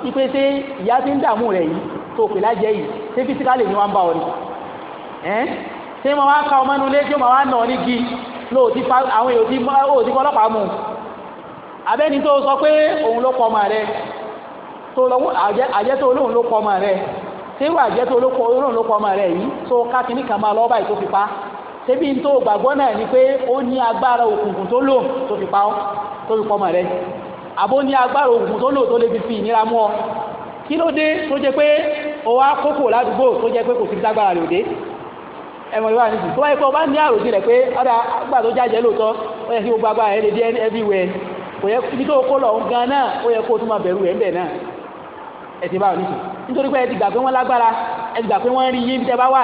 ipé tí ìyá tí ń dààmú rẹ̀ yìí tó pè lájẹ́ yìí tí fisikálì ni wọ́n ń bá ọ̀rẹ́ ẹ́n tí wọ́n wá ka ọmọ inú ilé tí wọ́n wá nà ọ́ ní gi lóòtí abẹ́ni tó sọ pé òun ló pọ̀ ọmọ rẹ tó àjẹ́ tó olóhùn ló pọ̀ ọmọ rẹ tí wà àjẹ́ tó olóhùn ló pọ̀ rẹ yìí tó káàkiri kan máa lọ́ọ́ tó tó gbàgbọ́ náà ni pé ó ní agbára òkùnkùn tó lò tó tó rẹ àbó ní agbára òkùnkùn tó lò tó lè fi fi ìnira mú ọ kí ló dé tó jẹ́ pé ó wá kókò ládùúgbò tó pé kò sí dágbára ẹmọ ìwà nìyí tó wáyé pé kò yẹ kí tó kó lọ gan náà ó yẹ kó tún máa bẹ̀rù ẹ̀ ń bẹ̀ náà ẹ ti bá wọn nìsín nítorí pé ẹ ti gbà pé wọ́n lágbára ẹ ti gbà pé wọ́n rí yín bí tẹ bá wà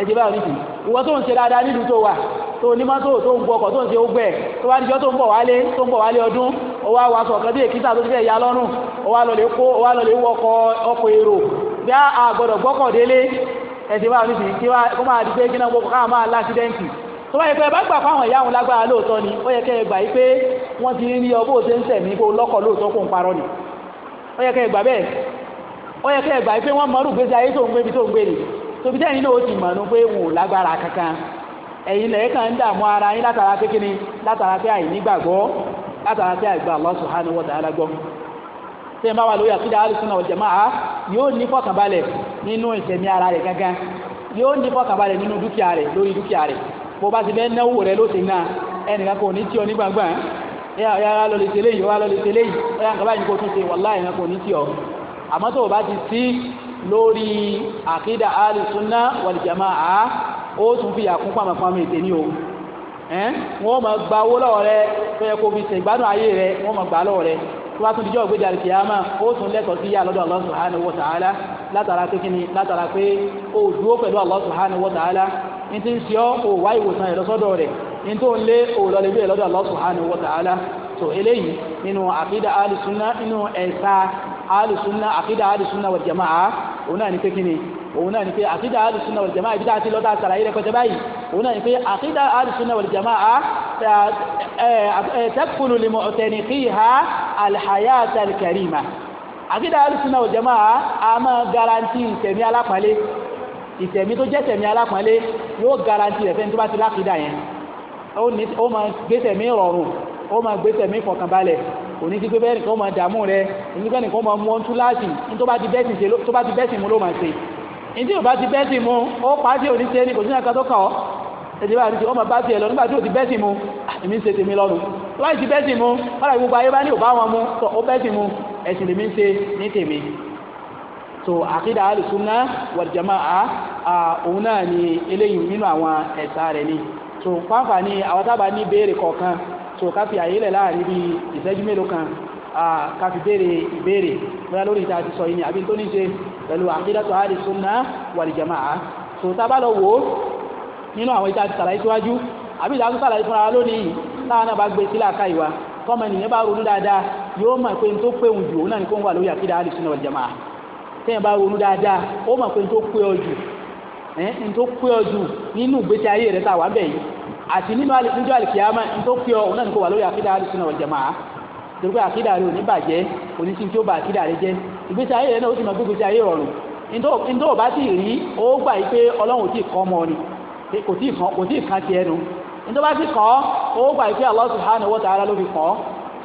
ẹ ti bá wọn nìsín ìwọ tó ń ṣe dáadáa nílùú tó wà tó ní mọ́tò tó ń gbọkọ̀ tó ń ṣe ogbẹ́ tó bá níjọ́ tó ń bọ̀ wálé tó ń bọ̀ wálé ọdún ó wá wá sọ̀kan bí èkìtà tó ti fẹ́ ya lọ́rùn ó wá lọ lè kó ó wá lọ lè wọkọ̀ ọkọ̀ èrò bí a gbọ́dọ̀ gbọ́kọ̀ délé ẹ bá wọn nìsín kí wọ́n máa di pé gbọ́kọ̀ káà máa lásídẹ́ǹtì tó bá yẹ pé ẹ bá gbà fáwọn ìyá lágbára ni ó yẹ kẹ́ ẹ gbà yí pé wọ́n ti rí ọbọ̀ ṣe ń tẹ̀mí kó lọ́kọ̀ kó ń parọ́ ni ó yẹ kẹ́ ẹ gbà bẹ́ẹ̀ ó yẹ kẹ́ ẹ wọ́n mọ̀rú gbèsè ayé tó ń ibi tó ń gbé ni tóbi tẹ́yìn náà ti mọ̀ pé wọn lágbára kankan lẹ́yìn kan ń dààmú ara yín látara pé kíni látara pé látara pé àìgbà gbọ́ tí ẹ bá wà lórí alùsùnà yóò ní fọkànbalẹ̀ nínú bó bá ti fẹ́ náwó rẹ ló ti ná ẹnìkan kò ní tí ọ nígbàgbà yára lọ lè tẹ̀lé yìí wá lọ lè tẹ̀lé yìí ó yà nǹkan báyìí kó tún ṣe wàláhì ẹnìkan kò ní tí ọ àmọ́ tó o bá ti sí lórí àkídà alìsúnná wàlìjàmá a ó tún fi yàkún pàmòpàmò ètè ní o wọ́n máa gba owó lọ́wọ́ rẹ tó kó fi ṣègbádùn ayé rẹ wọ́n máa gbà lọ́wọ́ rẹ tó bá tún dijọ́ ògbéjà kìyàmá ó tún lẹ́tọ̀ọ́ sí yá lọ́dọ̀ Allah subhanahu wa ta'ala látara pé kíni látara pé ó dúró pẹ̀lú Allah subhanahu wa ta'ala ní ti ń ṣe ọ́ ò wá ìwòsàn ìlọsọ́dọ̀ rẹ̀ ní tó ń lé òòlọ́lẹ̀ bí ìlọ́dọ̀ Allah subhanahu wa ta'ala so eléyìí nínú àkídà alìsúnná nínú ẹ̀sà alìsúnná àkídà alìsúnná wal jama'a òun náà ní pé kíni òun náà ni pé àkídà alùsùnà wal jama'a ibi tá a ti lọ́ta àṣàlàyé rẹpẹtẹ báyìí òun náà ni pé àkídà alùsùnà wal jama'a tẹ́kùlù lè mọ̀ ọ̀tẹ̀ni kí ha alhayat alkarima àkídà alùsùnà òjẹ́mà a máa garanti ìtẹ̀mí alápàálé ìtẹ̀mí tó jẹ́ tẹ̀mí alápàálé yóò garanti rẹ̀ fẹ́ni tó bá ti lákìdá yẹn ó máa gbé tẹ̀mí rọrùn ó máa gbé tẹ̀mí fọkànbalẹ̀ òní ti pé bẹ́ẹ̀ nìkan máa dààmú rẹ òní bẹ́ẹ̀ nìkan máa mú ọ́n tún láàsì tó bá ti bẹ́ẹ̀sì mú ló máa ṣe ìdí ò bá ti bẹ́ẹ̀sì mú ó pàá sí òní ṣe ní kò sí ẹ̀dẹ̀ bá ti ọmọ bá ti ẹ̀ lọ nígbà tí ò ti bẹ́sìn mu ah, èmi ń ṣe tèmi lọ́nu tó bá ti bẹ́sìn mu ọ̀rọ̀ gbogbo ayé bá ní òbá wọn mu tó ó a òun ni eléyìí nínú àwọn ẹ̀sà ni so fáfà ni àwọn tábà ní béèrè so ká fi àyè lẹ̀ láàrin bí ìṣẹ́jú mélòó kan ká fi béèrè ìbéèrè bóyá lórí ìta àti sọ yìí ni àbí tó ní pẹ̀lú àkídà tó alùsùnà wàlìjàmá a so tábà lọ wò nínú àwọn ìta ti sàlàyé síwájú àbí ìta tó sàlàyé fúnra lónìí táwọn náà bá gbé sílà káyì wa ènìyàn bá ronú dáadáa yóò mọ̀ pé tó pé òun náà ni kó ń wà lórí àkídà alì sínú ọ̀jẹ̀mà tẹ́yìn bá ronú dáadáa ó mọ̀ pé n tó pé ọ jù n tó pé ọ jù nínú ìgbésí ayé rẹ̀ tàwa bẹ̀ yìí àti nínú níjọ́ àlìkìyàmá tó pé ọ náà ni kó wà lórí àkídà alì sínú ọ̀jẹ̀mà torí pé àkídà rẹ̀ ò ní bàjẹ́ oníṣin tí ó bà àkídà rẹ̀ jẹ́ ìgbésí ayé rẹ̀ náà ó sì mọ̀ pé ìgbésí ayé rọrùn n tó bá sì rí ó gbà yí pé ọlọ́run ò tí ì kọ́ ọmọ ni kò tí ì kàn kò tí ì kàn tiẹ̀ nu nítorí bá ti kàn ọ́ gbà pé Allah subhanahu wa ta'ala ló fi kàn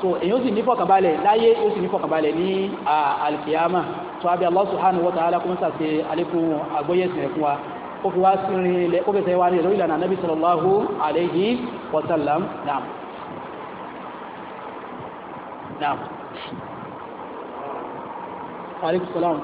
so èyí ó sì ní fọkànbalẹ̀ láyé ó sì ní fọkànbalẹ̀ ní alkiyama tó abẹ́ Allah subhanahu wa ta'ala kún sàṣe àlékún àgbóyè ìsìnkú fún wa ó fi wá sírin ilẹ̀ nabi sallallahu alayhi wa sallam naam. naam. aleykum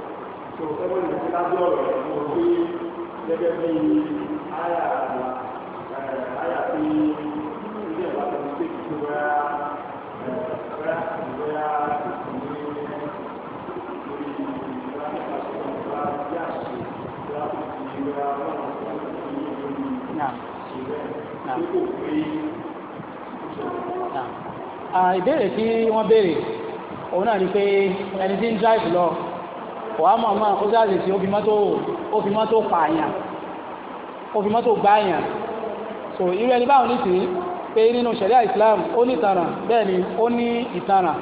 tó ẹgbẹ́ ìlú lábẹ́ ọ̀rọ̀ mo gbé gẹ́gẹ́ bí àyà àyà tí ilé ìwà tó ń ṣe ìbéèrè tí wọ́n béèrè òun náà ni pé ẹni tí ń drive lọ wàá mọ̀ mọ́ ó sáà sì ó fi mọ́tò ó fi mọ́tò pààyàn ó fi mọ́tò gbáàyàn so irú ẹni báwọn nìsí pé nínú ṣẹ̀ríà Islam ó ní ìtanràn bẹ́ẹ̀ ni ó ní ìtanràn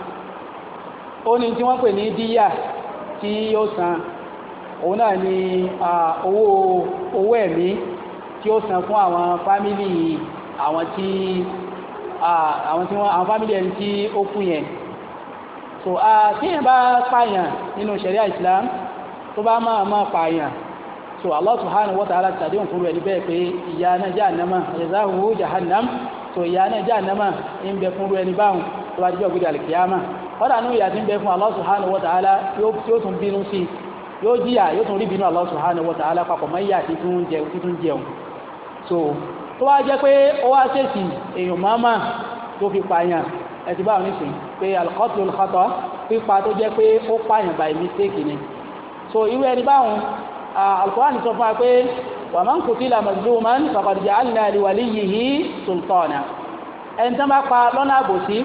ó ní tí wọ́n pè ní díyà tí yóò san òun náà ni owó owó ẹ̀mí tí ó san fún àwọn fámìlì àwọn tí àwọn fámìlì ẹni tí ó kú yẹn so àtìyàn bá pààyàn nínú ṣẹ̀ríà Islam tó bá máa máa pààyàn so Allah subhanahu wa ta'ala tàbí òǹkúrú ẹni bẹ́ẹ̀ pé ìyà náà jahannama jazahu jahannam so ìyà náà jahannama ń bẹ fúnrú ẹni báwọn tó bá jẹ́ ògbé alìkìyàmà ọ̀dà nínú ìyà tí ń bẹ fún Allah subhanahu wa ta'ala yóò tún bínú sí yóò jíyà yóò tún rí bínú Allah subhanahu wa ta'ala papọ̀ mọ́ ìyà tí tún jẹun so tó bá jẹ́ pé ó wá ṣèṣì èèyàn máa máa tó fi pààyàn ẹtì báwọn ní sìn pé alukọ́tù olùkọ́tọ̀ pípa tó jẹ́ pé ó pààyàn by mistake ni so irú ẹni báwọn alukọ́hán sọ fún wa pé wa man qutila mazluman faqad ja'alna li waliyyihi sultana ẹni tí wọ́n bá pa lọ́nà àbòsí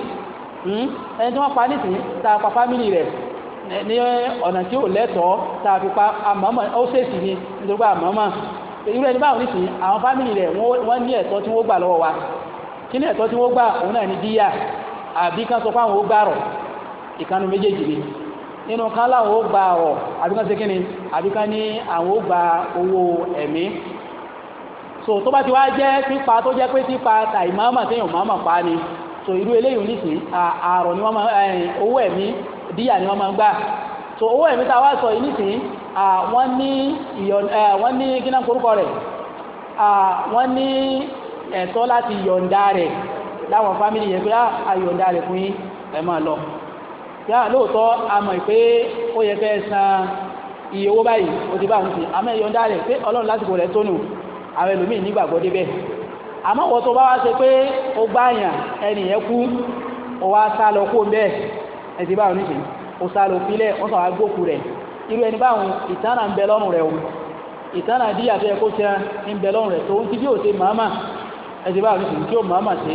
hmm, ẹni tí wọ́n pa nísìnyí tá a pa fámìlì rẹ̀ ní ọ̀nà tí ò lẹ́tọ̀ọ́ tá a fi pa àmọ́mọ́ ó ṣèṣì ni nítorí pé àmọ́mọ́ irú ẹni báwọn nísìnyí àwọn fámìlì rẹ̀ wọ́n ní ẹ̀tọ́ tí wọ́n gbà lọ́wọ́ wa kí ni ẹ̀tọ́ tí wọ́n gbà òun náà ní díyà àbí kan sọ fáwọn ó gbàrọ̀ ìkanu méjèèjì ni nínú kan láwọn ó àbí kan ṣe kí ni àbí kan ní àwọn ó gba owó ẹ̀mí so tó bá ti wá jẹ́ pípa tó jẹ́ pé pípa tàìmáàmà téèyàn máàmà pa ni so irú eléyìí nísìn àárọ̀ ni wọ́n máa owó ẹ̀mí díyà ni wọ́n máa gbà so ẹ̀tọ́ láti yọ̀ǹda rẹ̀ láwọn fámìlì yẹn pé àyọ̀ǹda ah, rẹ̀ fún yín ẹ máa lọ yá lóòótọ́ a mọ̀ pé ó yẹ kẹ́ ẹ san iye owó báyìí ó ti bá òun sí àmọ́ ẹ̀yọ̀ǹda rẹ̀ pé ọlọ́run lásìkò rẹ̀ tónù àwọn ẹlòmíì nígbàgbọ́ débẹ̀ àmọ́ wọ́n tó bá wá ṣe pé ó gbáàyàn ẹnìyẹn kú ó wá sá lọ kó bẹ́ẹ̀ ẹ ti bá òun níṣẹ́ ó sá lọ fílẹ̀ wọ́n sọ wá gbókù rẹ̀ irú ẹni báwọn ìtànà ń bẹ lọ́rùn rẹ̀ o ìtànà díyà tó yẹ kó ṣe ń bẹ lọ́rùn rẹ̀ tó ń ti bí ò ṣe màmá ẹ ti bá òun níṣẹ́ tí ó màmá ṣe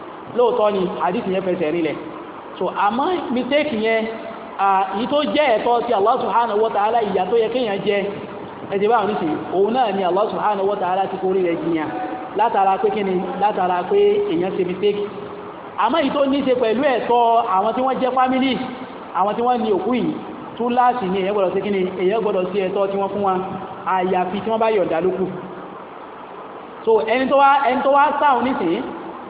lóòótọ́ ni hadith yẹn fẹsẹ̀ rinlẹ̀ so àmọ́ mistake yẹn èyí tó jẹ́ ẹ̀tọ́ ti Allah subhanahu wa ta'ala ìyà tó yẹ kéèyàn jẹ ẹ̀dẹ̀ bá ní òun náà ni Allah subhanahu wa ta'ala ti kórí rẹ̀ jiyàn látara pé kíni látara pé èèyàn ṣe mistake àmọ́ èyí tó ní ṣe pẹ̀lú ẹ̀tọ́ àwọn tí wọ́n jẹ́ family àwọn tí wọ́n ní òkú yìí tún láti ní èèyàn gbọ́dọ̀ sí kíni èèyàn gbọ́dọ̀ sí ẹ̀tọ́ tí wọ́n fún wa àyàfi tí wọ́n bá yọ̀ǹda lókù so ẹni tó wá ẹni tó wá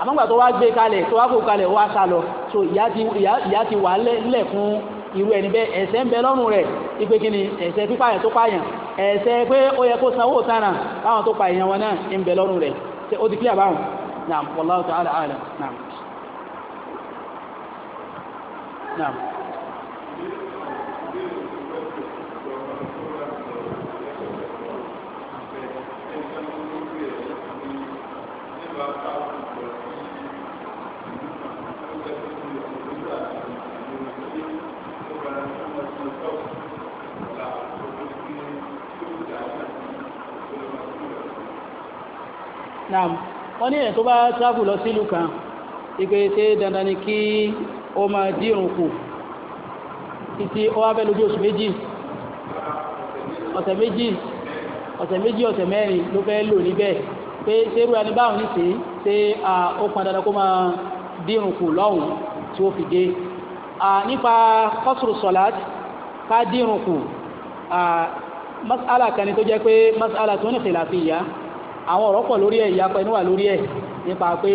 àmọ́gbà tó wá gbé kalẹ̀ tó wá o kalẹ̀ wá so ìyá ti wà lẹ̀ fún irú ẹni bẹ́ẹ̀ ẹ̀ṣẹ̀ ń bẹ lọ́rùn rẹ̀ ipe kí ni ẹ̀ṣẹ̀ pípààyàn tó pààyàn ẹ̀ṣẹ̀ pé ó yẹ kó sanwó tánà báwọn tó pààyàn wọn náà ń bẹ lọ́rùn rẹ̀ ó ti clear náà wọ́n ní èyàn tó bá travel lọ sílùú kan ìpè ṣe dandan ni kí ó máa dírun kù títí ó wá fẹ́ lójú oṣù méjì ọ̀sẹ̀ méjì ọ̀sẹ̀ méjì ọ̀sẹ̀ mẹ́rin ló fẹ́ lò níbẹ̀ pé ṣerú ẹni báwọn ní sí ṣe ó pọn dandan kó máa dírun kù lọ́hùn tí ó fi dé nípa kọ́sùrù sọ̀láàt ká dírun kù mas'ala kan ni tó jẹ́ pé mas'ala tó ní khilafiyya àwọn ọ̀rọ̀ pọ̀ lórí ẹ̀ ìyapa ẹnu wà lórí ẹ̀ nípa pé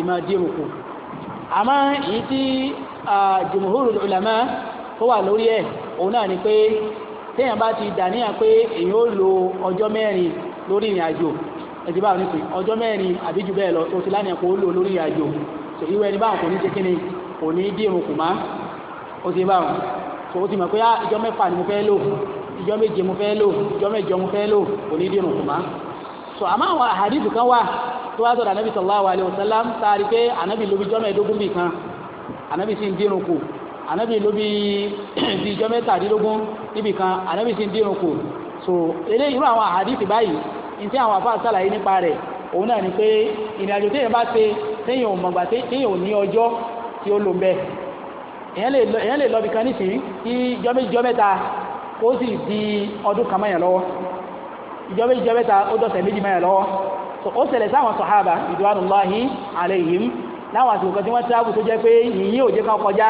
ìmọ̀ dìrò kù àmọ́ èyí tí jumhurul ulama tó wà lórí ẹ̀ òun náà ni pé téèyàn bá ti dàníyàn pé èyàn ó lo ọjọ́ mẹ́rin lórí ìrìn àjò ẹ̀sìn báwọn ní pé ọjọ́ mẹ́rin àbí jù bẹ́ẹ̀ lọ tó ti lánìyàn kó lò lórí ìrìn àjò tó ìwé ẹni báwọn kò ní ṣe kí ni kò ní dìrùn kù má ó ti báwọn tó ó ti mọ̀ pé ah, ìjọ́ mẹ́fà ni mo fẹ́ lò ìjọ́ méje mo fẹ́ lò ìjọ́ mẹ́jọ mo fẹ́ lò kò ní dìrùn kù má so àmọ́ àwọn àhàdìsì kan wà tó wá sọ̀rọ̀ ànábì sallallahu alayhi wa sallam sáàrí pé ànábì lóbi jọ́mọ̀ ẹ̀dógún bì kan ànábì sì ń dírun kù ànábì lóbi di jọ́mọ̀ ẹ̀tàdínlógún níbì kan ànábì sì ń dírun kù so eléyìí irú àwọn àhàdìsì báyìí ní tí àwọn àfáà sàlàyé nípa rẹ̀ òun náà ni pé ìrìnàjò téèyàn bá ṣe téèyàn ò mọ̀gbà téèyàn ò ní ọjọ́ tí ó lò ń bẹ èèyàn lè lọ bì nísìnyí kí jọ́mẹ́ta kó sì di ọdún kan mọ́yàn lọ́wọ́ ìjọba ìjọba ta ó dọ̀sẹ̀ méjì mẹ́rin lọ́wọ́ ó ṣẹlẹ̀ sáwọn sọ̀hábà ìdúwànúláhì àlẹ́yìn láwọn àsìkò kan tí wọ́n tíráàbù tó jẹ́ pé ìyìn òjé kan kọjá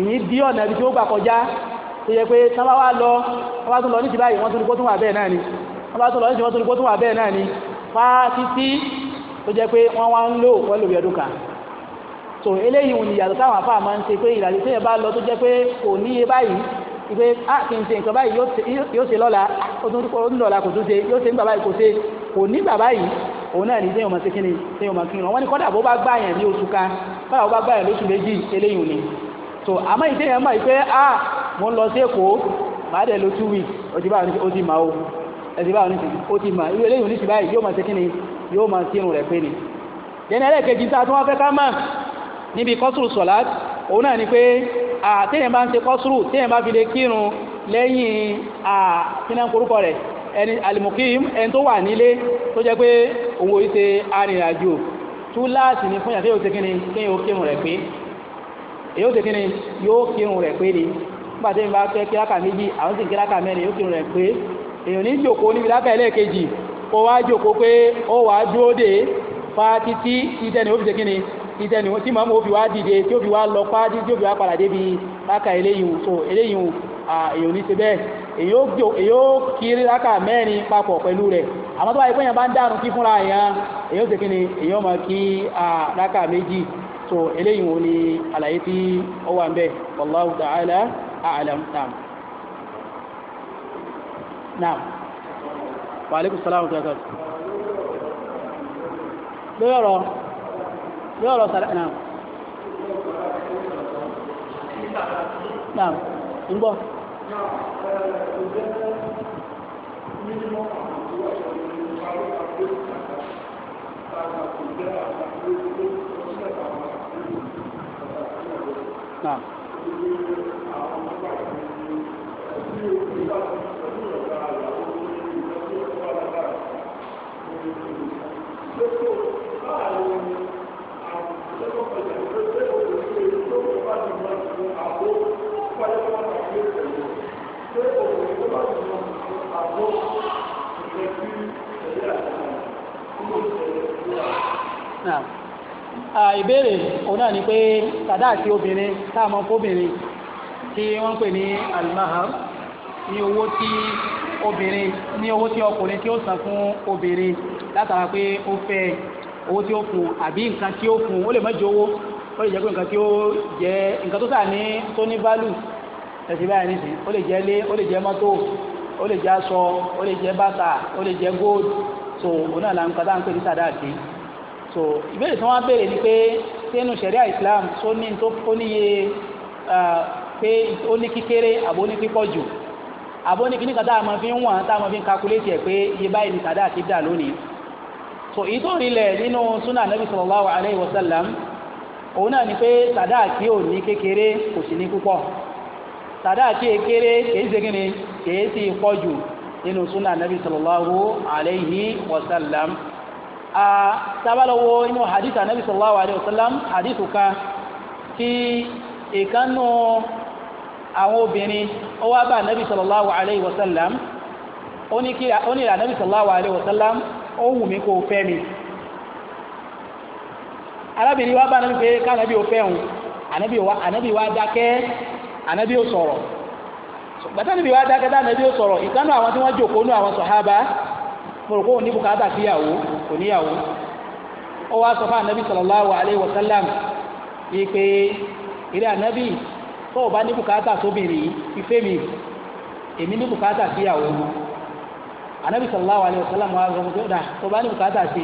ìyìn dí ọ̀nà ibi tí ó gbà kọjá tó jẹ́ pé tán wá lọ ni wọ́n bá tún lọ ní ti ni fá títí tó jẹ́ pé wọ́n wá ń lò wọ́n lò yọdún kan so eléyìí òun ìyàtọ̀ táwọn àfáà máa ń ìpè a ah, kì í ṣe nǹkan báyìí yóò ṣe lọ́la ó tún lọ́la kò tún ṣe yóò ṣe ń bàbá yìí kò ṣe kò ní bàbá yìí òun náà ní sẹ́yìn ọmọ sékìnì sẹ́yìn ọmọ kìnìún wọ́n ní kọ́dà bó bá gbà yẹn ní oṣù kan kọ́dà bó bá gbà yẹn lóṣù méjì eléyìí ni so àmọ́ ìsẹ́yìn ọmọ yìí pé á ah, mo ń lọ sí èkó màá dẹ̀ lo two weeks ọtí báwọn ní ó ti mà ó ẹtí báwọn ní ó ti mà irú eléyìí ní ti báyìí yóò mọ sékìnì ni. jẹ́ni ẹlẹ́ẹ̀kejì tá a tún níbi kọ́sùrù sọ̀lá òun náà ni pé téèyàn bá ń ṣe kọ́sùrù téèyàn bá fi lè kírun lẹ́yìn kíná rẹ̀ ẹni alimukim ẹni tó wà nílé tó jẹ́ pé òun ò ṣe arìnrìnàjò túláàsì ní fún yàtọ̀ yóò ṣe kíni kéèyàn ó kírun rẹ̀ pé èyí ó yóò kírun rẹ̀ pé ni nígbà téèyàn bá fẹ́ kíráka méjì àwọn sì kíráka mẹ́rin yóò kírun ìtẹ́ ni tí màmú obiwa wá dìde tí òbí wá lọ pàdé tí òbí wá padà débi ráka eléyìí so eléyìí èyàn ní ṣe bẹ́ẹ̀ èyàn ó kiri ráka mẹ́rin papọ̀ pẹ̀lú rẹ̀ àmọ́ tó bá pé èyàn bá ń dànù kí fúnra èyàn èyàn ó ṣe kí ni èyàn máa kí méjì so eléyìí wọn ni àlàyé tí ó wà ń bẹ a'lam naam naam ní ọ̀rọ̀ sàrẹ́ náà náà ń gbọ́ Naam. Thank you. ìbéèrè òun náà ni pé sàdáàkì obìnrin táàmọ́ fóbìnrin tí wọ́n ń pè ní almahar ní owó tí obìnrin ní owó tí ọkùnrin tí ó san fún obìnrin látara pé ó fẹ́ owó tí ó fún àbí nǹkan tí ó fún ó lè má jẹ́ owó ó lè jẹ́ pé nǹkan tí ó jẹ́ nǹkan tó sà ní tó ní value ẹ̀sìn báyìí nìsín ó lè jẹ́ ilé ó lè jẹ́ mọ́tò ó lè jẹ́ aṣọ ó lè jẹ́ bàtà ó lè jẹ́ gold so òun náà là ń kọ́ tá ní sàdáàkì so ìbéèrè tí wọ́n béèrè ni pé sínú sẹ̀ríà Islam tó ní tó ó níye pé ó ní kíkéré àbó ní pípọ̀ jù àbó ní kíníkà tá a máa fi ń wọ̀n tá a máa fi ń kakuléètì ẹ̀ pé iye báyìí ni sàdá àti dà lónìí so èyí tó rí lẹ̀ nínú súnà nàbì sallallahu alayhi wa sallam òun náà ni pé sàdá àti ò ní kékeré kò sì ní púpọ̀ sàdá àti èkéré kèé ṣe kíni kèé sì pọ̀ jù nínú súnà nàbì sallallahu alayhi wa tabalawo inú hadith anabi sallallahu alayhi wa sallam hadith kan tí ìkànnù àwọn obìnrin ó wá bá anabi sallallahu alayhi wa sallam ó ní kí ó ní anabi sallallahu alayhi wa sallam ó wù mí kó fẹ́ mi arábìnrin wá bá anabi pé kánabi ò fẹ́ òun anabi wá dákẹ́ anabi ò sọ̀rọ̀ gbàtà anabi wá dákẹ́ tá anabi ò sọ̀rọ̀ ìkànnù àwọn tí wọ́n jòkó nú àwọn sọ̀hábà mọ̀rọ̀kọ́ òní bùkátà síyàwó òníyàwó ó wá sọ fún ànábì sallallahu alaihi wasallam ní pé ilé ànábì tó o bá ní bùkátà sóbìnrin ìfẹ́ mi èmi ní bùkátà síyàwó ànábì sallallahu alaihi wasallam wà lọ́wọ́ tó dà tó bá ní bùkátà sí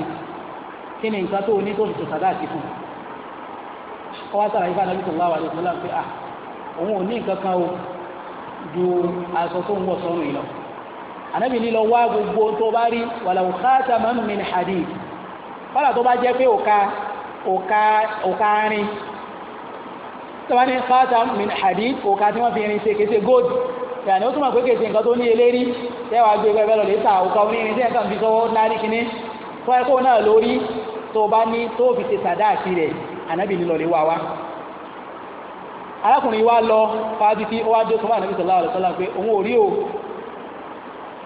kí ni nǹkan tó ní tó fi tòkátà sí fún ó wá sàlàyé fún ànábì sallallahu alaihi pé à ah, òun ò ní nǹkan kan o ju aṣọ tó ń wọ̀ sọ́rùn yìí lọ ànábì ní lọ wá gbogbo tó bá rí wàlà òkàtà mọ́nù mi ní hadid kọ́là tó bá jẹ́ pé òka òka òka rin tó bá ní kàtà mi ní hadid òka tí wọ́n fi rin ṣe kése gold yàní ó túnmọ̀ pé kése nǹkan tó ní eléri tẹ́wàá gbé ẹgbẹ́ lọ létà òka onírin tẹ́ nǹkan fi sọ́wọ́ nárí kíní fún ẹ̀kọ́ náà lórí tó bá ní tó fi ṣe sàdáàkì rẹ̀ ànábì ní lọ lè wá arákùnrin wa lọ fáájú tí ó wá dé sọ́wọ́ ànábì sọ̀lá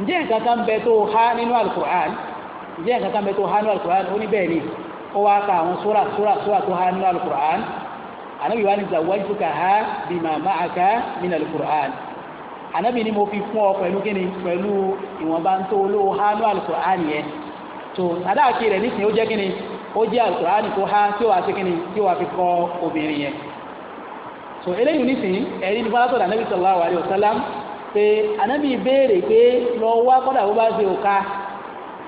ǹjẹ́ nǹkan kan bẹ tó há nínú alukur'an ǹjẹ́ nǹkan kan bẹ tó há nínú alukur'an ó ní bẹ́ẹ̀ ni ó wá ka àwọn sura sura sura tó há nínú alukur'an anabi wa ni zawajtuka ha bima ma'aka min alukur'an anabi ni mo fi fún ọ pẹ̀lú kíni pẹ̀lú ìwọ̀nba tó olówó há nínú alukur'an yẹn tó adáàkì rẹ̀ nísìnyí ó jẹ́ kíni ó jẹ́ alukur'an tó há tí ó wà sí kíni tí ó wà fi kọ́ obìnrin yẹn so eléyìí nísìnyí ẹ̀rí ni fọlá tó dà anabi pé ànábì béèrè pé lọ wá kọ́dà bó bá ṣe òka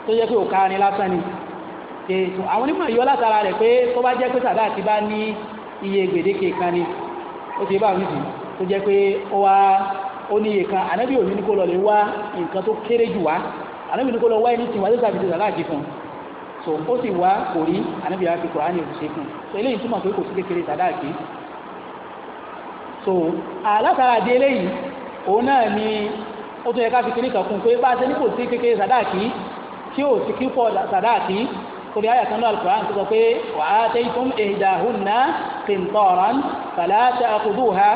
tó jẹ́ pé òka ni lásán ni ètò àwọn onímọ̀ yọ látara rẹ̀ pé tó bá jẹ́ pé sàdá àti bá ní iye gbèdéke kan ni ó ti bá wíjì tó jẹ́ pé ó wá ó ní iye kan ànábì òní ní kó lọ lè wá nǹkan tó kéré jù wá ànábì ní kó lọ wá ẹni tí wà tó sàbí sàdá àti fún so ó sì wá kò rí ànábì wá fi kòránì òṣìṣẹ́ fún so eléyìí túmọ̀ pé kò sí kékeré sàdá àti so àlátara àdé eléyìí òun náà ni ó tún yẹ ká fi kiri kan kún pé bá a ṣe ní kò sí kékeré sàdáàkì tí ò sí kíkọ́ sàdáàkì torí àyà kan náà alukoran sọ pé wa ataytum ihdahunna qintaran fala ta'khuduha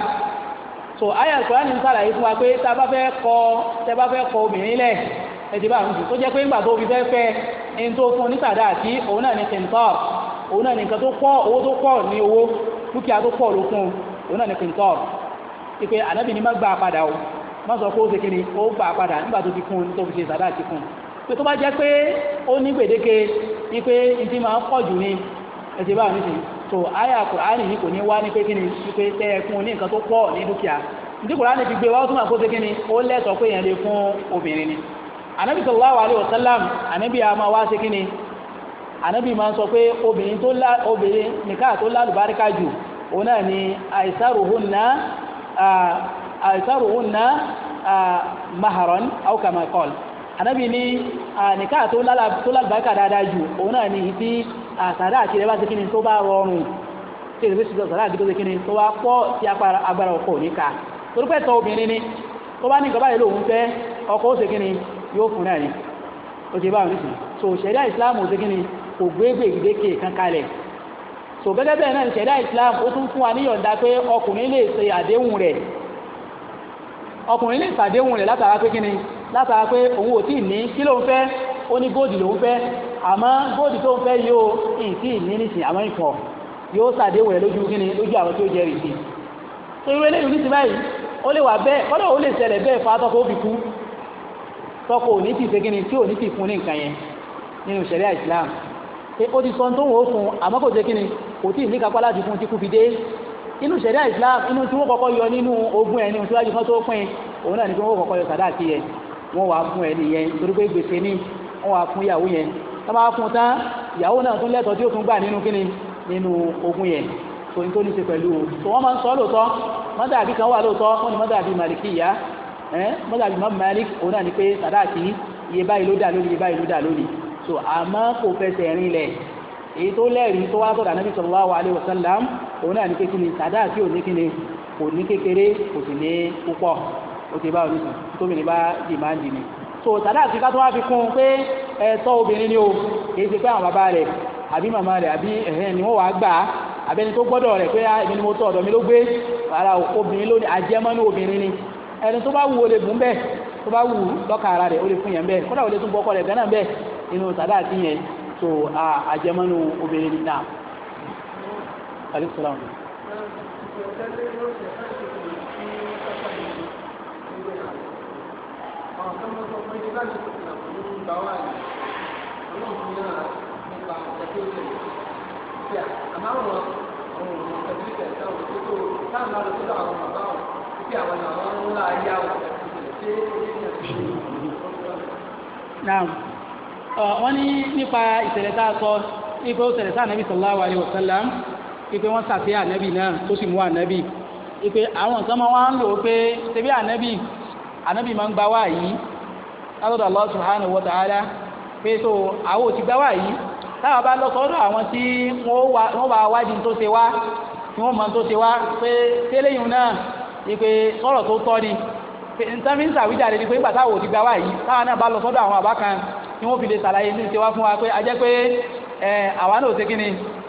so àyà alukoran ń sàlàyé fún wa pé tá a bá fẹ́ kọ tá a bá fẹ́ kọ obìnrin lẹ̀ ẹ̀dí bá ń jù tó jẹ́ pé ńgbà tó fi fẹ́ fẹ́ ẹni tó fún ní sàdáàkì òun náà ni qintar òun náà ni nǹkan tó pọ̀ owó tó pọ̀ ní owó dúkìá tó pọ̀ lókun òun náà ni qintar ipe ànábì má gbà padà o má sọ pé ó ṣe kí ni ó nígbà tó kún tó fi ṣe sàdá àti kún pé tó bá jẹ́ pé ó ní gbèdéke ní pé ní máa pọ̀ jù ní báwọn tó àyà kùránì ní kò ní wá ní pé ni ipe tẹ́ ẹ ní nǹkan tó pọ̀ ní dúkìá ní kùránì fi gbé wá kó ṣe kí ni ó pé ni ànábì ànábì a máa wá ṣe kí ni ànábì máa ń sọ àìsàrùhùnà maharon aw kama qal anábì ní nìká tó lágbàákà dáadáa jù òun náà ní ìdí àsàdá àti rẹ̀ bá ti kíni tó bá rọrùn tí èdè fèsì sọ̀rọ̀ àti tó ti kíni tó bá pọ̀ sí agbára ọkọ níka torípẹ́ tọ obìnrin ni tó bá ní nǹkan báyìí lòun fẹ́ ọkọ ó ṣe kíni yóò fún náà ni ó ti bá òun nìsín so ṣẹ̀ríà ìsìláàmù ó ṣe kíni kò gbégbè gbèdéke kankalẹ̀ so gẹ́gẹ́ bẹ́ẹ̀ náà ìṣẹ̀dá islam ó tún fún wa níyọ̀ǹda pé ọkùnrin lè ṣe àdéhùn rẹ̀ ọkùnrin lè ṣàdéhùn rẹ̀ látara pé kíni látara pé òun ò tí ní kí ló ń fẹ́ ó ní góòdì ló ń fẹ́ àmọ́ góòdì tó ń fẹ́ yóò ìtì ní nìsín àmọ́ ìfọ̀ yóò ṣàdéhùn rẹ̀ lójú kíni lójú àwọn tí ó jẹ́rìí sí so irú eléyìí ní ti báyìí ó lè wà bẹ́ẹ̀ kọ́dọ̀ ó lè ṣẹlẹ̀ bẹ́ẹ̀ fa tọkọ ó fi kú tọkọ ò ní ti ṣe kíni tí ò ní ti fún ní nǹkan yẹn nínú ìṣẹ̀lẹ̀ islam pé ó ti sọ tó ń wò fún àmọ́ jẹ́ kí ni kò tí ì ní kápá láti fún tíkú fi dé inú ṣẹ̀ríà Islam inú tí wọ́n kọ́kọ́ yọ nínú ogún ẹni síwájú kan tó pín òun náà ni pé wọ́n kọ́kọ́ yọ sàdáàkì yẹn wọ́n wàá fún ẹni yẹn torí pé gbèsè ni wọ́n wàá fún ìyàwó yẹn tó bá fún tán ìyàwó náà tún lẹ́tọ̀ọ́ tí ó tún gbà nínú kíni nínú ogún yẹn tòun tó ní ṣe pẹ̀lú tó wọ́n ni pé sàdáàkì iye báyìí ló dà lónìí so àmọ́ kò fẹsẹ̀ rinlẹ̀ èyí tó lẹ́rìí tó wá sọ̀rọ̀ ànábì sallallahu alaihi wasallam òun náà ní pé kíni sàdáàkì ò ní kíni kò ní kékeré kò sì ní púpọ̀ ó ti bá oníṣàn tóbìnrin bá dìmáàdì ni so sàdáàkì ká tó wá fi kún pé ẹ̀tọ́ obìnrin ni o kì í ṣe pé àwọn bàbá rẹ̀ àbí màmá rẹ̀ àbí ẹ̀hẹ́ ni wọ́n wàá gbà á àbẹ́ni tó gbọ́dọ̀ rẹ̀ pé ẹni ah, mo tọ́ ọ̀dọ̀ mi ló gbé ara obìnrin lónìí àjẹmọ́nú obìnrin ni ẹni tó bá wù ó lè bùn bẹ́ẹ̀ tó bá wù lọ́kàn ara rẹ̀ ó lè fún yẹn bẹ́ẹ̀ kódà ó lè tún bọ́kọ rẹ̀ gánà bẹ́ẹ̀ inú sàdáàkì yẹn tó àjẹmọ́nú obìnrin nìta alẹ́sọ̀láwọ̀ Naam wọ́n ní nípa ìṣẹ̀lẹ̀ tá a sọ ipe ó ṣẹlẹ̀ sáà nàbì sallallahu alayhi wa sallam ipe wọ́n sàfẹ́ ànábì náà tó sì mú ànábì ipe àwọn nǹkan máa wọ́n ń lò ó pé ṣebí ànábì ànábì máa ń gba wáyé látọ̀dọ̀ Allah subhanahu wa ta'ala pé so àwọn ò ti gba wáyé táwa bá lọ sọ́dọ̀ àwọn tí wọ́n bá wádìí tó ṣe wá tí wọ́n mọ tó ṣe wá pé tẹ́lẹ̀yìn náà ipe sọ̀rọ̀ tó tọ́ ni nǹkan fi ń sàwíjà tí wọ́n fi lè ṣàlàyé ní tiwa fún wa pé a jẹ́ pé àwa náà ṣe kíni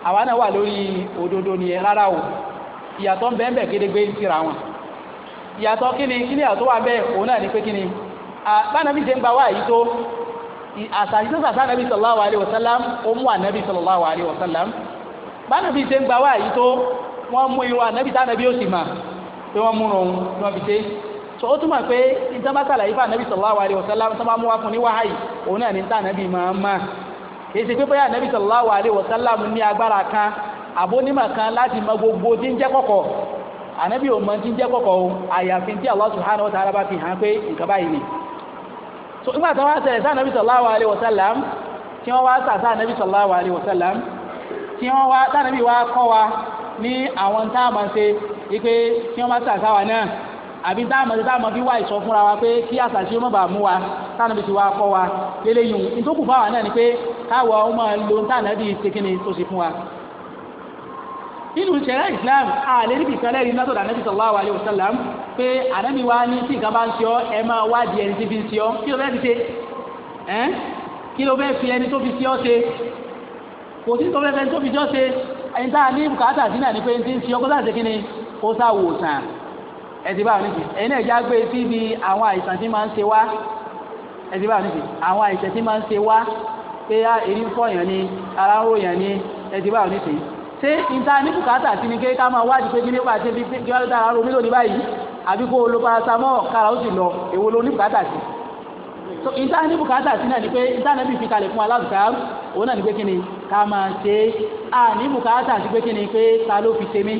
àwa náà wà lórí òdodo nìyẹn rárá o ìyàtọ̀ ń bẹ́ẹ̀ bẹ́ẹ̀ gédégbé síra wọn ìyàtọ̀ kíni kíni àtọ́ wà bẹ́ẹ̀ òun náà ní pé kíni bánabi ṣe ń gba wáyé tó àṣàṣìṣẹ́ sàṣà nàbí sallallahu alaihi wasallam ó mú ànàbí sallallahu alaihi wasallam bánabi ṣe ń gba wáyé tó wọ́n mú irun ànàbí tánàbí so ó túmọ̀ pé ìtàbátàlà ifá nàbí sallallahu alaihi wasallam tó bá mú wá fún ní wáhàyì òun náà ní tá nàbí máa máa kìí ṣe pé bóyá nàbí sallallahu alaihi wasallam ní agbára kan àbónímọ̀ kan láti mọ gbogbo tí ń jẹ́ kọ̀kọ̀ ànábì ò mọ tí ń jẹ́ kọ̀kọ̀ o àyàfi tí Allah subhanahu wa ta'ala bá fi hàn pé nǹkan báyìí ni sallallahu alaihi wasallam tí wọ́n wá sallallahu alaihi wasallam tí wọ́n wá sáà nàbí wá kọ́ wa ní àwọn táàmù àbí táàmù tí táàmù fi wá ìsọ fúnra wa pé kí àṣàṣe má bàa mú wa táàmù fi wá kọ́ wa lélẹ́yìn ìtòkù fáwa náà ni pé káwa ó máa lo táàmù ṣe kíni tó ṣe fún wa. nínú ìṣẹ̀lẹ̀ Islam àlẹ́ níbi ìkànnì rí látọ̀dọ̀ ànábì sallallahu alayhi wa sallam pé ànábì wa ní tí nǹkan bá ń ṣe ọ́ ẹ máa wádìí ẹni tí fi ń ṣe ọ́ kí ló fẹ́ fi ṣe kí ló fẹ́ fi ẹni tó fi ṣe ọ́ ṣe kò sí tó fẹ́ fi ẹni tó fi ṣe ọ́ ṣe ẹni tá a ní bùkátà sí náà ni pé ẹni tí ń ṣe ọ́ kó sáà ṣe kíni kó sáà wò sàn ẹtì báwọn nìyí ẹ̀yin náà já gbé síbi àwọn àìsàn tí máa ń ṣe wá ẹtì báwọn nìyí àwọn àìsàn tí máa ń ṣe wá pé á ah, èyí fọ yàn ni ara ń rò yàn ni ẹtì báwọn nìyí ṣé níta ní bùkátà sí ni kéka máa wádìí pé kí ní pàṣẹ bí kí wọ́n dára ro mílò ní báyìí àbí kó o lo paracetamol kára ó sì lọ èwo ló ní bùkátà sí so níta ní bùkátà sí náà ni pé níta náà bí fi kalẹ̀ fún aláàbùkà òun náà ni pé kí ni ká máa ṣe é à ní bùkátà sí pé kí ni pé ta ló fi ṣe mí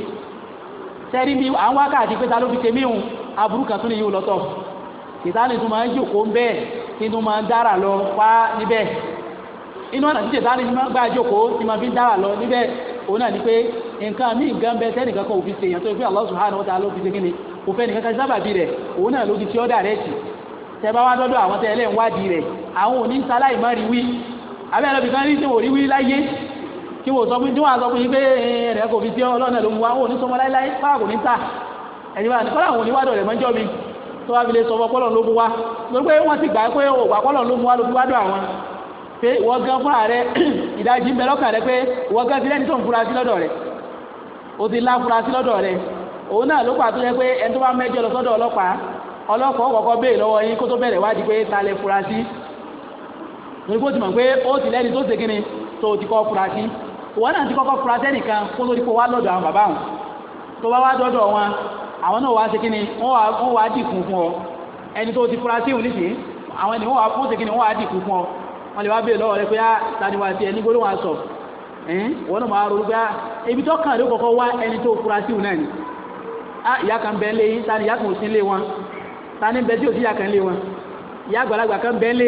tẹ́rí mi àwọn wákàtí pé ta ló fi ṣe míhun aburú kan tún ní yíò lọ́tọ̀ tìtánì tún máa ń jòkó ń bẹ́ẹ̀ kí tún máa ń dára lọ pa níbẹ̀ inú ọ̀nà tí tìtánì tún máa ń gbà jòkó tí máa fi ń dára lọ níbẹ̀ òun náà ni pé nǹkan mí nǹkan bẹ tẹ́nìkan kan òfin ṣèyàn tó fi Allah subhanahu ló fi ṣe kíni kí wò sọ fún tí wọ́n á sọ fún yín pé eh, rẹ̀ kò fi sí ọlọ́nà ló mú wa wọn ò ní sọmọ láíláí fáwọn kò ní tà ẹ̀yìn wa kọ́lá àwọn oníwádọ̀ rẹ̀ mọ́jọ́ mi tó wá fi lè sọ fún ọpọlọ ló mú wa lórí pé wọ́n ti gbà pé òwò àpọlọ ló mú wa ló fi wádọ̀ àwọn pé ìwọ gan fúnra rẹ [CLEARS THROAT] ìdajì ń bẹ lọ́kàn rẹ pé ìwọ gan ti lẹ́ni tó ń fura sí lọ́dọ̀ rẹ o ti lá fura sí lọ́dọ̀ rẹ òun náà ló pàtó yẹ pé ẹni tó bá mẹ́jọ lọ sọ́dọ̀ ọlọ́pàá ọlọ́pàá kọ́kọ́ béè lọ́wọ́ yín kó tó bẹ̀rẹ̀ wádìí pé ta lẹ fura sí nígbó ti mọ̀ pé ó ti lẹ́ni tó ṣe kíni tó ti kọ́ fura sí wọn náà ti kọ́kọ́ fura sẹ́nìkan kó lórí kó wá lọ́dọ̀ àwọn bàbá wọn tó bá wá dọ́dọ̀ wọn àwọn náà wá ṣe ni wọ́n wá dìkùn fún ọ ẹni tó ti fura síhùn nísìnyí àwọn ènìyàn wà fún ni wọ́n wá dìkùn fún ọ wọ́n lè wá bèèrè lọ́wọ́ rẹ pé ah, taniwa ti ẹni gbóló wọn sọ ẹ̀yìn wọ́n náà máa rọrùn pé ah, ibi tani ah, ìyá kan ò tani bẹ́ẹ̀ tí ò sí ìyá kan lé wọn ìyá àgbàlagbà kan bẹ́ẹ̀ lé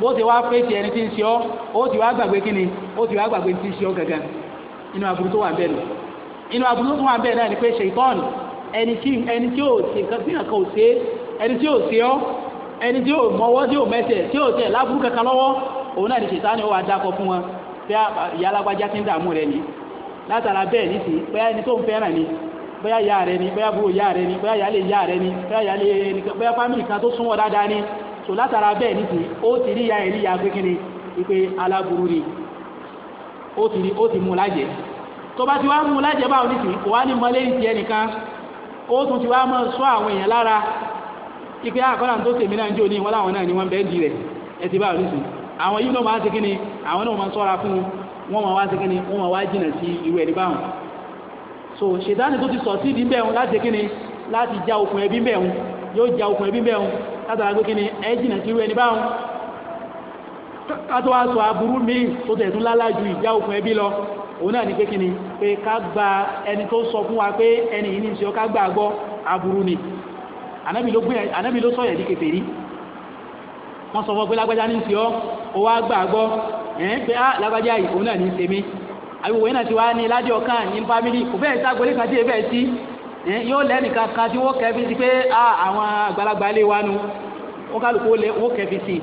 bó ti wá fèsì ẹni tí ń ṣe ọ́ ó ti wá gbàgbé kí ni ó ti wá gbàgbé tí ń ṣe ọ́ gàgà inú aburú tó wà bẹ́ẹ̀ nù inú aburú tó wà bẹ́ẹ̀ náà ni pé ṣèitán ẹni tí ẹni tí ò ṣe nǹkan tí nǹkan ò ṣe ẹni tí ò ṣe ọ́ ẹni tí ò mọwọ́ tí ò mẹsẹ̀ tí ò tẹ̀ láburú kankan lọ́wọ́ òun náà ni ṣèitán ó wà dákọ̀ fún wọn bí ìyá alágbájá ti ń dààmú rẹ ni látara bẹ́ẹ̀ ní sí bóyá ẹni tó ń fẹ́ràn ni bóyá ìyá rẹ ni bóyá àbúrò ìyá rẹ ni bóyá ìyá lè ìyá rẹ ni bóyá ìyá lè bóyá fámìlì kan tó súnmọ́ dáadáa ni so látara bẹ́ẹ̀ nìsí ó ti rí ya ẹ̀rí ya pé kí ni wípé aláburú ni ó ti rí ó ti mú lájẹ tó bá ti wá mú lájẹ báwọn nìsí kò wá ní mọ́lẹ́ ìtì ẹnìkan ó tún ti wá mọ́ sọ àwọn èèyàn lára ipe àkọ́lá ah, tó tèmi náà jò ní wọn láwọn náà ni wọ́n bẹ́ẹ̀ di rẹ̀ ẹ ti báwọn nìsí àwọn yìí náà máa ń ṣe ni àwọn náà máa ń sọ́ra fún wọn máa wá ṣe kí ni wọ́n máa wá jìnà sí irú ẹni báwọn so ṣètánì tó ti sọ sí ìdí bẹ́ẹ̀ láti kí ni láti já okùn ẹbí bẹ́ẹ̀ yóò já okùn ẹbí bẹ́ẹ̀ látara pé kí ni ẹ jìnà sí irú ẹni báwọn kátó wá sọ aburú míì tó tẹ̀ tún lálá ju ìyá òkun ẹbí lọ òun náà ni pé kí ni pé ká gba ẹni tó sọ fún wa pé ẹni yìí ní ìṣe ká gbà gbọ́ aburú ni ànábì ló sọ̀yẹ̀ di kèfèrí wọ́n sọ fún ọ pé lágbájá ní ìṣe ọ́ ó wá gbà gbọ́ Eh, yóò lẹ́nìkan kan tí wọ́n kẹfí sí pé àwọn àgbàlagbà lè wánu wọ́n kálukú wọ́n kẹfí sí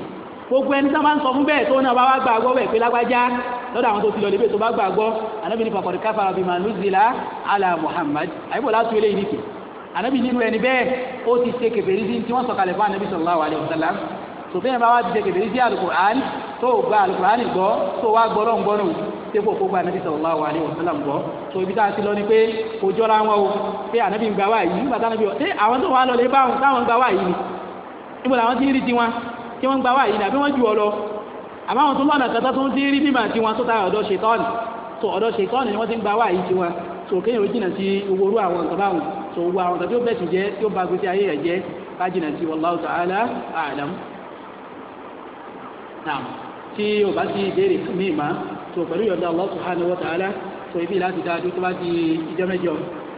gbogbo ẹni tó máa ń sọ fún bẹ́ẹ̀ tó náà bá wá gbàgbọ́ bẹ́ẹ̀ pé lágbájá lọ́dọ̀ àwọn tó ti lọ débẹ̀ tó bá gbàgbọ́ anábì ní pàkọ̀dé káfàrà bíi màlúùsìlá àlà Muhammad àyíbò láti ilé ìdíkè anábì nínú ẹni bẹ́ẹ̀ ó ti ṣe kèfèrí sí tí wọ́n sọ̀kalẹ̀ fún anábì sallallahu alaihi wasallam sòfin yẹn bá wá ti jẹ kèfèrí sí alukur'an tó gba alukur'an gbọ́ tó wá gbọ́ lọ́n gbọ́ náà tẹ́kọ̀ kó gba anabi sallallahu alaihi wasallam gbọ́ tó ibi tá a ti lọ ni pé kò jọra wọn o pé anabi ń gba wá yìí nígbà táwọn ṣe àwọn tó wà lọlé báwọn táwọn gba wá yìí ni níbo làwọn ti rí tiwọn tí wọ́n gba wá yìí ni àbí wọ́n ju ọ lọ àmọ́ àwọn tó lọ́nà kẹta tó ń ti rí mímà tiwọn tó tayọ̀ ọ̀dọ̀ ṣètọ́ọ̀nì tó ọ̀dọ̀ ṣètọ́ọ̀nì ni wọ́n ti ń gba wá yìí tiwọn tó kéèyàn jìnnà sí owó orú àwọn nǹkan báwọn tó gbogbo àwọn nǹkan tí ó bẹ̀sùn jẹ́ tí náà tí o bá ti béèrè mí ma tó pẹ̀lú yọ̀dá Allah subhanahu wa ta'ala tó ibi láti dáadé tó bá di ìjọ mẹ́jọ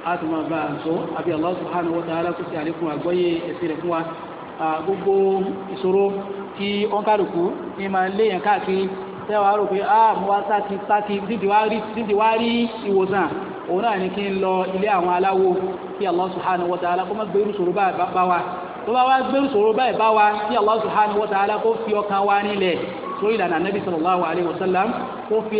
a tó máa bá a sọ àbí Allah subhanahu wa ta'ala tó ti àlékún àgbọ́yé ẹ̀sìn rẹ̀ fún wa gbogbo ìṣòro tí wọ́n kálukú ní máa léèyàn káàkiri tẹ́wà rò pé a mú wa sáti sáti dídì wá rí ìwòsàn òun náà ní kí n lọ ilé àwọn aláwo kí Allah subhanahu wa ta'ala kó má gbé irú ìṣòro bá wa tó bá wá gbé ìṣòro báyìí bá wa kí Allah subhanahu wa ta'ala kó fi ọkàn wa nílẹ̀ sórí ìlànà nabi sallallahu alayhi wa sallam kó fi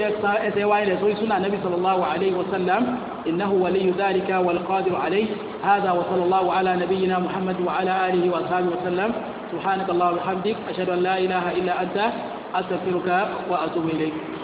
ẹsẹ̀ wa nílẹ̀ sórí sunna nabi sallallahu alayhi wa sallam innahu waliyu dhalika wal qadiru alayhi hadha wa sallallahu ala nabiyyina muhammad wa ala alihi wa sahbihi wa sallam subhanaka allahumma wa bihamdik ashhadu an la ilaha illa anta astaghfiruka wa atubu ilayk